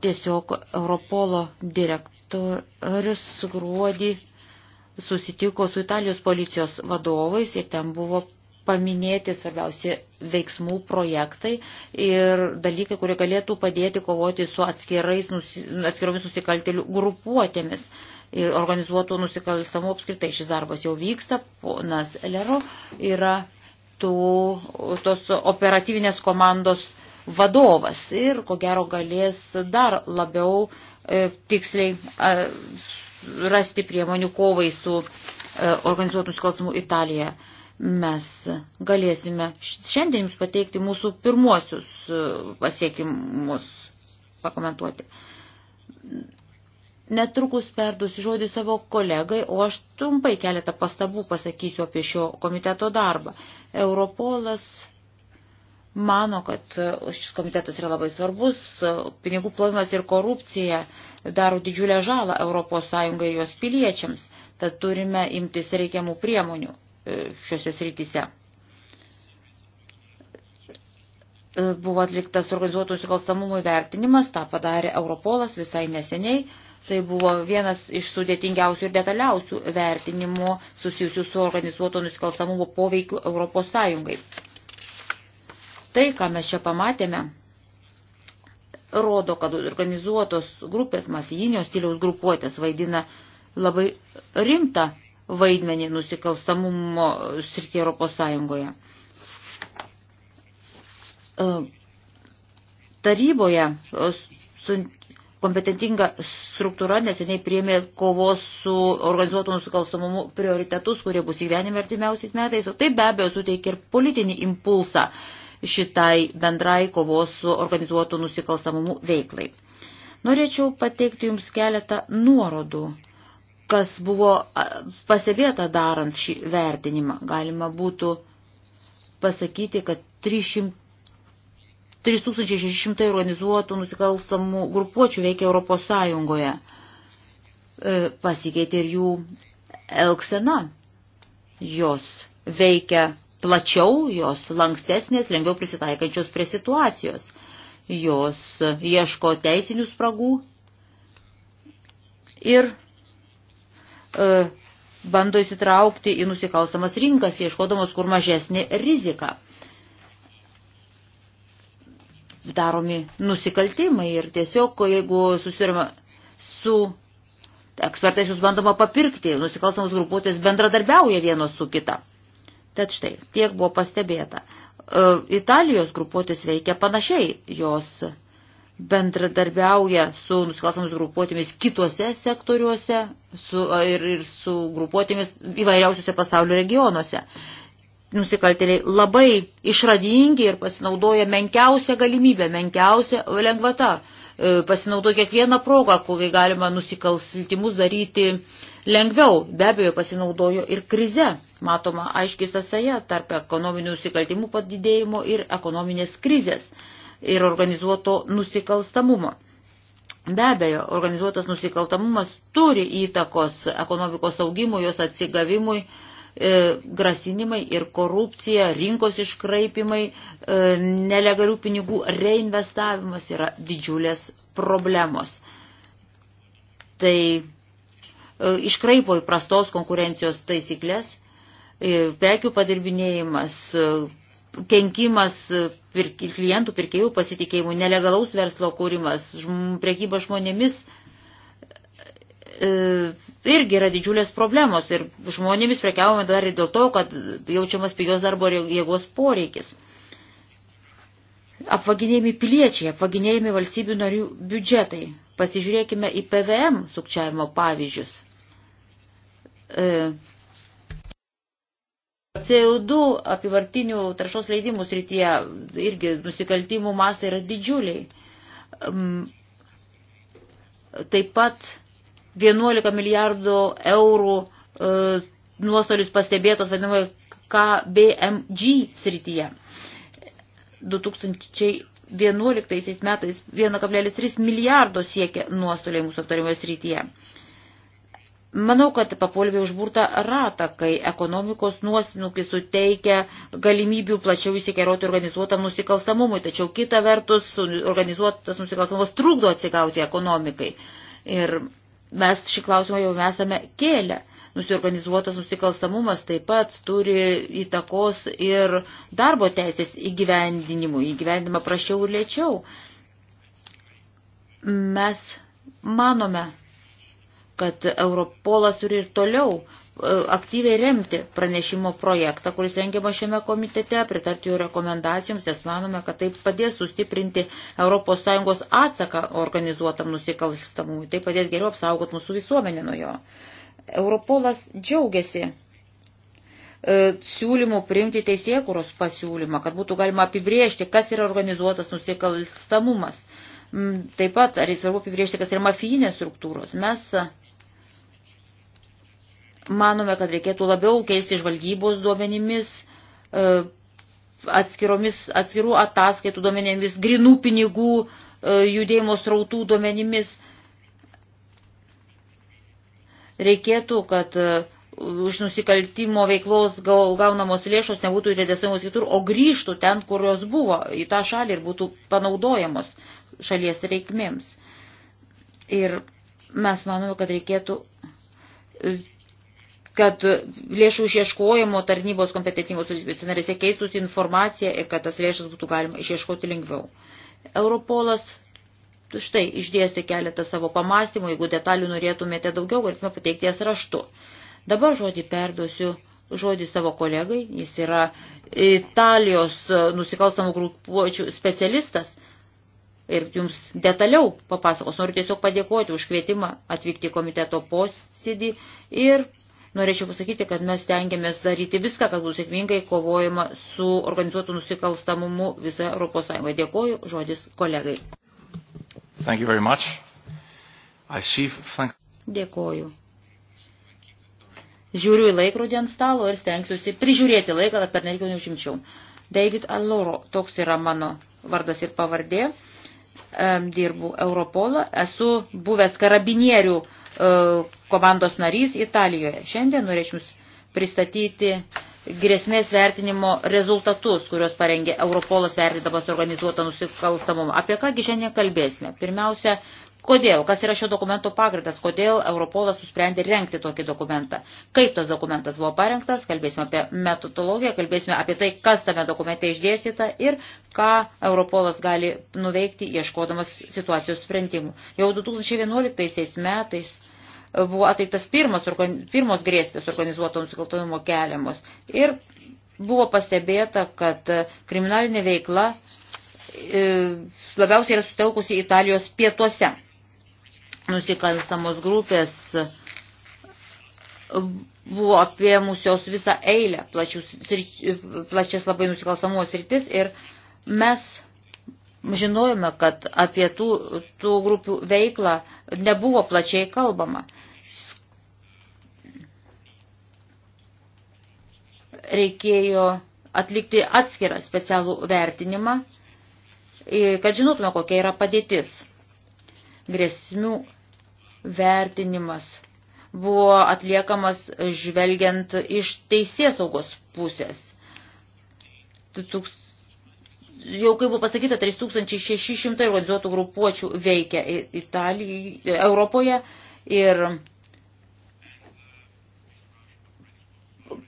tiesiog Europolo direktorius gruodį susitiko su Italijos policijos vadovais ir ten buvo paminėti svarbiausi veiksmų projektai ir dalykai, kurie galėtų padėti kovoti su atskirais, atskiromis nusikaltelių grupuotėmis. Uh, organizuotų nusikalstamų apskritai. Šis darbas jau vyksta, ponas Lero yra tų, tos operatyvinės komandos vadovas ir ko gero galės dar labiau e, tiksliai e, rasti priemonių kovai su e, organizuotų nusikalstamų Italijoje mes galėsime šiandien jums pateikti mūsų pirmuosius e, pasiekimus pakomentuoti. Netrukus perduosiu žodį savo kolegai, o aš trumpai keletą pastabų pasakysiu apie šio komiteto darbą. Europolas mano, kad šis komitetas yra labai svarbus, pinigų plovimas ir korupcija daro didžiulę žalą ES ir jos piliečiams, tad turime imtis reikiamų priemonių e, šiuose srityse. E, buvo atliktas organizuotų nusikalstamumų vertinimas, tą padarė Europolas visai neseniai Tai buvo vienas iš sudėtingiausių ir detaliausių vertinimų susijusių su organizuoto nusikalstamumo poveikiu Europos Sąjungai. Tai, ką mes čia pamatėme, rodo, kad organizuotos grupės, mafijinio stiliaus grupuotės vaidina labai rimtą vaidmenį nusikalstamumo srityje Europos Sąjungoje. E, taryboje e, kompetentinga struktūra neseniai priėmė kovos su organizuotų nusikalstamumu prioritetus, kurie bus įgyvenime artimiausiais metais, o tai be abejo suteikia ir politinį impulsą šitai bendrai kovos su organizuotų nusikalstamumu veiklai. Norėčiau pateikti Jums keletą nuorodų, kas buvo pastebėta darant šį vertinimą. Galima būtų pasakyti, kad 300 3600 organizuotų nusikalstamų grupuočių veikia Europos Sąjungoje. E, pasikeitė ir jų elksena. Jos veikia plačiau, jos lankstesnės, lengviau prisitaikančios prie situacijos. Jos ieško teisinių spragų ir e, bando įsitraukti į nusikalstamas rinkas, ieškodamos kur mažesnį riziką. E, daromi nusikaltimai ir tiesiog, jeigu susirima su ekspertais jūs bandoma papirkti, nusikalstamos grupuotės bendradarbiauja vienos su kita. Tad štai, tiek buvo pastebėta. E, Italijos grupuotės veikia panašiai, jos bendradarbiauja su nusikalstamomis grupuotėmis kituose sektoriuose su, e, ir, ir su grupuotėmis įvairiausiuose pasaulio regionuose nusikaltėliai labai išradingi ir pasinaudoja menkiausią galimybę, menkiausią lengvatą, e, pasinaudoja kiekvieną progą, kokį galima nusikaltimus daryti lengviau. Be abejo, pasinaudojo ir krize, matoma aiškiai sąsaja tarp ekonominių nusikaltimų padidėjimo ir ekonominės krizės ir organizuoto nusikalstamumo. Be abejo, organizuotas nusikaltamumas turi įtakos ekonomikos augimui, jos atsigavimui, uh, E, grasinimai ir korupcija, rinkos iškraipimai, e, nelegalių pinigų reinvestavimas yra didžiulės problemos. Tai e, iškraipo įprastos konkurencijos taisyklės, prekių padirbinėjimas, kenkimas pirk, klientų pirkėjų pasitikėjimų, nelegalaus verslo kūrimas, žm, prekyba žmonėmis, e, irgi yra didžiulės problemos ir žmonėmis prekiavome dar ir dėl to, kad jaučiamas pigios darbo jėgos poreikis. Apvaginėjami piliečiai, apvaginėjami valstybių narių biudžetai. Pasižiūrėkime į PVM sukčiavimo pavyzdžius. E, CO2 apivartinių taršos leidimų srityje irgi nusikaltimų mastai yra didžiuliai. Mm, taip pat 11 milijardų eurų e, nuostolis pastebėtas vadinamoje KBMG srityje. 2011 metais 1,3 milijardo siekia nuostoliai mūsų aptarimoje srityje. Manau, kad papolvė užburtą ratą, kai ekonomikos nuosmukis suteikia galimybių plačiau įsikeroti organizuotam nusikalstamumui, tačiau kita vertus organizuotas nusikalstamumas trukdo atsigauti ekonomikai. Ir Mes šį klausimą jau esame kėlę. Nusiorganizuotas nusikalstamumas taip pat turi įtakos ir darbo teisės įgyvendinimui, įgyvendinimą prašiau ir lėčiau. Mes manome, kad Europolas turi ir toliau E, aktyviai remti pranešimo projektą, kuris rengiama šiame komitete, pritarti jų rekomendacijoms, nes manome, kad taip padės sustiprinti ES atsaką organizuotam nusikalstamumui, tai padės geriau apsaugoti mūsų visuomenę nuo jo. Europolas džiaugiasi e, siūlymų priimti teisėkuros pasiūlymą, kad būtų galima apibriežti, kas yra organizuotas nusikalstamumas. Mm, taip pat, ar svarbu apibriežti, kas yra mafijinės struktūros. Mes Manome, kad reikėtų labiau keisti žvalgybos duomenimis, e, atskiromis, atskirų ataskaitų duomenimis, grinų pinigų e, judėjimo srautų duomenimis. Reikėtų, kad e, už nusikaltimo veiklos gaunamos lėšos nebūtų redesuojamos kitur, o grįžtų ten, kur jos buvo, į tą šalį ir būtų panaudojamos šalies reikmėms. Ir mes manome, kad reikėtų kad lėšų išieškojimo tarnybos kompetitingos valstybės narėse keistųsi informacija ir kad tas lėšas būtų galima išieškoti lengviau. Europolas štai išdėstė keletą savo pamastymų, jeigu detalių norėtumėte daugiau, galėtume pateikti jas raštu. Dabar žodį perduosiu žodį savo kolegai, jis yra Italijos nusikalstamų grupuočių specialistas ir jums detaliau papasakos. Noriu tiesiog padėkoti už kvietimą atvykti komiteto posėdį ir Norėčiau pasakyti, kad mes tengiamės daryti viską, kad būtų sėkmingai kovojama su organizuotu nusikalstamumu visoje Europos Sąjungoje. Dėkoju, žodis kolegai. Thank you very much. I see... Thank... Dėkoju. Žiūriu į laikrodį ant stalo ir stengsiuosi prižiūrėti laiką, kad per nelgiau neužimčiau. David Alloro, toks yra mano vardas ir pavardė. Dirbu Europolą, esu buvęs karabinierių uh, E, komandos narys Italijoje. Šiandien norėčiau pristatyti grėsmės vertinimo rezultatus, kuriuos parengė Europolas vertinamas organizuotą nusikalstamumą. Apie kągi šiandien kalbėsime? Pirmiausia, kodėl, kas yra šio dokumento pagrindas, kodėl Europolas nusprendė renkti tokį dokumentą, kaip tas dokumentas buvo parengtas, kalbėsime apie metodologiją, kalbėsime apie tai, kas tame dokumente išdėstyta ir ką Europolas gali nuveikti, ieškodamas situacijos sprendimų. Jau 2011 metais buvo ateiktas pirmos, pirmos grėsmės organizuoto nusikaltojimo keliamos. Ir buvo pastebėta, kad kriminalinė veikla e, labiausiai yra sutelkusi Italijos pietuose. Nusikalstamos grupės e, buvo apėmusios visą eilę plačius, plačias labai nusikalstamos rytis ir mes žinojome, kad apie tų, tų grupių veiklą nebuvo plačiai kalbama. Reikėjo atlikti atskirą specialų vertinimą, kad žinotume, kokia yra padėtis. Grėsmių vertinimas buvo atliekamas žvelgiant iš teisės saugos pusės. 2000 jau kaip buvo pasakyta, 3600 organizuotų grupuočių veikia Italijoje, Europoje ir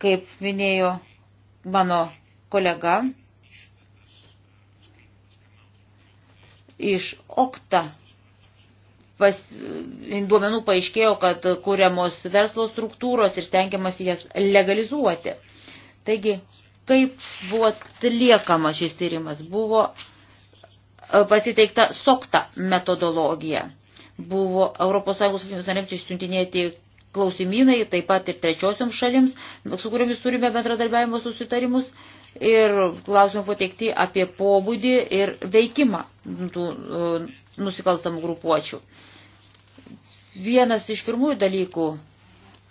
kaip minėjo mano kolega iš OKTA pas, duomenų paaiškėjo, kad kūriamos verslo struktūros ir stengiamasi jas legalizuoti. Taigi Kaip buvo atliekama šis tyrimas? Buvo e, pasiteikta sokta metodologija. Buvo ES narėms išsiuntinėti klausimynai, taip pat ir trečiosioms šalims, su kuriomis turime bendradarbiavimo susitarimus. Ir klausimai buvo teikti apie pobūdį ir veikimą tų e, nusikalstamų grupuočių. Vienas iš pirmųjų dalykų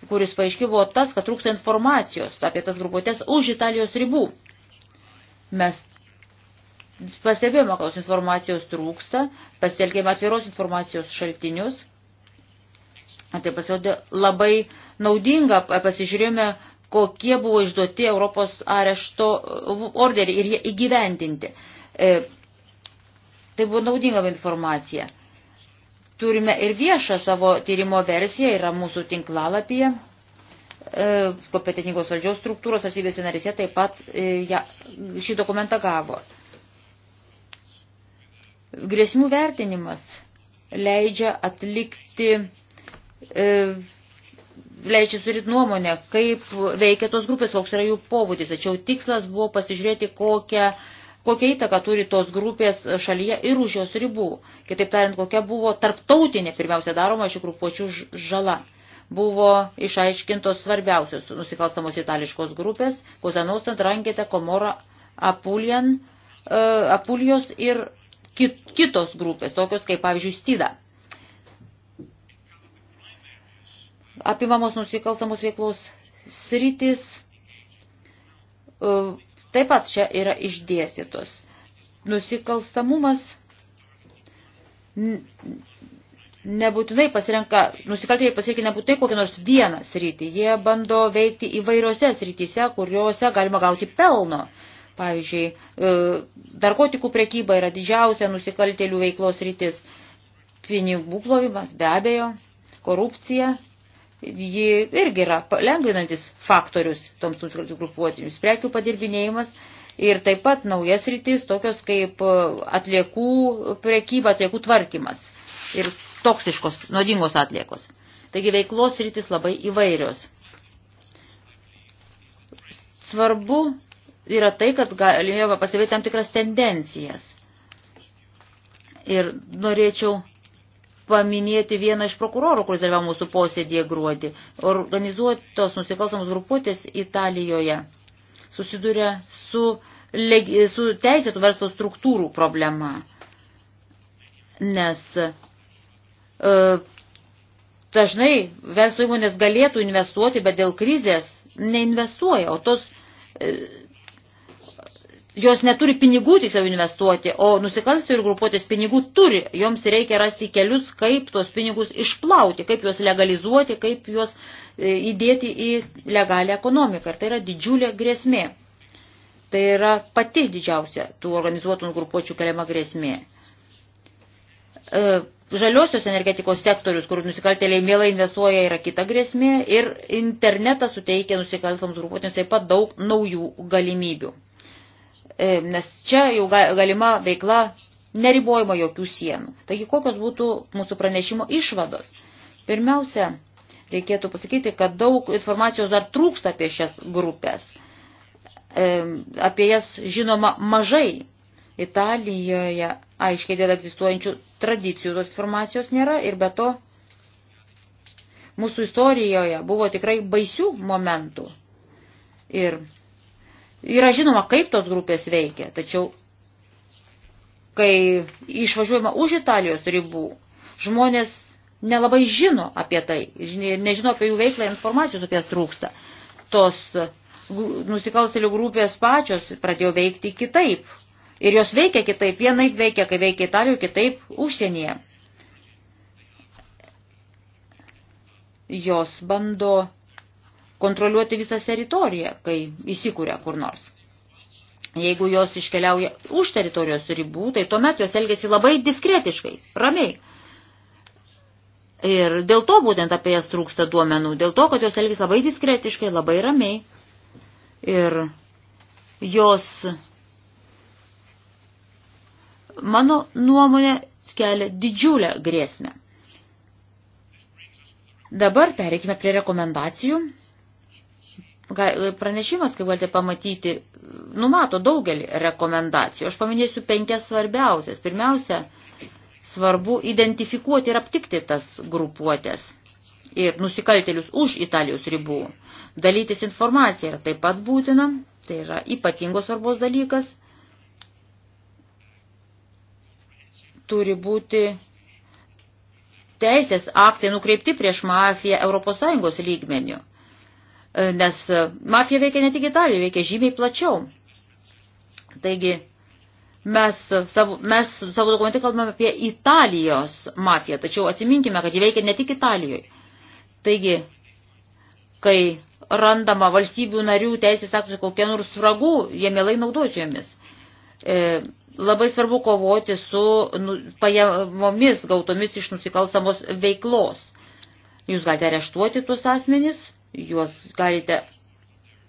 kuris paaiškiai buvo tas, kad trūksta informacijos apie tas grupuotės už Italijos ribų. Mes pastebėjome, kad tos informacijos trūksta, pastelkėme atviros informacijos šaltinius. Tai pasirodė labai naudinga, pasižiūrėjome, kokie buvo išduoti Europos arešto orderiai ir jie įgyvendinti. E, tai buvo naudinga informacija. Turime ir viešą savo tyrimo versiją, yra mūsų tinklalapyje, e, kompetentingos valdžios struktūros valstybės narėse taip pat e, ja, šį dokumentą gavo. Grėsmių vertinimas leidžia atlikti, e, leidžia suryti nuomonę, kaip veikia tos grupės, koks yra jų pobūdis. Tačiau tikslas buvo pasižiūrėti, kokią kokia įtaka turi tos grupės šalyje ir už jos ribų. Kitaip tariant, kokia buvo tarptautinė pirmiausia daroma šių grupuočių žala. Buvo išaiškintos svarbiausios nusikalstamos itališkos grupės – Kozanausant, Rankėte, Komora, Apulian, e, Apulijos ir kitos grupės, tokios kaip, pavyzdžiui, Stida. Apimamos nusikalstamos veiklos sritis e, – Taip pat čia yra išdėstytos. Nusikalstamumas nebūtinai pasirenka, nusikaltėjai pasirinkia nebūtinai kokią nors vieną sritį. Jie bando veikti įvairiose srityse, kuriuose galima gauti pelno. Pavyzdžiui, e, narkotikų prekyba yra didžiausia nusikaltėlių veiklos rytis. Pinigų plovimas be abejo, korupcija ji irgi yra lengvinantis faktorius toms nusikaltimų grupuotėms. Prekių padirbinėjimas ir taip pat naujas rytis, tokios kaip e, atliekų prekyba, atliekų tvarkymas ir toksiškos, nuodingos atliekos. Taigi veiklos rytis labai įvairios. Svarbu yra tai, kad galėjome pastebėti tam tikras tendencijas. Ir norėčiau paminėti vieną iš prokurorų, kuris dalyvavo mūsų posėdėje gruodį. Organizuotos nusikalstamos grupuotės Italijoje susiduria su, su teisėtų verslo struktūrų problema, nes e, dažnai verslo įmonės galėtų investuoti, bet dėl krizės neinvestuoja, o tos e, jos neturi pinigų tiksliau investuoti, o nusikalstelių grupuotės pinigų turi. Joms reikia rasti kelius, kaip tuos pinigus išplauti, kaip juos legalizuoti, kaip juos e, įdėti į legalią ekonomiką. Ir tai yra didžiulė grėsmė. Tai yra pati didžiausia tų organizuotų grupuočių keliama grėsmė. E, žaliosios energetikos sektorius, kur nusikaltėliai mielai investuoja, yra kita grėsmė ir internetas suteikia nusikaltams grupuotėms taip pat daug naujų galimybių. E, nes čia jau galima veikla neribojama jokių sienų. Taigi kokios būtų mūsų pranešimo išvados? Pirmiausia, reikėtų pasakyti, kad daug informacijos dar trūksta apie šias grupės. E, apie jas žinoma mažai. Italijoje aiškiai dėl egzistuojančių tradicijų tos informacijos nėra ir be to mūsų istorijoje buvo tikrai baisių momentų. Ir Yra žinoma, kaip tos grupės veikia, tačiau kai išvažiuojama už Italijos ribų, žmonės nelabai žino apie tai, nežino apie jų veiklą, informacijos apie jas trūksta. Tos nusikalselių grupės pačios pradėjo veikti kitaip. Ir jos veikia kitaip, vienaip veikia, kai veikia Italijoje, kitaip užsienyje. Jos bando kontroliuoti visą teritoriją, kai įsikūrė kur nors. Jeigu jos iškeliauja už teritorijos ribų, tai tuomet jos elgesi labai diskretiškai, ramiai. Ir dėl to būtent apie jas trūksta duomenų, dėl to, kad jos elgesi labai diskretiškai, labai ramiai. Ir jos, mano nuomonė, kelia didžiulę grėsmę. Dabar pereikime prie rekomendacijų. Pranešimas, kaip galite pamatyti, numato daugelį rekomendacijų. Aš paminėsiu penkias svarbiausias. Pirmiausia, svarbu identifikuoti ir aptikti tas grupuotės ir nusikaltelius už Italijos ribų. Dalytis informacija yra taip pat būtina, tai yra ypatingos svarbos dalykas. Turi būti teisės aktai nukreipti prieš mafiją ES lygmenių. E, nes e, mafija veikia ne tik Italijoje, veikia žymiai plačiau. Taigi mes e, savo, mes savo dokumente kalbame apie Italijos mafiją, tačiau atsiminkime, kad ji veikia ne tik Italijoje. Taigi, kai randama valstybių narių teisės aktų kokie nors spragų, jie mielai naudosiu jomis. E, labai svarbu kovoti su nu, pajamomis gautomis iš nusikalstamos veiklos. Jūs galite areštuoti tuos asmenys, juos galite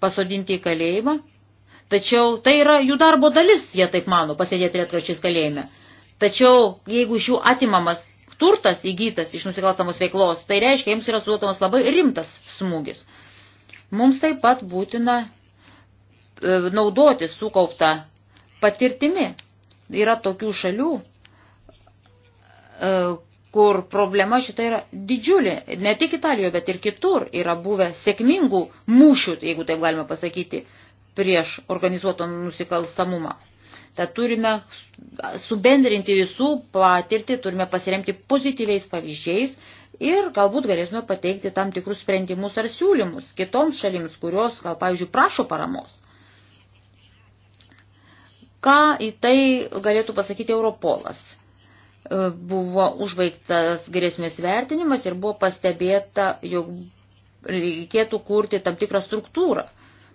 pasodinti į kalėjimą, tačiau tai yra jų darbo dalis, jie taip mano, pasėdėti retkarčiais kalėjime. Tačiau jeigu iš jų atimamas turtas įgytas iš nusikalstamos veiklos, tai reiškia, jiems yra suduotamas labai rimtas smūgis. Mums taip pat būtina e, naudoti sukauptą patirtimi. Yra tokių šalių, e, kur problema šita yra didžiulė. Ne tik Italijoje, bet ir kitur yra buvę sėkmingų mūšių, jeigu taip galima pasakyti, prieš organizuoto nusikalstamumą. Tad turime subendrinti visų patirtį, turime pasiremti pozityviais pavyzdžiais ir galbūt galėsime pateikti tam tikrus sprendimus ar siūlymus kitoms šalims, kurios, gal pavyzdžiui, prašo paramos. Ką į tai galėtų pasakyti Europolas? E, buvo užbaigtas grėsmės vertinimas ir buvo pastebėta, jog reikėtų kurti tam tikrą struktūrą,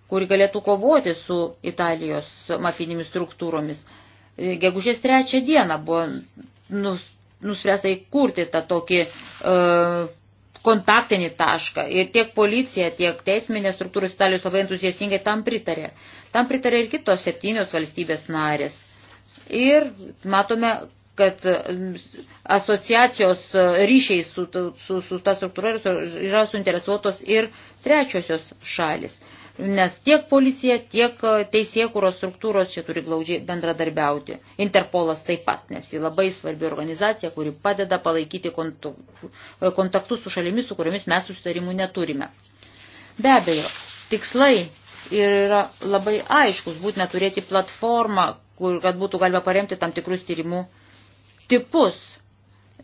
kuri galėtų kovoti su Italijos mafinėmis struktūromis. E, gegužės trečią dieną buvo nus, nuspręsta įkurti tą tokį uh, kontaktinį tašką. Ir tiek policija, tiek teisminės struktūros Italijos labai entuziasingai tam pritarė. Tam pritarė ir kitos septynios valstybės narės. Ir matome, kad e, asociacijos e, ryšiai su, su, su ta struktūra yra suinteresuotos ir trečiosios šalis. Nes tiek policija, tiek e, teisėkūros struktūros čia turi glaudžiai bendradarbiauti. Interpolas taip pat, nes jis labai svarbi organizacija, kuri padeda palaikyti kontaktus su šalimis, su kuriomis mes susitarimų neturime. Be abejo, tikslai yra labai aiškus, būtina turėti platformą, kur, kad būtų galima paremti tam tikrus tyrimų tipus.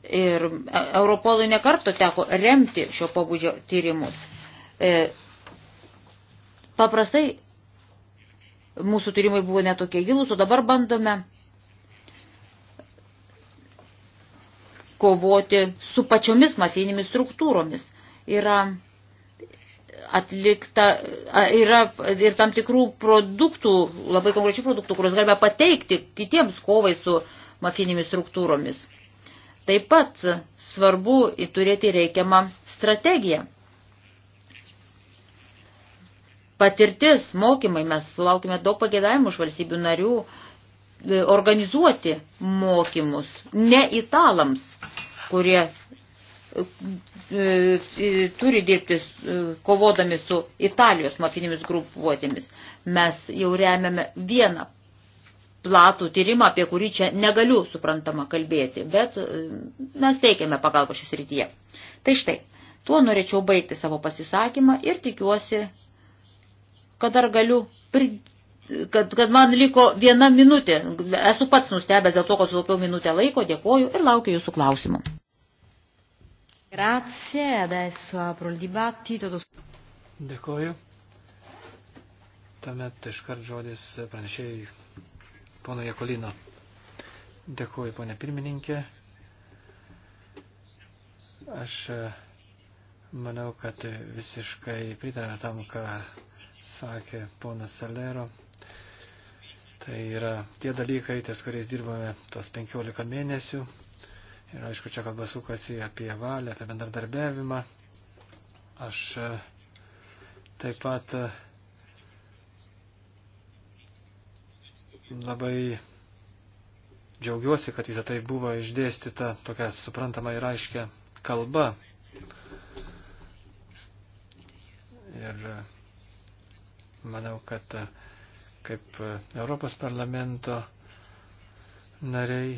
Ir e, Europolui nekarto teko remti šio pobūdžio tyrimus. E, paprastai mūsų tyrimai buvo netokie gilus, o dabar bandome kovoti su pačiomis mafijinėmis struktūromis. Yra atlikta, yra ir tam tikrų produktų, labai konkrečių produktų, kuriuos galime pateikti kitiems kovai su uh, mafinėmis struktūromis. Taip pat svarbu turėti reikiamą strategiją. Patirtis, mokymai, mes sulaukime daug pagėdavimų iš valstybių narių e, organizuoti mokymus ne italams, kurie e, e, turi dirbti kovodami su Italijos mafinėmis grupuotėmis. Mes jau remiame vieną platų tyrimą, apie kurį čia negaliu suprantama kalbėti, bet e, mes teikiame pagalbą šis rytyje. Tai štai, tuo norėčiau baigti savo pasisakymą ir tikiuosi, kad dar galiu, pri... kad, kad man liko viena minutė. Esu pats nustebęs dėl to, kad sulaukiau minutę laiko, dėkoju ir laukiu jūsų klausimų. Grazie, adesso apro il dibattito. Dėkoju. Tuomet iškart žodis pranešėjai pono Jekolino. Dėkuoju, ponė pirmininkė. Aš e, manau, kad visiškai pritarėme tam, ką sakė ponas Salero. Tai yra tie dalykai, ties kuriais dirbame tos 15 mėnesių. Ir aišku, čia kalba sukasi apie valią, apie bendradarbiavimą. Aš e, taip pat e, Labai džiaugiuosi, kad visą tai buvo išdėstyta tokia suprantama ir aiškia kalba. Ir manau, kad kaip Europos parlamento nariai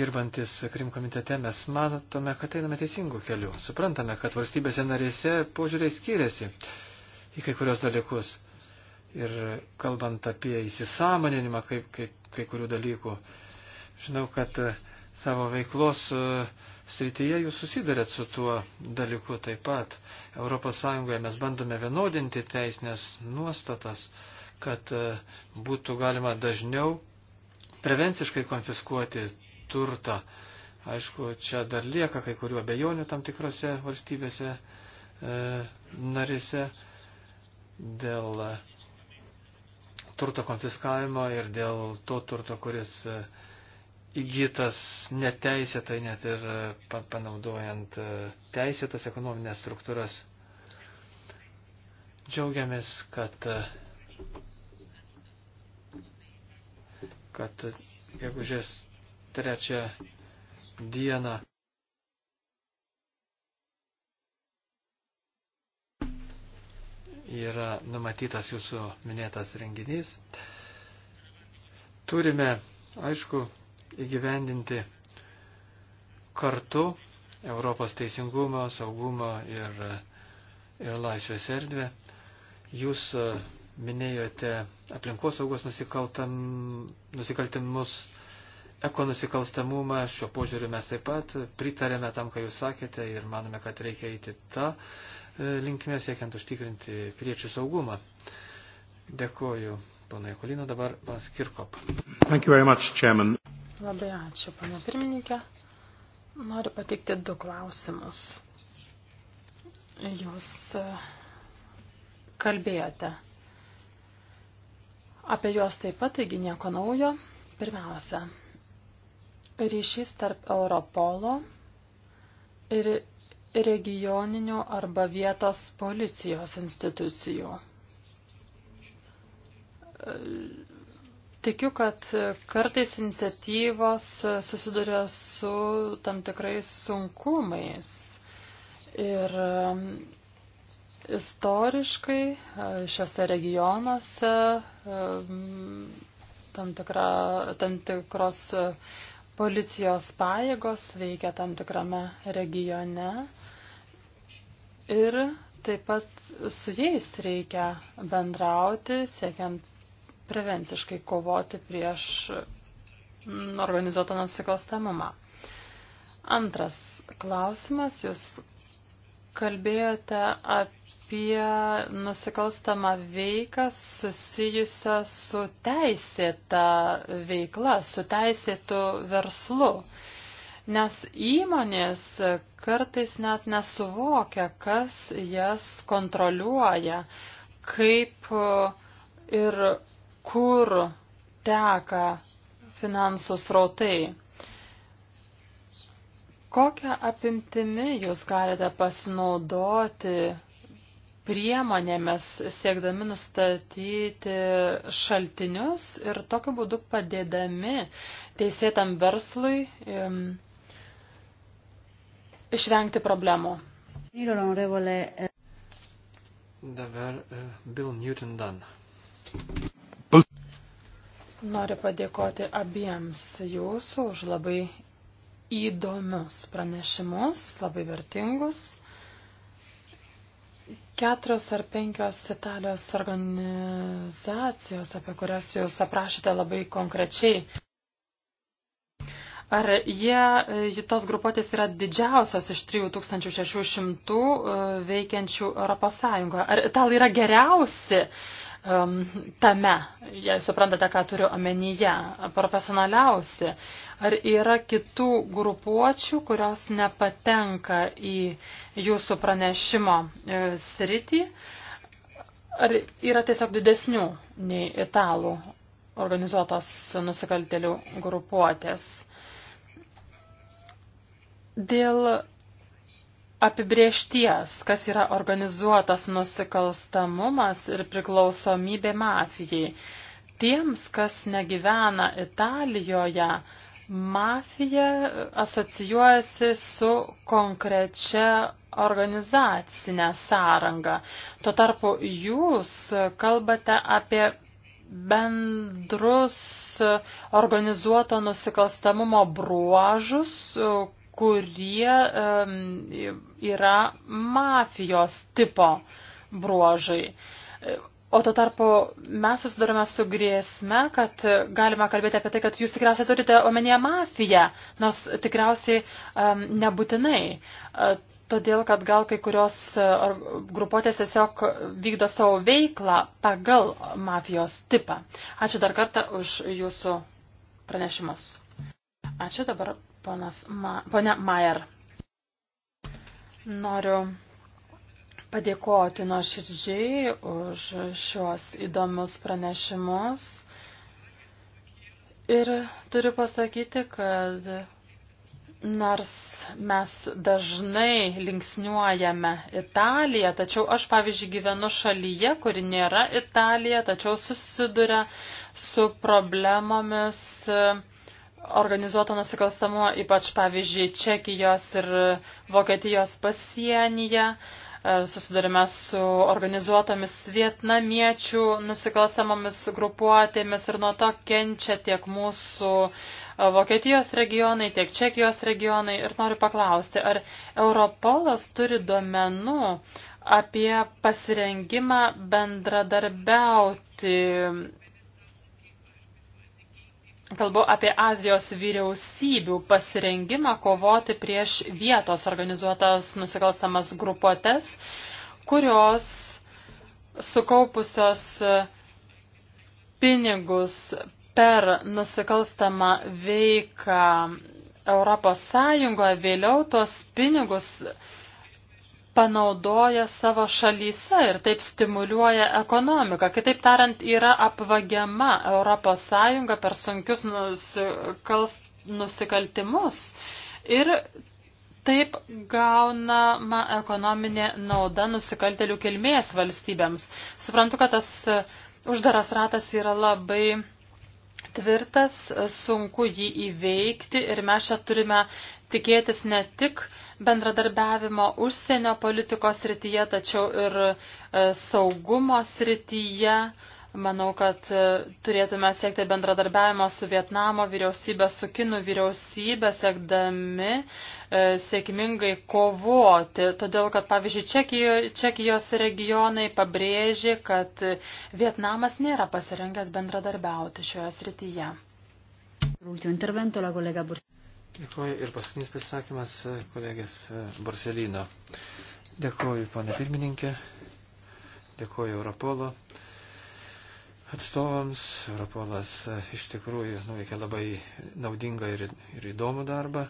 dirbantis Krim komitete mes matome, kad einame teisingų kelių. Suprantame, kad valstybėse narėse požiūriai skiriasi į kai kurios dalykus ir kalbant apie įsisamoninimą kaip, kaip, kai kurių dalykų. Žinau, kad e, savo veiklos e, srityje jūs susidarėt su tuo dalyku taip pat. ES mes bandome vienodinti teisinės nuostatas, kad e, būtų galima dažniau prevenciškai konfiskuoti turtą. Aišku, čia dar lieka kai kurių abejonių tam tikrose valstybėse e, narėse dėl. E, turto konfiskavimo ir dėl to turto, kuris e, įgytas neteisėtai, net ir e, panaudojant e, teisėtas ekonominės struktūras. Džiaugiamės, kad, kad gegužės trečią dieną yra numatytas jūsų minėtas renginys. Turime, aišku, įgyvendinti kartu Europos teisingumo, saugumo ir, ir laisvės erdvę. Jūs e, minėjote aplinkos saugos nusikaltimus, ekonusikalstamumą, šiuo požiūriu mes taip pat pritarėme tam, ką jūs sakėte ir manome, kad reikia eiti tą E, linkme siekiant užtikrinti piliečių saugumą. Dėkoju, ponai Kolino, dabar pas Kirkop. Thank you very much, Chairman. Labai ačiū, pana pirmininkė. Noriu pateikti du klausimus. Jūs e, kalbėjote apie juos taip pat, taigi nieko naujo. Pirmiausia, ryšys tarp Europolo ir regioninių arba vietos policijos institucijų. Tikiu, kad kartais iniciatyvos susiduria su tam tikrais sunkumais. Ir um, istoriškai šiuose regionuose tam, tikra, tam tikros uh, policijos pajėgos veikia tam tikrame regione ir taip pat su jais reikia bendrauti, siekiant prevenciškai kovoti prieš organizuotą nusikalstamumą. Antras klausimas, jūs kalbėjote apie apie nusikalstamą veiką susijusią su teisėta veikla, su teisėtu verslu. Nes įmonės kartais net nesuvokia, kas jas kontroliuoja, kaip ir kur teka finansų srautai. Kokią apimtimį jūs galite pasinaudoti priemonėmis siekdami nustatyti šaltinius ir tokiu būdu padėdami teisėtam verslui um, išvengti problemų. Dabar e, Bill Newton Dunn. Noriu padėkoti abiems jūsų už labai įdomius pranešimus, labai vertingus keturios ar penkios Italijos organizacijos, apie kurias jūs aprašėte labai konkrečiai. Ar jie, e, tos grupuotės yra didžiausios iš 3600 e, veikiančių Europos Sąjungoje? Ar italai yra geriausi um, tame, jei suprantate, ką turiu omenyje, profesionaliausi. Ar yra kitų grupuočių, kurios nepatenka į jūsų pranešimo e, sritį? Ar yra tiesiog didesnių nei italų organizuotos nusikaltelių grupuotės? Dėl apibriešties, kas yra organizuotas nusikalstamumas ir priklausomybė mafijai. Tiems, kas negyvena Italijoje, mafija asocijuojasi su konkrečia organizacinę sąrangą. Tuo tarpu jūs kalbate apie bendrus organizuoto nusikalstamumo bruožus, kurie um, yra mafijos tipo bruožai. O to tarpu mes susidurime su grėsme, kad galima kalbėti apie tai, kad jūs tikriausiai turite omenyje mafiją, nors tikriausiai um, nebūtinai. Uh, todėl, kad gal kai kurios e, grupuotės tiesiog vykdo savo veiklą pagal mafijos tipą. Ačiū dar kartą už jūsų pranešimus. Ačiū dabar Ponas Ma, ponia Majer, noriu padėkoti nuoširdžiai už šios įdomius pranešimus. Ir turiu pasakyti, kad nors mes dažnai linksniuojame Italiją, tačiau aš, pavyzdžiui, gyvenu šalyje, kuri nėra Italija, tačiau susiduria su problemomis. Uh, organizuoto nusikalstamo, ypač pavyzdžiui Čekijos ir Vokietijos pasienyje. E, susidarime su organizuotomis vietnamiečių nusikalstamomis grupuotėmis ir nuo to kenčia tiek mūsų e, Vokietijos regionai, tiek Čekijos regionai. Ir noriu paklausti, ar Europolas turi duomenų apie pasirengimą bendradarbiauti Kalbu apie Azijos vyriausybių pasirengimą kovoti prieš vietos organizuotas nusikalstamas grupuotės, kurios sukaupusios pinigus per nusikalstamą veiką Europos Sąjungoje vėliau tos pinigus panaudoja savo šalyse ir taip stimuliuoja ekonomiką. Kitaip tariant, yra apvagiama Europos Sąjunga per sunkius nusikals, nusikaltimus ir taip gaunama ekonominė nauda nusikaltelių kilmės valstybėms. Suprantu, kad tas uždaras ratas yra labai tvirtas, sunku jį įveikti ir mes čia turime tikėtis ne tik uh, bendradarbiavimo užsienio politikos srityje, tačiau ir e, saugumo srityje. Manau, kad e, turėtume siekti bendradarbiavimo su Vietnamo vyriausybė, su Kinų vyriausybė, siekdami e, sėkmingai kovoti. Todėl, kad pavyzdžiui, Čekijo, Čekijos regionai pabrėžė, kad Vietnamas nėra pasirengęs bendradarbiauti šioje srityje. L'ultimo intervento la collega Borsellino. Dėkuoju ir paskutinis pasisakymas e, kolegės e, Barcelino. Dėkuoju, ponė pirmininkė. Dėkuoju Europolo atstovams. Europolas e, iš tikrųjų nuveikia labai naudingą ir, ir įdomų darbą.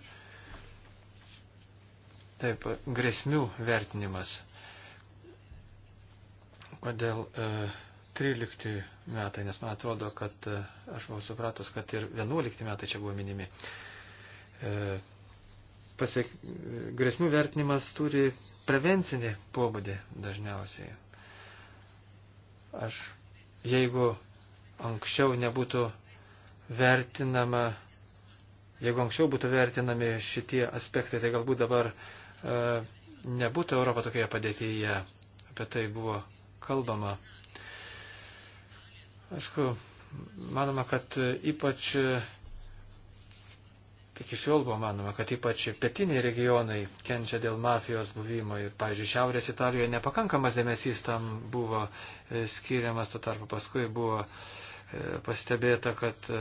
Taip, grėsmių vertinimas. Kodėl e, 13 metai, nes man atrodo, kad e, aš buvau supratus, kad ir 11 metai čia buvo minimi. E, E, pasiek, grėsmių vertinimas turi prevencinį pobūdį dažniausiai. Aš, jeigu anksčiau nebūtų vertinama, jeigu anksčiau būtų vertinami šitie aspektai, tai galbūt dabar e, nebūtų Europa tokioje padėtyje. Apie tai buvo kalbama. Aišku, manoma, kad ypač e, Iki šiol buvo manoma, kad ypač pietiniai regionai kenčia dėl mafijos buvimo ir, pavyzdžiui, Šiaurės Italijoje nepakankamas dėmesys tam buvo e, skiriamas, tuo tarpu paskui buvo e, pastebėta, kad e,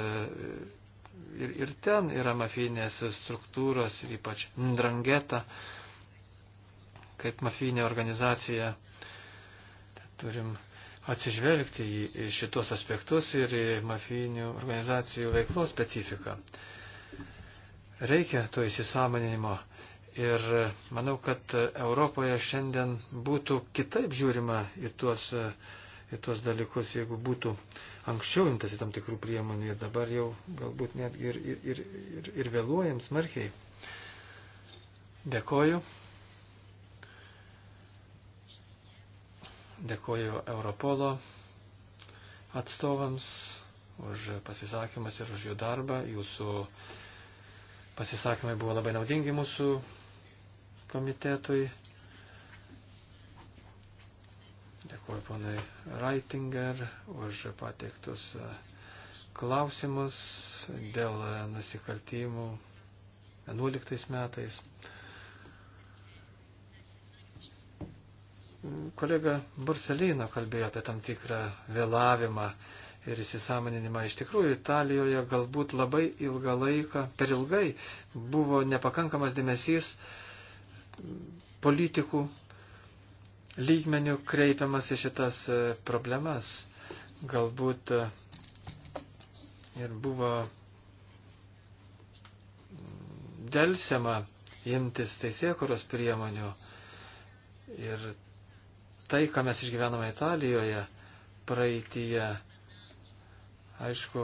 ir, ir ten yra mafijinės struktūros, ypač Ndrangeta, kaip mafijinė organizacija. Turim atsižvelgti į šitos aspektus ir į mafijinių organizacijų veiklos specifiką. Reikia to įsisamoninimo. Ir manau, kad Europoje šiandien būtų kitaip žiūrima į tuos, į tuos dalykus, jeigu būtų anksčiau imtasi tam tikrų priemonių ir dabar jau galbūt netgi ir, ir, ir, ir, ir vėluojam smarkiai. Dėkoju. Dėkoju Europolo atstovams už pasisakymus ir už jų darbą, jūsų Pasisakymai buvo labai naudingi mūsų komitetui. Dėkuoju ponai Reitinger už pateiktus e, klausimus dėl e, nusikaltimų 11 metais. Kolega Burselino kalbėjo apie tam tikrą vėlavimą ir įsisamoninimą. Iš tikrųjų, Italijoje galbūt labai ilgą laiką, per ilgai buvo nepakankamas dėmesys politikų lygmenių kreipiamas į šitas e, problemas. Galbūt e, ir buvo dėlsiama imtis teisėkuros priemonių. Ir tai, ką mes išgyvenome Italijoje praeitįje, Aišku,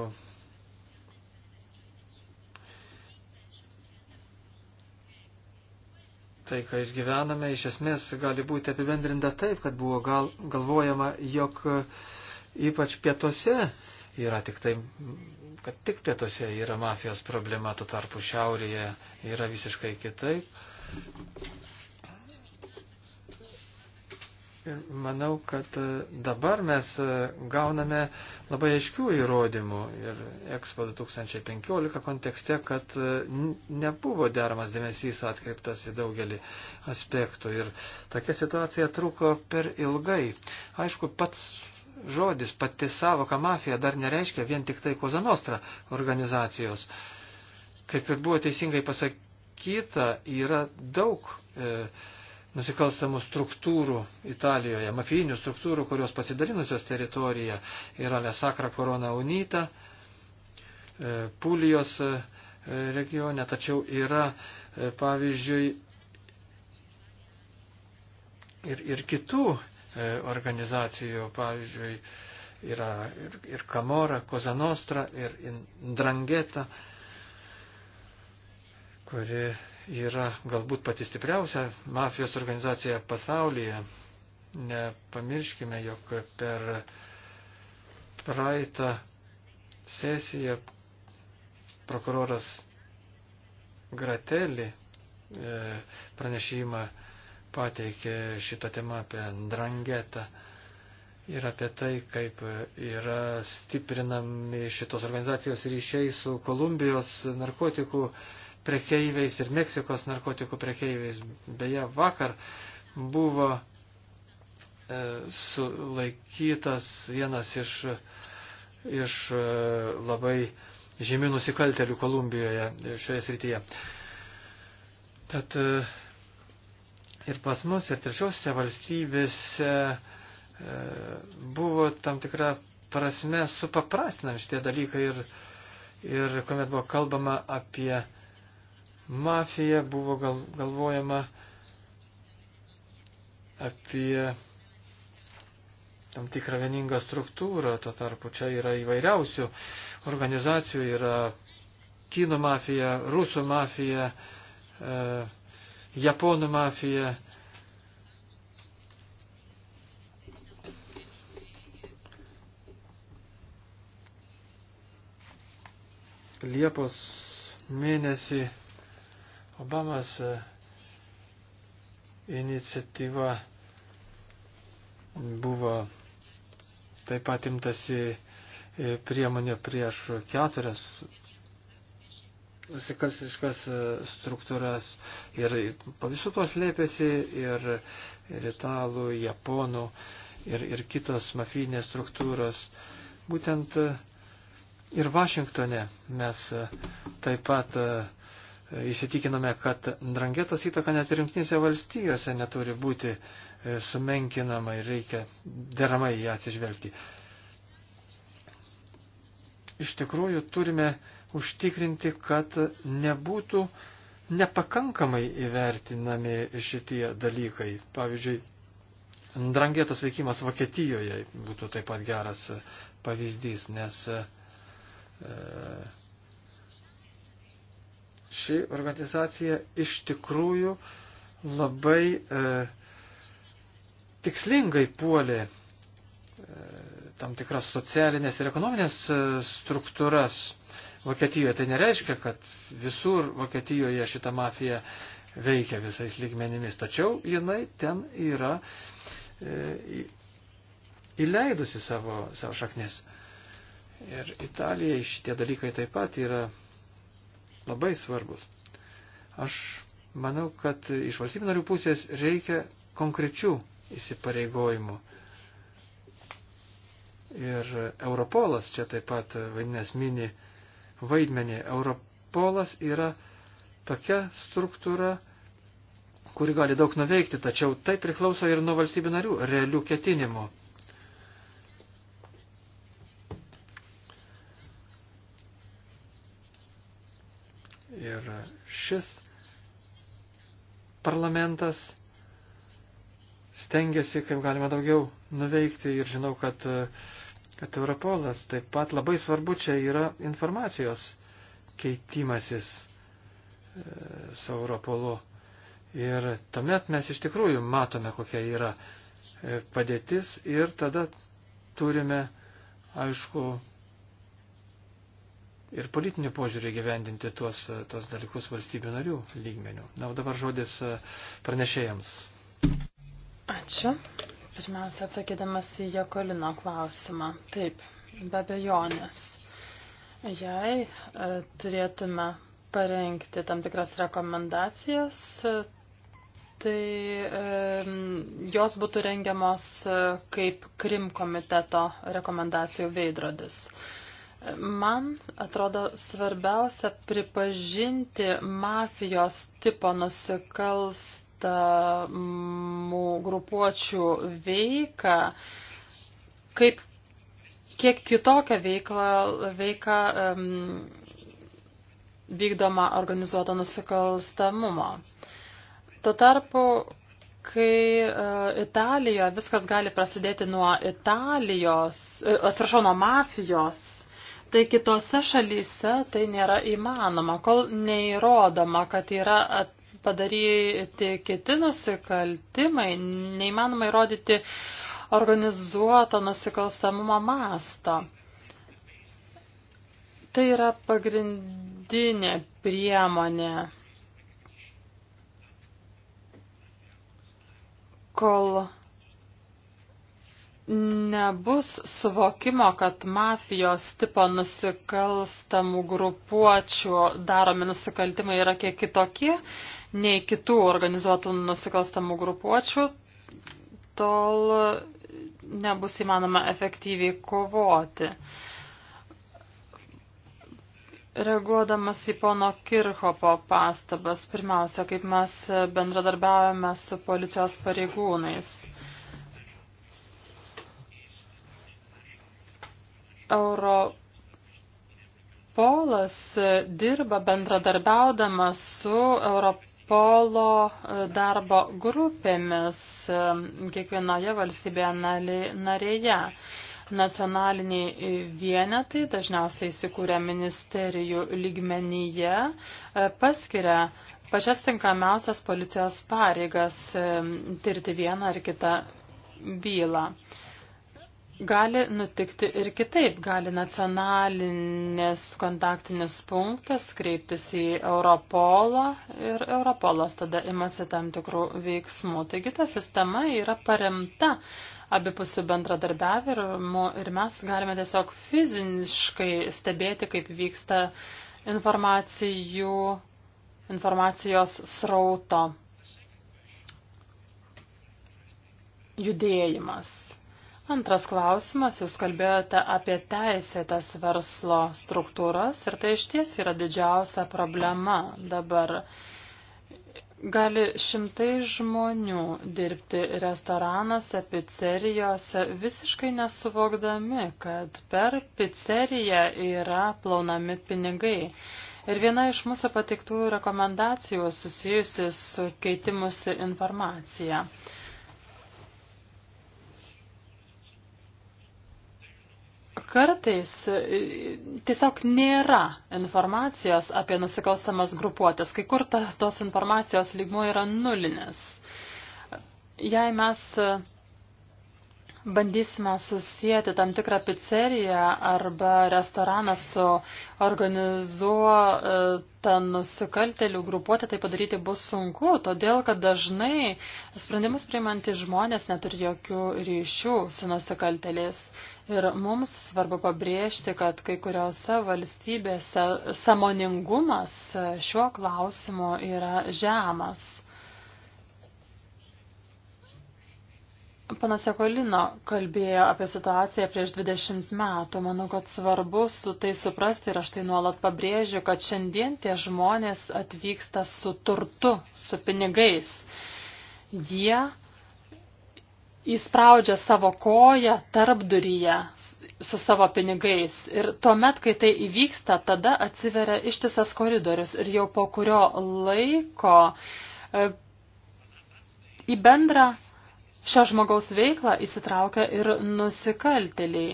tai, ką išgyvename, iš esmės gali būti apibendrinta taip, kad buvo gal, galvojama, jog ypač pietuose yra tik tai, kad tik pietuose yra mafijos problema, tuo tarpu šiaurėje yra visiškai kitaip. Ir manau, kad e, dabar mes e, gauname labai aiškių įrodymų ir Expo 2015 kontekste, kad e, nebuvo deramas dėmesys atkreiptas į daugelį aspektų ir tokia situacija truko per ilgai. Aišku, pats žodis, pati savoka mafija dar nereiškia vien tik tai Kozanostra organizacijos. Kaip ir buvo teisingai pasakyta, yra daug. E, nusikalstamų struktūrų Italijoje, mafijinių struktūrų, kurios pasidalinusios teritoriją yra Lesakra Korona Unita, e, Pulijos e, regione, tačiau yra, e, pavyzdžiui, ir, ir kitų organizacijų, pavyzdžiui, yra ir, ir Kamora, Kozanostra, ir Drangeta, kuri yra galbūt pati stipriausia mafijos organizacija pasaulyje. Nepamirškime, jog per praeitą sesiją prokuroras Gratelį e, pranešimą pateikė šitą temą apie drangetą ir apie tai, kaip yra stiprinami šitos organizacijos ryšiai su Kolumbijos narkotikų prekeiviais ir Meksikos narkotikų prekeiviais. Beje, vakar buvo e, sulaikytas vienas iš, iš e, labai žymių nusikaltelių Kolumbijoje e, šioje srityje. Tad e, ir pas mus, ir trečiosiuose valstybėse e, buvo tam tikra prasme supaprastinami šitie dalykai ir, ir kuomet buvo kalbama apie mafiją, buvo gal, galvojama apie tam tikrą vieningą struktūrą, tuo tarpu čia yra įvairiausių organizacijų, yra kinų mafija, rusų mafija, e, japonų mafija. Liepos mėnesį Obamos e, iniciatyva buvo taip pat imtasi e, priemonė prieš keturias nusikalstiškas e, struktūras ir po visų to slėpėsi ir, ir italų, japonų ir, ir kitos mafinės struktūros. Būtent ir Vašingtone mes taip pat įsitikinome, kad drangetos įtaka net ir rimtinėse valstijose neturi būti e, sumenkinama ir reikia deramai ją atsižvelgti. Iš tikrųjų turime užtikrinti, kad nebūtų nepakankamai įvertinami šitie dalykai. Pavyzdžiui, drangetos veikimas Vokietijoje būtų taip pat geras pavyzdys, nes e, ši organizacija iš tikrųjų labai e, tikslingai puolė e, tam tikras socialinės ir ekonominės e, struktūras Vokietijoje. Tai nereiškia, kad visur Vokietijoje šita mafija veikia visais lygmenimis, tačiau jinai ten yra e, įleidusi savo, savo šaknis. Ir Italijai šitie dalykai taip pat yra labai svarbus. Aš manau, kad iš valstybių narių pusės reikia konkrečių įsipareigojimų. Ir Europolas čia taip pat vaidinės mini vaidmenį. Europolas yra tokia struktūra, kuri gali daug nuveikti, tačiau tai priklauso ir nuo valstybių narių realių ketinimų. ir šis parlamentas stengiasi, kaip galima daugiau nuveikti ir žinau, kad, kad Europolas taip pat labai svarbu čia yra informacijos keitimasis e, su Europolu. Ir tuomet mes iš tikrųjų matome, kokia yra e, padėtis ir tada turime, aišku, ir politinių požiūrį gyvendinti tuos, tuos dalykus valstybių narių lygmenių. Na, o dabar žodis e, pranešėjams. Ačiū. Pirmiausia, atsakydamas į Jekolino klausimą. Taip, be abejonės. Jei e, turėtume parengti tam tikras rekomendacijas, e, tai e, jos būtų rengiamos e, kaip Krim komiteto rekomendacijų veidrodis. E, Man atrodo svarbiausia pripažinti mafijos tipo nusikalstamų grupuočių veiką kaip kiek kitokią veiklą, veiką um, vykdoma organizuoto nusikalstamumo. Tuo tarpu, kai uh, Italijoje viskas gali prasidėti nuo Italijos, e, atsiprašau, nuo mafijos, Tai kitose šalyse tai nėra įmanoma, kol neįrodoma, kad yra padaryti kiti nusikaltimai, neįmanoma įrodyti organizuoto nusikalstamumo masto. Tai yra pagrindinė priemonė. Kol nebus suvokimo, kad mafijos tipo nusikalstamų grupuočių daromi nusikaltimai yra kiek kitokie nei kitų organizuotų nusikalstamų grupuočių, tol nebus įmanoma efektyviai kovoti. Reaguodamas į pono Kirchopo pastabas, pirmiausia, kaip mes bendradarbiavame su policijos pareigūnais. Europolas dirba bendradarbiaudamas su Europolo e, darbo grupėmis e, kiekvienoje valstybėje narėje. Nacionaliniai vienetai dažniausiai įsikūrė ministerijų lygmenyje, e, paskiria pačias tinkamiausias policijos pareigas tirti vieną ar kitą bylą. Gali nutikti ir kitaip. Gali nacionalinės kontaktinis punktas kreiptis į Europolą ir Europolas tada imasi tam tikrų veiksmų. Taigi ta sistema yra paremta abipusių bendradarbiavimu ir mes galime tiesiog fiziškai stebėti, kaip vyksta informacijų, informacijos srauto judėjimas. Antras klausimas, jūs kalbėjote apie teisėtas verslo struktūras ir tai iš ties yra didžiausia problema dabar. Gali šimtai žmonių dirbti restoranuose, pizzerijose, visiškai nesuvokdami, kad per pizzeriją yra plaunami pinigai. Ir viena iš mūsų patiktų rekomendacijų susijusi su keitimusi informacija. kartais e, tiesiog nėra informacijos apie nusikalstamas grupuotės, kai kur ta, tos informacijos lygmo yra nulinis. Jei mes bandysime susijęti tam tikrą pizzeriją arba restoraną su organizuota nusikaltelių grupuotė, tai padaryti bus sunku, todėl kad dažnai sprendimus priimantys žmonės neturi jokių ryšių su nusikalteliais. Ir mums svarbu pabrėžti, kad kai kuriuose valstybėse samoningumas šiuo klausimu yra žemas. Panas Jekolino kalbėjo apie situaciją prieš 20 metų. Manau, kad svarbu su tai suprasti ir aš tai nuolat pabrėžiu, kad šiandien tie žmonės atvyksta su turtu, su pinigais. Jie įspraudžia savo koją tarp duryje su savo pinigais. Ir tuomet, kai tai įvyksta, tada atsiveria ištisas koridorius ir jau po kurio laiko e, į bendrą šią žmogaus veiklą įsitraukia ir nusikaltėliai.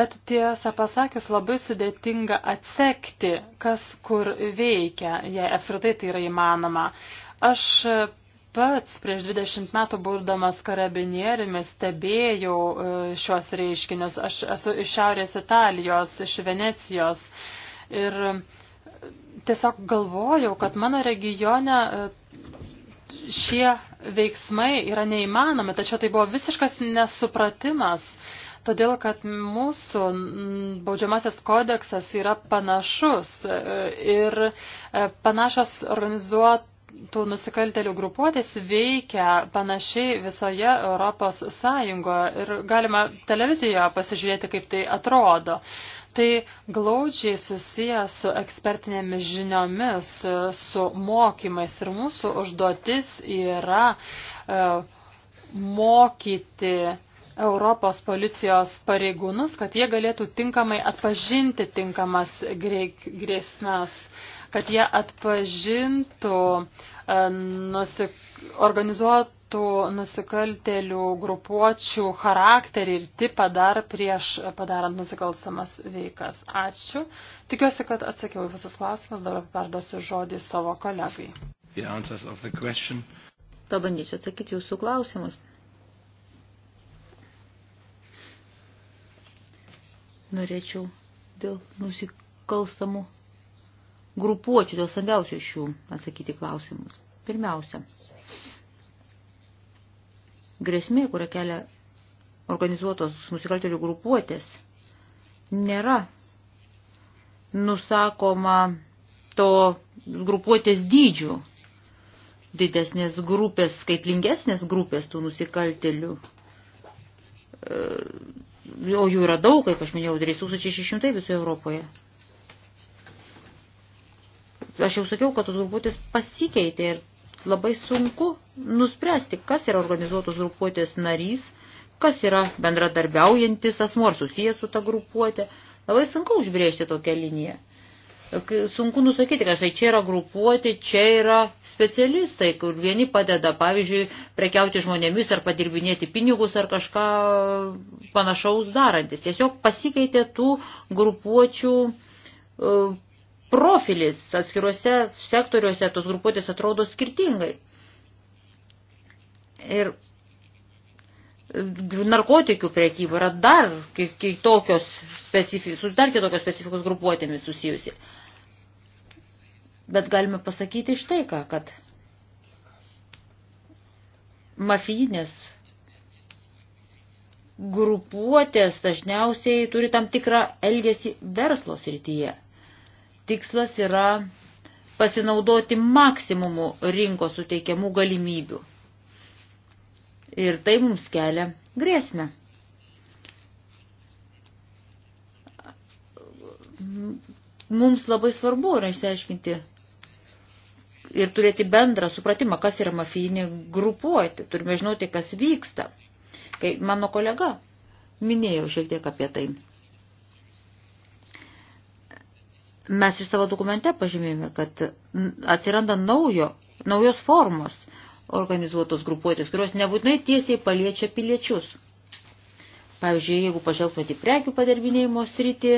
Bet tiesą pasakius, labai sudėtinga atsekti, kas kur veikia, jei apskritai tai yra įmanoma. Aš pats prieš 20 metų būdamas karabinieriumi stebėjau e, šios reiškinius. Aš esu iš Šiaurės Italijos, iš Venecijos. Ir tiesiog galvojau, kad mano regione e, šie veiksmai yra neįmanomi, tačiau tai buvo visiškas nesupratimas, todėl kad mūsų baudžiamasis kodeksas yra panašus e, ir e, panašios organizuotų nusikaltelių grupuotės veikia panašiai visoje Europos Sąjungoje ir galima televizijoje pasižiūrėti, kaip tai atrodo. Tai glaudžiai susiję su ekspertinėmis žiniomis, su mokymais ir mūsų užduotis yra e, mokyti Europos policijos pareigūnus, kad jie galėtų tinkamai atpažinti tinkamas grėsmes, kad jie atpažintų e, nusik... organizuotų tų nusikaltelių grupuočių charakterį ir tipą dar prieš padarant nusikalstamas veikas. Ačiū. Tikiuosi, kad atsakiau į visus klausimus, dabar perdosiu žodį savo kolegai. Pabandysiu atsakyti jūsų klausimus. Norėčiau dėl nusikalstamų grupuočių, dėl stambiausių šių atsakyti klausimus. Pirmiausia, grėsmė, kurią kelia organizuotos nusikaltelių grupuotės, nėra nusakoma to grupuotės dydžių. Didesnės grupės, skaitlingesnės grupės tų nusikaltelių. E, o jų yra daug, kaip aš minėjau, 3600 visoje Europoje. Aš jau sakiau, kad tos grupuotės pasikeitė ir labai sunku nuspręsti, kas yra organizuotos grupuotės narys, kas yra bendradarbiaujantis asmuo ar susijęs su ta grupuotė. Labai sunku užbrėžti tokią liniją. Sunku nusakyti, kad štai čia yra grupuoti, čia yra specialistai, kur vieni padeda, pavyzdžiui, prekiauti žmonėmis ar padirbinėti pinigus ar kažką panašaus darantis. Tiesiog pasikeitė tų grupuočių e, profilis atskiruose sektoriuose tos grupuotės atrodo skirtingai. Ir narkotikų prekyba yra dar kitokios specifikos, su dar kitokios specifikos grupuotėmis susijusi. Bet galime pasakyti štai ką, kad mafijinės grupuotės dažniausiai turi tam tikrą elgesį verslo srityje tikslas yra pasinaudoti maksimumu rinkos suteikiamų galimybių. Ir tai mums kelia grėsmę. Mums labai svarbu yra išsiaiškinti ir turėti bendrą supratimą, kas yra mafijinė grupuoti. Turime žinoti, kas vyksta. Kai mano kolega minėjo šiek tiek apie tai. Mes ir savo dokumente pažymėjome, kad atsiranda naujo, naujos formos organizuotos grupuotės, kurios nebūtinai tiesiai paliečia piliečius. Pavyzdžiui, jeigu pažvelgtumėte į prekių padirbinėjimo sritį,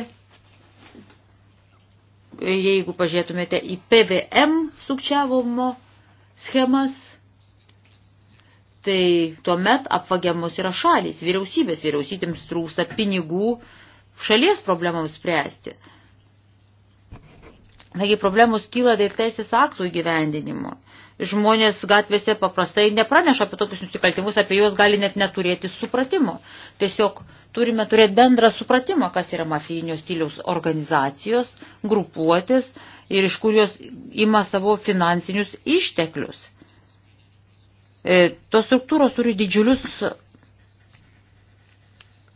jeigu pažiūrėtumėte į PVM sukčiavimo schemas, tai tuomet apvagiamos yra šalys, vyriausybės, vyriausybėms trūksta pinigų šalies problemams spręsti. Taigi problemos kyla dėl teisės aktų įgyvendinimo. Žmonės gatvėse paprastai nepraneša apie tokius nusikaltimus, apie juos gali net neturėti supratimo. Tiesiog turime turėti bendrą supratimą, kas yra mafijinio stiliaus organizacijos, grupuotis ir iš kur jos ima savo finansinius išteklius. E, tos struktūros turi didžiulius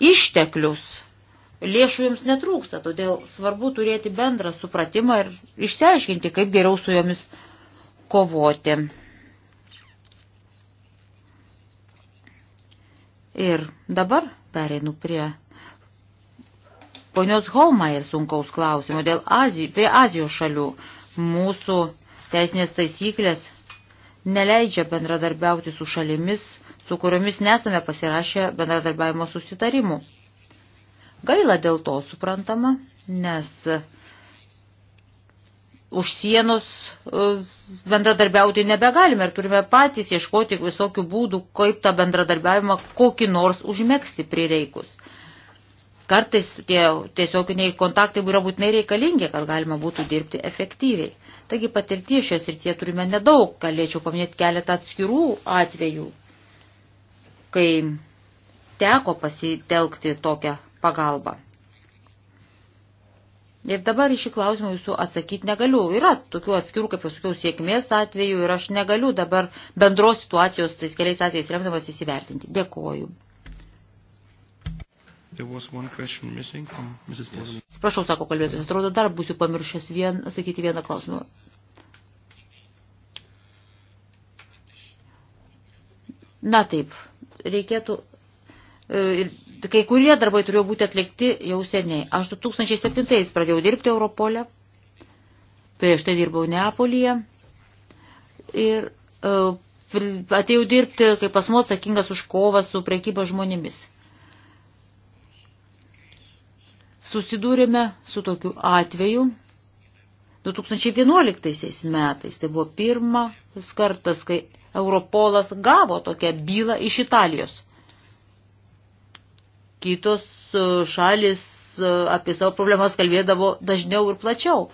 išteklius lėšų jums netrūksta, todėl svarbu turėti bendrą supratimą ir išsiaiškinti, kaip geriau su jomis kovoti. Ir dabar pereinu prie ponios Holmaier sunkaus klausimo dėl Azijų, prie Azijos šalių. Mūsų teisinės taisyklės neleidžia bendradarbiauti su šalimis, su kuriomis nesame pasirašę bendradarbiavimo susitarimų. Gaila dėl to suprantama, nes už sienos e, bendradarbiauti nebegalime ir turime patys ieškoti visokių būdų, kaip tą bendradarbiavimą kokį nors užmėgsti prireikus. Kartais tie tiesioginiai kontaktai yra būtinai reikalingi, kad galima būtų dirbti efektyviai. Taigi patirties šios ir tie turime nedaug, galėčiau paminėti keletą atskirų atvejų, kai teko pasitelkti tokią pagalba. Ir dabar iš įklausimą jūsų atsakyti negaliu. Yra tokių atskirų, kaip jau sakiau, sėkmės atvejų ir aš negaliu dabar bendros situacijos tais keliais atvejais remdamas įsivertinti. Dėkoju. Prašau, sako kalbėtojas, atrodo, dar būsiu pamiršęs vien, sakyti vieną klausimą. Na taip, reikėtų E, kai kurie darbai turėjo būti atlikti jau seniai. Aš 2007 pradėjau dirbti Europolę, prieš tai dirbau Neapolyje ir e, atėjau dirbti kaip asmo atsakingas už kovą su prekyba žmonėmis. Susidūrėme su tokiu atveju 2011 metais. Tai buvo pirmas kartas, kai Europolas gavo tokią bylą iš Italijos kitos e, šalis e, apie savo problemas kalbėdavo dažniau ir plačiau.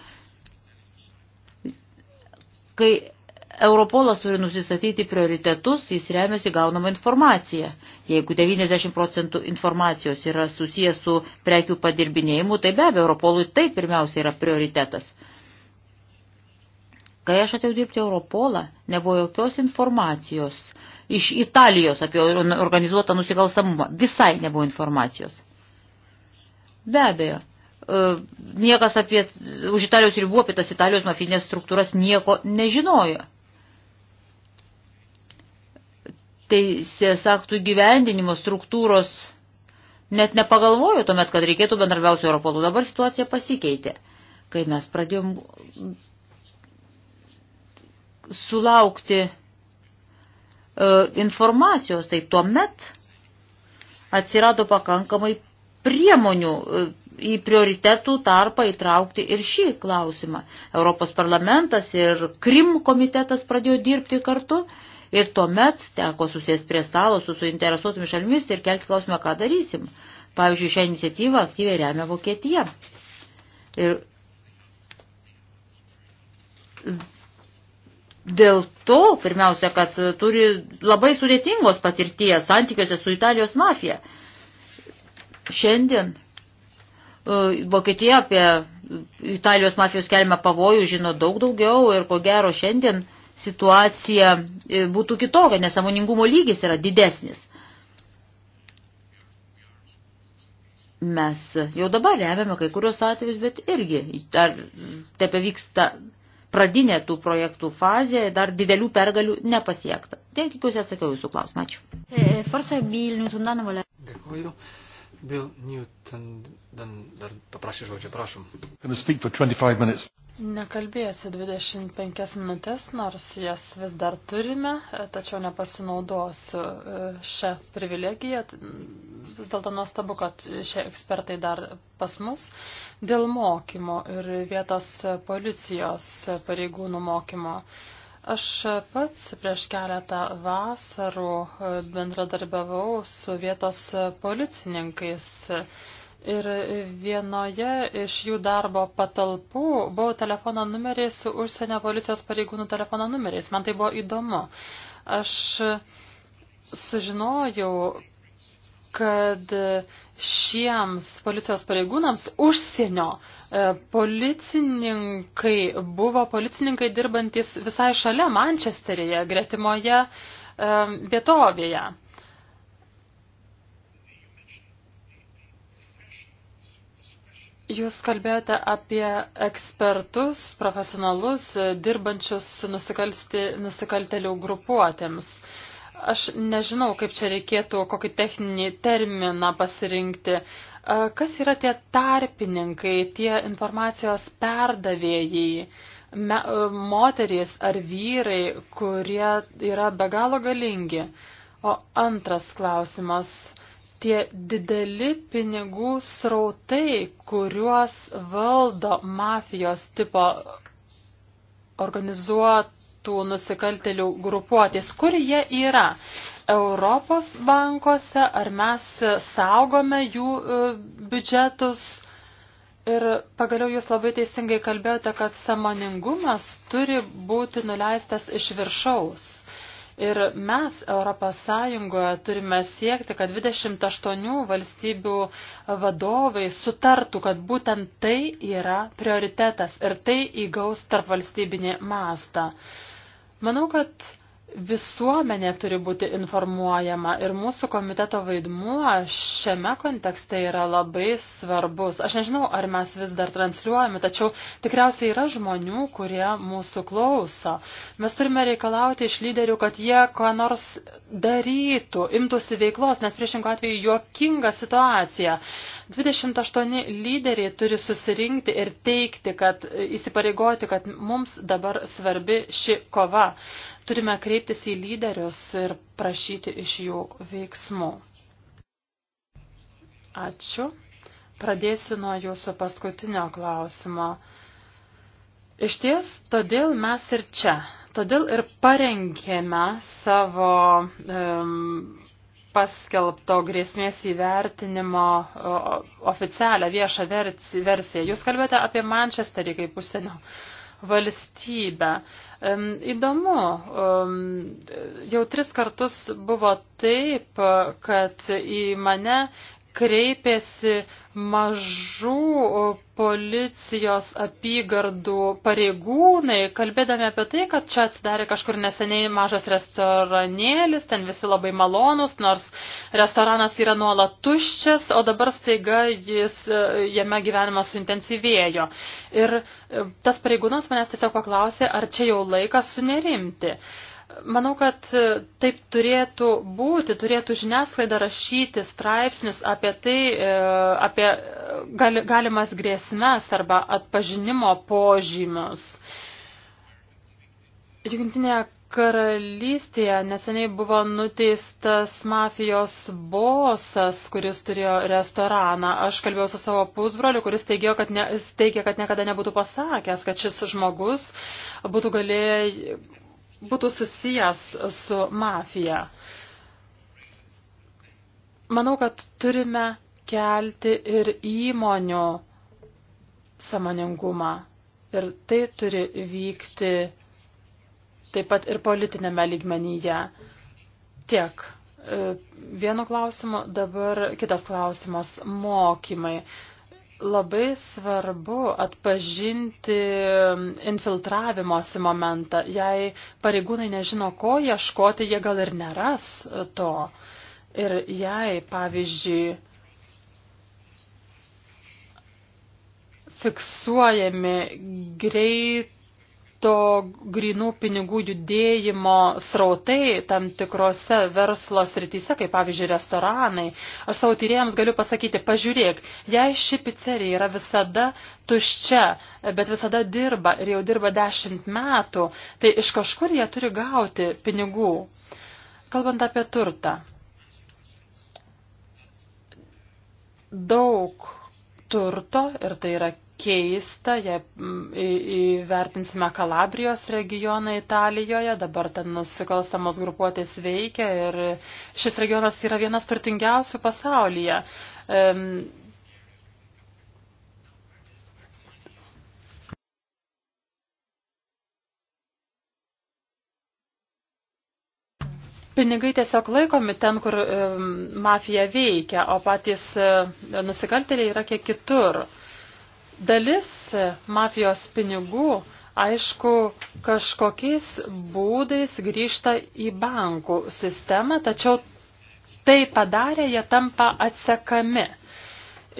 Kai Europolas turi nusistatyti prioritetus, jis remiasi gaunamą informaciją. Jeigu 90 procentų informacijos yra susijęs su prekių padirbinėjimu, tai be abejo Europolui tai pirmiausia yra prioritetas. Kai aš atėjau dirbti Europolą, nebuvo jokios informacijos iš Italijos apie organizuotą nusikalstamumą. Visai nebuvo informacijos. Be abejo, e, niekas apie, už Italijos ribų apie tas Italijos mafinės struktūras nieko nežinojo. Teisės aktų gyvendinimo struktūros net nepagalvojo tuomet, kad reikėtų bendraviausių Europolų. Dabar situacija pasikeitė, kai mes pradėjom sulaukti E, informacijos, tai tuomet atsirado pakankamai priemonių e, į prioritetų tarpą įtraukti ir šį klausimą. Europos parlamentas ir Krim komitetas pradėjo dirbti kartu ir tuomet teko susės prie stalo su suinteresuotomis šalmis ir kelti klausimą, ką darysim. Pavyzdžiui, šią iniciatyvą aktyviai remia Vokietija. Ir dėl to, pirmiausia, kad turi labai sudėtingos patirties santykiuose su Italijos mafija. Šiandien e, Vokietija apie Italijos mafijos keliamą pavojų žino daug daugiau ir ko gero šiandien situacija e, būtų kitokia, nes samoningumo lygis yra didesnis. Mes jau dabar remiame kai kurios atvejus, bet irgi dar tebe vyksta pradinė tų projektų fazė, dar didelių pergalių nepasiekta. Tiek tikiuosi atsakiau jūsų klausimą. Ačiū. Dėkuoju. Bill Newton dar paprašė žodžio, prašom. Nekalbėsiu 25 minutės, nors jas vis dar turime, tačiau nepasinaudosiu e, šią privilegiją. Vis dėlto nuostabu, kad šie ekspertai dar pas mus dėl mokymo ir vietos policijos pareigūnų mokymo. Aš pats prieš keletą vasarų e, bendradarbiavau su vietos policininkais ir vienoje iš jų darbo patalpų buvo telefono numeriai su užsienio policijos pareigūnų telefono numeriais. Man tai buvo įdomu. Aš sužinojau, kad šiems policijos pareigūnams užsienio e, policininkai buvo policininkai dirbantis visai šalia Mančesteryje, gretimoje e, vietovėje. Jūs kalbėjote apie ekspertus, profesionalus, dirbančius nusikaltelių grupuotėms. Aš nežinau, kaip čia reikėtų kokį techninį terminą pasirinkti. Kas yra tie tarpininkai, tie informacijos perdavėjai, me, moterys ar vyrai, kurie yra be galo galingi? O antras klausimas. Tie dideli pinigų srautai, kuriuos valdo mafijos tipo organizuot tų nusikaltelių grupuotės, kur jie yra. Europos bankuose, ar mes saugome jų e, biudžetus. Ir pagaliau jūs labai teisingai kalbėjote, kad samoningumas turi būti nuleistas iš viršaus. Ir mes ES turime siekti, kad 28 valstybių vadovai sutartų, kad būtent tai yra prioritetas ir tai įgaus tarp valstybinį mastą. Manau, kad visuomenė turi būti informuojama ir mūsų komiteto vaidmuo šiame kontekste yra labai svarbus. Aš nežinau, ar mes vis dar transliuojame, tačiau tikriausiai yra žmonių, kurie mūsų klauso. Mes turime reikalauti iš lyderių, kad jie ką nors darytų, imtųsi veiklos, nes priešingų atveju juokinga situacija. 28 lyderiai turi susirinkti ir teikti, kad įsipareigoti, kad mums dabar svarbi ši kova. Turime kreiptis į lyderius ir prašyti iš jų veiksmų. Ačiū. Pradėsiu nuo jūsų paskutinio klausimo. Iš ties, todėl mes ir čia. Todėl ir parengėme savo um, paskelbto grėsmės įvertinimo oficialią viešą versiją. Jūs kalbėte apie Mančesterį kaip užsienio valstybę. Įdomu, jau tris kartus buvo taip, kad į mane kreipėsi mažų policijos apygardų pareigūnai, kalbėdami apie tai, kad čia atsidarė kažkur neseniai mažas restoranėlis, ten visi labai malonus, nors restoranas yra nuolat tuščias, o dabar staiga jis, e, jame gyvenimas suintensyvėjo. Ir e, tas pareigūnas manęs tiesiog paklausė, ar čia jau laikas sunerimti. Uh, Manau, kad e, taip turėtų būti, turėtų žiniasklaida rašyti straipsnius apie tai, e, apie e, galimas grėsmes arba atpažinimo požymius. Jungtinėje karalystėje neseniai buvo nuteistas mafijos bosas, kuris turėjo restoraną. Aš kalbėjau su savo pusbroliu, kuris teigė, kad, ne, teigė, kad niekada nebūtų pasakęs, kad šis žmogus būtų galėjęs būtų susijęs su mafija. Manau, kad turime kelti ir įmonių samoningumą. Ir tai turi vykti taip pat ir politinėme lygmenyje. Tiek. E, vienu klausimu, dabar kitas klausimas - mokymai. Labai svarbu atpažinti infiltravimosi momentą. Jei pareigūnai nežino, ko ieškoti, jie gal ir neras to. Ir jei, pavyzdžiui, fiksuojami greit to grinų pinigų judėjimo srautai tam tikrose verslo srityse, kaip pavyzdžiui restoranai. Aš savo tyrėjams galiu pasakyti, pažiūrėk, jei ši pizzerija yra visada tuščia, bet visada dirba ir jau dirba dešimt metų, tai iš kažkur jie turi gauti pinigų. Kalbant apie turtą. Daug turto, ir tai yra keista, jei įvertinsime Kalabrijos regioną Italijoje, dabar ten nusikalstamos grupuotės veikia ir šis regionas yra vienas turtingiausių pasaulyje. Pinigai tiesiog laikomi ten, kur mafija veikia, o patys e, nusikaltėliai yra kiek kitur. Dalis mafijos pinigų, aišku, kažkokiais būdais grįžta į bankų sistemą, tačiau tai padarę jie tampa atsekami.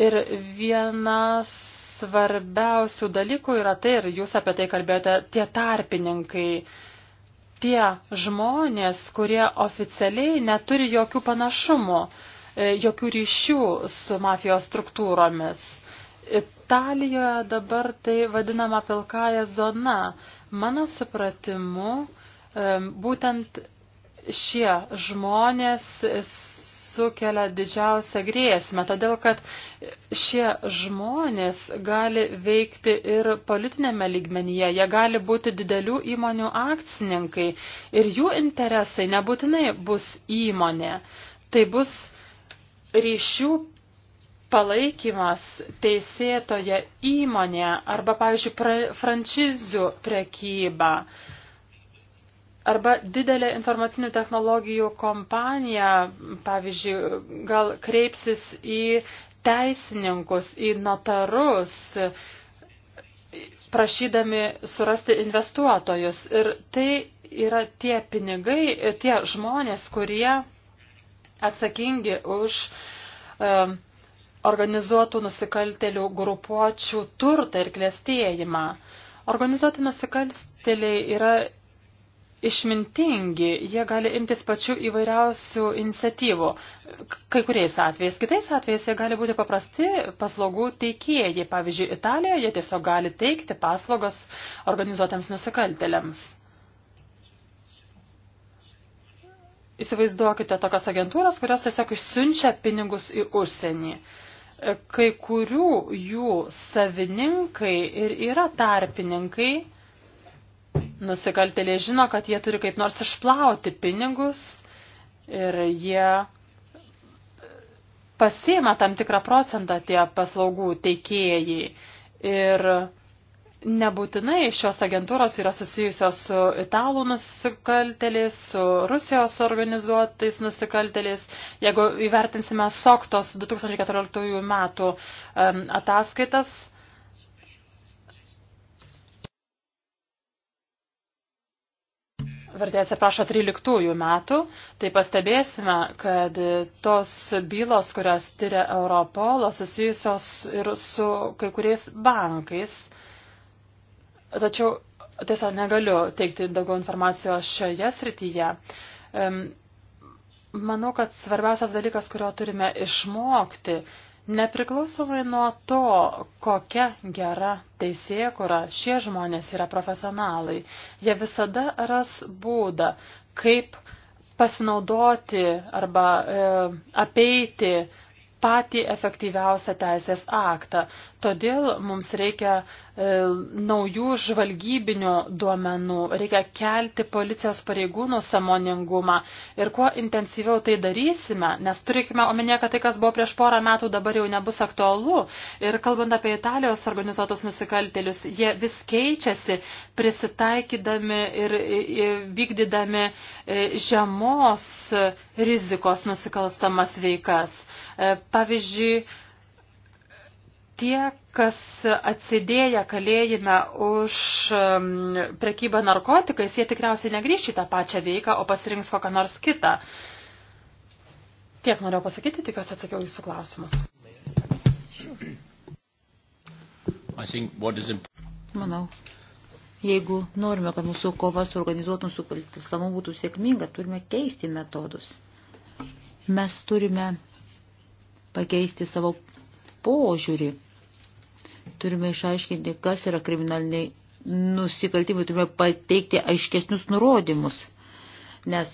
Ir vienas svarbiausių dalykų yra tai, ir jūs apie tai kalbėjote, tie tarpininkai, tie žmonės, kurie oficialiai neturi jokių panašumų, e, jokių ryšių su mafijos struktūromis. Italijoje dabar tai vadinama pilkaja zona. Mano supratimu, būtent šie žmonės sukelia didžiausią grėsmę, todėl kad šie žmonės gali veikti ir politinėme lygmenyje, jie gali būti didelių įmonių akcininkai ir jų interesai nebūtinai bus įmonė. Tai bus ryšių palaikymas teisėtoje įmonėje arba, pavyzdžiui, pra, frančizių prekyba arba didelė informacinių technologijų kompanija, pavyzdžiui, gal kreipsis į teisininkus, į notarus, prašydami surasti investuotojus. Ir tai yra tie pinigai, tie žmonės, kurie atsakingi už um, organizuotų nusikaltelių grupuočių turtą ir klėstėjimą. Organizuoti nusikalteliai yra išmintingi, jie gali imtis pačių įvairiausių iniciatyvų. Kai kuriais atvejais, kitais atvejais jie gali būti paprasti paslaugų teikėjai. Pavyzdžiui, Italijoje jie tiesiog gali teikti paslaugas organizuotams nusikaltėliams. Įsivaizduokite tokias agentūras, kurios tiesiog išsiunčia pinigus į užsienį. Uh, kai kurių jų savininkai ir yra tarpininkai. Nusikaltėliai žino, kad jie turi kaip nors išplauti pinigus ir jie pasiima tam tikrą procentą tie paslaugų teikėjai. Ir Nebūtinai šios agentūros yra susijusios su italų nusikaltėliais, su Rusijos organizuotais nusikaltėliais. Jeigu įvertinsime SOKTOS 2014 metų um, ataskaitas, vertė atsiprašo 13 metų, tai pastebėsime, kad tos bylos, kurias tyria Europolo, susijusios ir su kai kuriais bankais. Tačiau tiesiog negaliu teikti daugiau informacijos šioje srityje. Manau, kad svarbiausias dalykas, kurio turime išmokti, nepriklausomai nuo to, kokia gera teisėkura šie žmonės yra profesionalai, jie visada ras būdą, kaip pasinaudoti arba e, apeiti patį efektyviausią teisės aktą. Todėl mums reikia e, naujų žvalgybinių duomenų, reikia kelti policijos pareigūnų samoningumą. Ir kuo intensyviau tai darysime, nes turėkime omenyje, kad tai, kas buvo prieš porą metų, dabar jau nebus aktualu. Ir kalbant apie Italijos organizuotus nusikaltėlius, jie vis keičiasi, prisitaikydami ir vykdydami e, žemos rizikos nusikalstamas veikas. E, pavyzdžiui, tie, kas atsidėja kalėjime už um, prekybą narkotikais, jie tikriausiai negrįš į tą pačią veiką, o pasirinks kokią nors kitą. Tiek norėjau pasakyti, tikiuosi atsakiau jūsų klausimus. Manau, jeigu norime, kad mūsų kova su organizuotų nusikaltisamu būtų sėkminga, turime keisti metodus. Mes turime pakeisti savo požiūrį Turime išaiškinti, kas yra kriminaliniai nusikaltimai, turime pateikti aiškesnius nurodymus, nes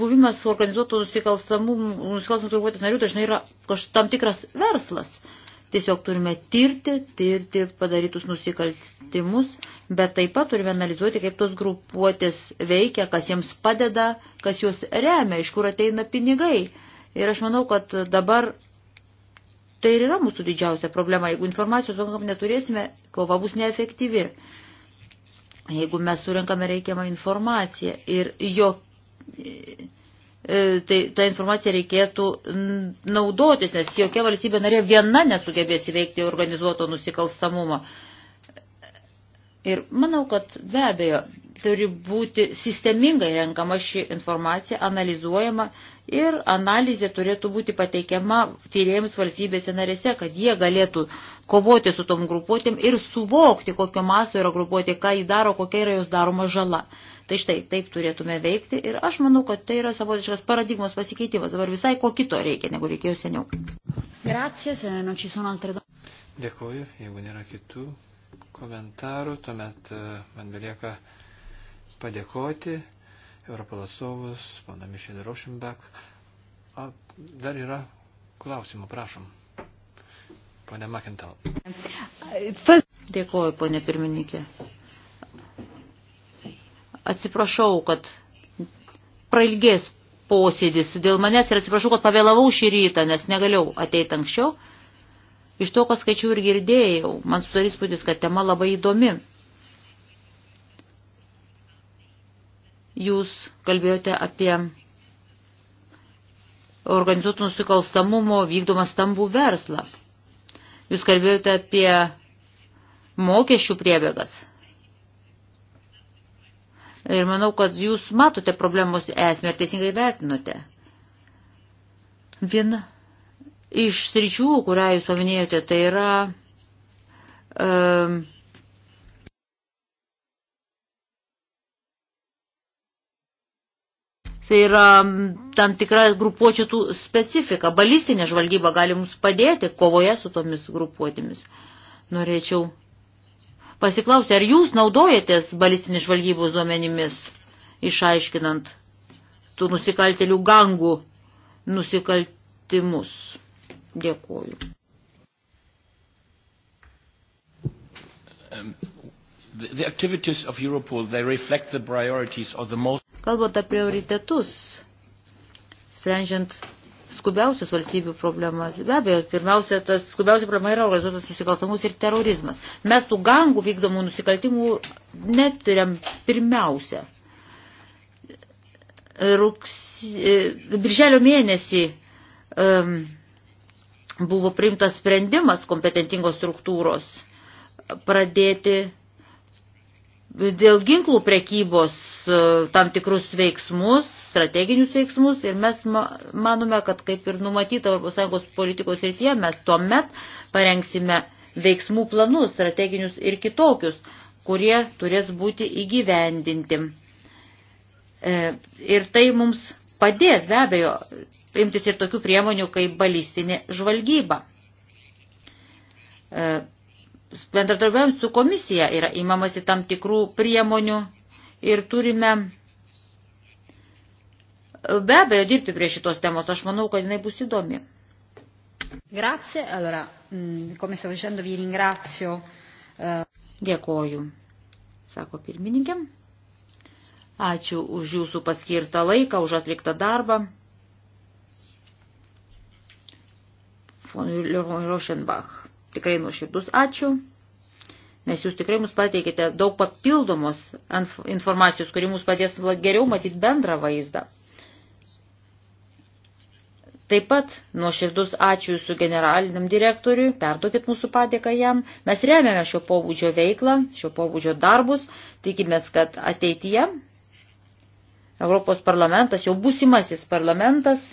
buvimas organizuotų nusikalstamų grupuotės narių dažnai yra tam tikras verslas. Tiesiog turime tirti, tirti padarytus nusikaltimus, bet taip pat turime analizuoti, kaip tos grupuotės veikia, kas jiems padeda, kas juos remia, iš kur ateina pinigai. Ir aš manau, kad dabar tai ir yra mūsų didžiausia problema. Jeigu informacijos pakankamai neturėsime, kova bus neefektyvi. Jeigu mes surinkame reikiamą informaciją ir jo, e, tai tą informaciją reikėtų naudotis, nes jokia valstybė narė viena nesugebės įveikti organizuoto nusikalstamumo. Ir manau, kad be abejo, turi būti sistemingai renkama ši informacija, analizuojama ir analizė turėtų būti pateikiama tyrėjams valstybėse narėse, kad jie galėtų kovoti su tom grupuotėm ir suvokti, kokio maso yra grupuotė, ką jį daro, kokia yra jos daroma žala. Tai štai, taip turėtume veikti ir aš manau, kad tai yra savotiškas paradigmos pasikeitimas. Dabar visai ko kito reikia, negu reikėjo seniau. Grazie, eh, se non ci sono altre domande. Dėkuoju, jeigu nėra kitų komentarų, tuomet eh, man belieka. Galėka padėkoti Europos atstovus, pana Mišelė Rošinbek. Dar yra klausimų, prašom. Pone Makintal. Dėkuoju, ponė pirmininkė. Atsiprašau, kad prailgės posėdis dėl manęs ir atsiprašau, kad pavėlavau šį rytą, nes negalėjau ateiti anksčiau. Iš to, ką skaičiau ir girdėjau, man sudarys spūdis, kad tema labai įdomi. Jūs kalbėjote apie organizuotų nusikalstamumo vykdomą stambų verslą. Jūs kalbėjote apie mokesčių priebėgas. Ir manau, kad jūs matote problemos esmę ir teisingai vertinote. Viena iš sričių, kurią jūs paminėjote, tai yra um, e, tai yra tam tikra grupuočių tų specifika. Balistinė žvalgyba gali mums padėti kovoje su tomis grupuotėmis. Norėčiau pasiklausti, ar jūs naudojatės balistinės žvalgybos duomenimis, išaiškinant tų nusikaltelių gangų nusikaltimus. Dėkuoju. Um, the activities of Europol, they reflect the priorities of the most Kalbant apie prioritetus, sprendžiant skubiausias valstybių problemas. Be abejo, pirmiausia, tas skubiausia problema yra organizuotas nusikalstamus ir terorizmas. Mes tų gangų vykdomų nusikaltimų neturiam pirmiausia. Rugs, e, birželio mėnesį um, buvo priimtas sprendimas kompetentingos struktūros pradėti dėl ginklų prekybos e, tam tikrus veiksmus, strateginius veiksmus ir mes manome, kad kaip ir numatyta ES politikos rytyje, mes tuomet parengsime veiksmų planus, strateginius ir kitokius, kurie turės būti įgyvendinti. E, ir tai mums padės be abejo imtis ir tokių priemonių kaip balistinė žvalgyba e, bendradarbiaujant su komisija yra įmamasi tam tikrų priemonių ir turime e, be abejo dirbti prie šitos temos. Aš manau, kad jinai bus įdomi. Grazie, allora, mm, come stavo dicendo, vi ringrazio. Eh, Dėkoju, sako pirmininkė. Ačiū už jūsų paskirtą laiką, už atliktą darbą. von Roschenbach tikrai nuoširdus ačiū, nes jūs tikrai mus pateikite daug papildomos informacijos, kuri mus padės geriau matyti bendrą vaizdą. Taip pat nuoširdus ačiū jūsų generaliniam direktoriui, perduokit mūsų padėką jam. Mes remiame šio pobūdžio veiklą, šio pobūdžio darbus, tikimės, kad ateityje Europos parlamentas, jau būsimasis parlamentas,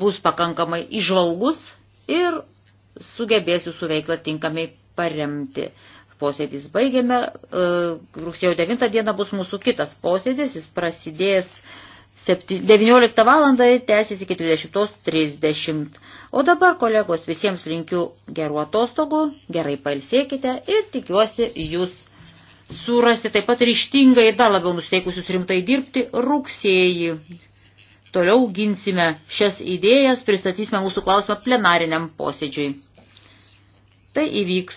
bus pakankamai išvalgus ir sugebės jūsų veiklą tinkamai paremti. Posėdis baigėme, e, rugsėjo 9 dieną bus mūsų kitas posėdis, jis prasidės 19 valandą ir tęsis iki 20.30. O dabar, kolegos, visiems linkiu gerų atostogų, gerai palsėkite ir tikiuosi jūs surasti taip pat ryštingai dar labiau nusteikusius rimtai dirbti rugsėjį. Toliau ginsime šias idėjas, pristatysime mūsų klausimą plenariniam posėdžiui. Tai įvyks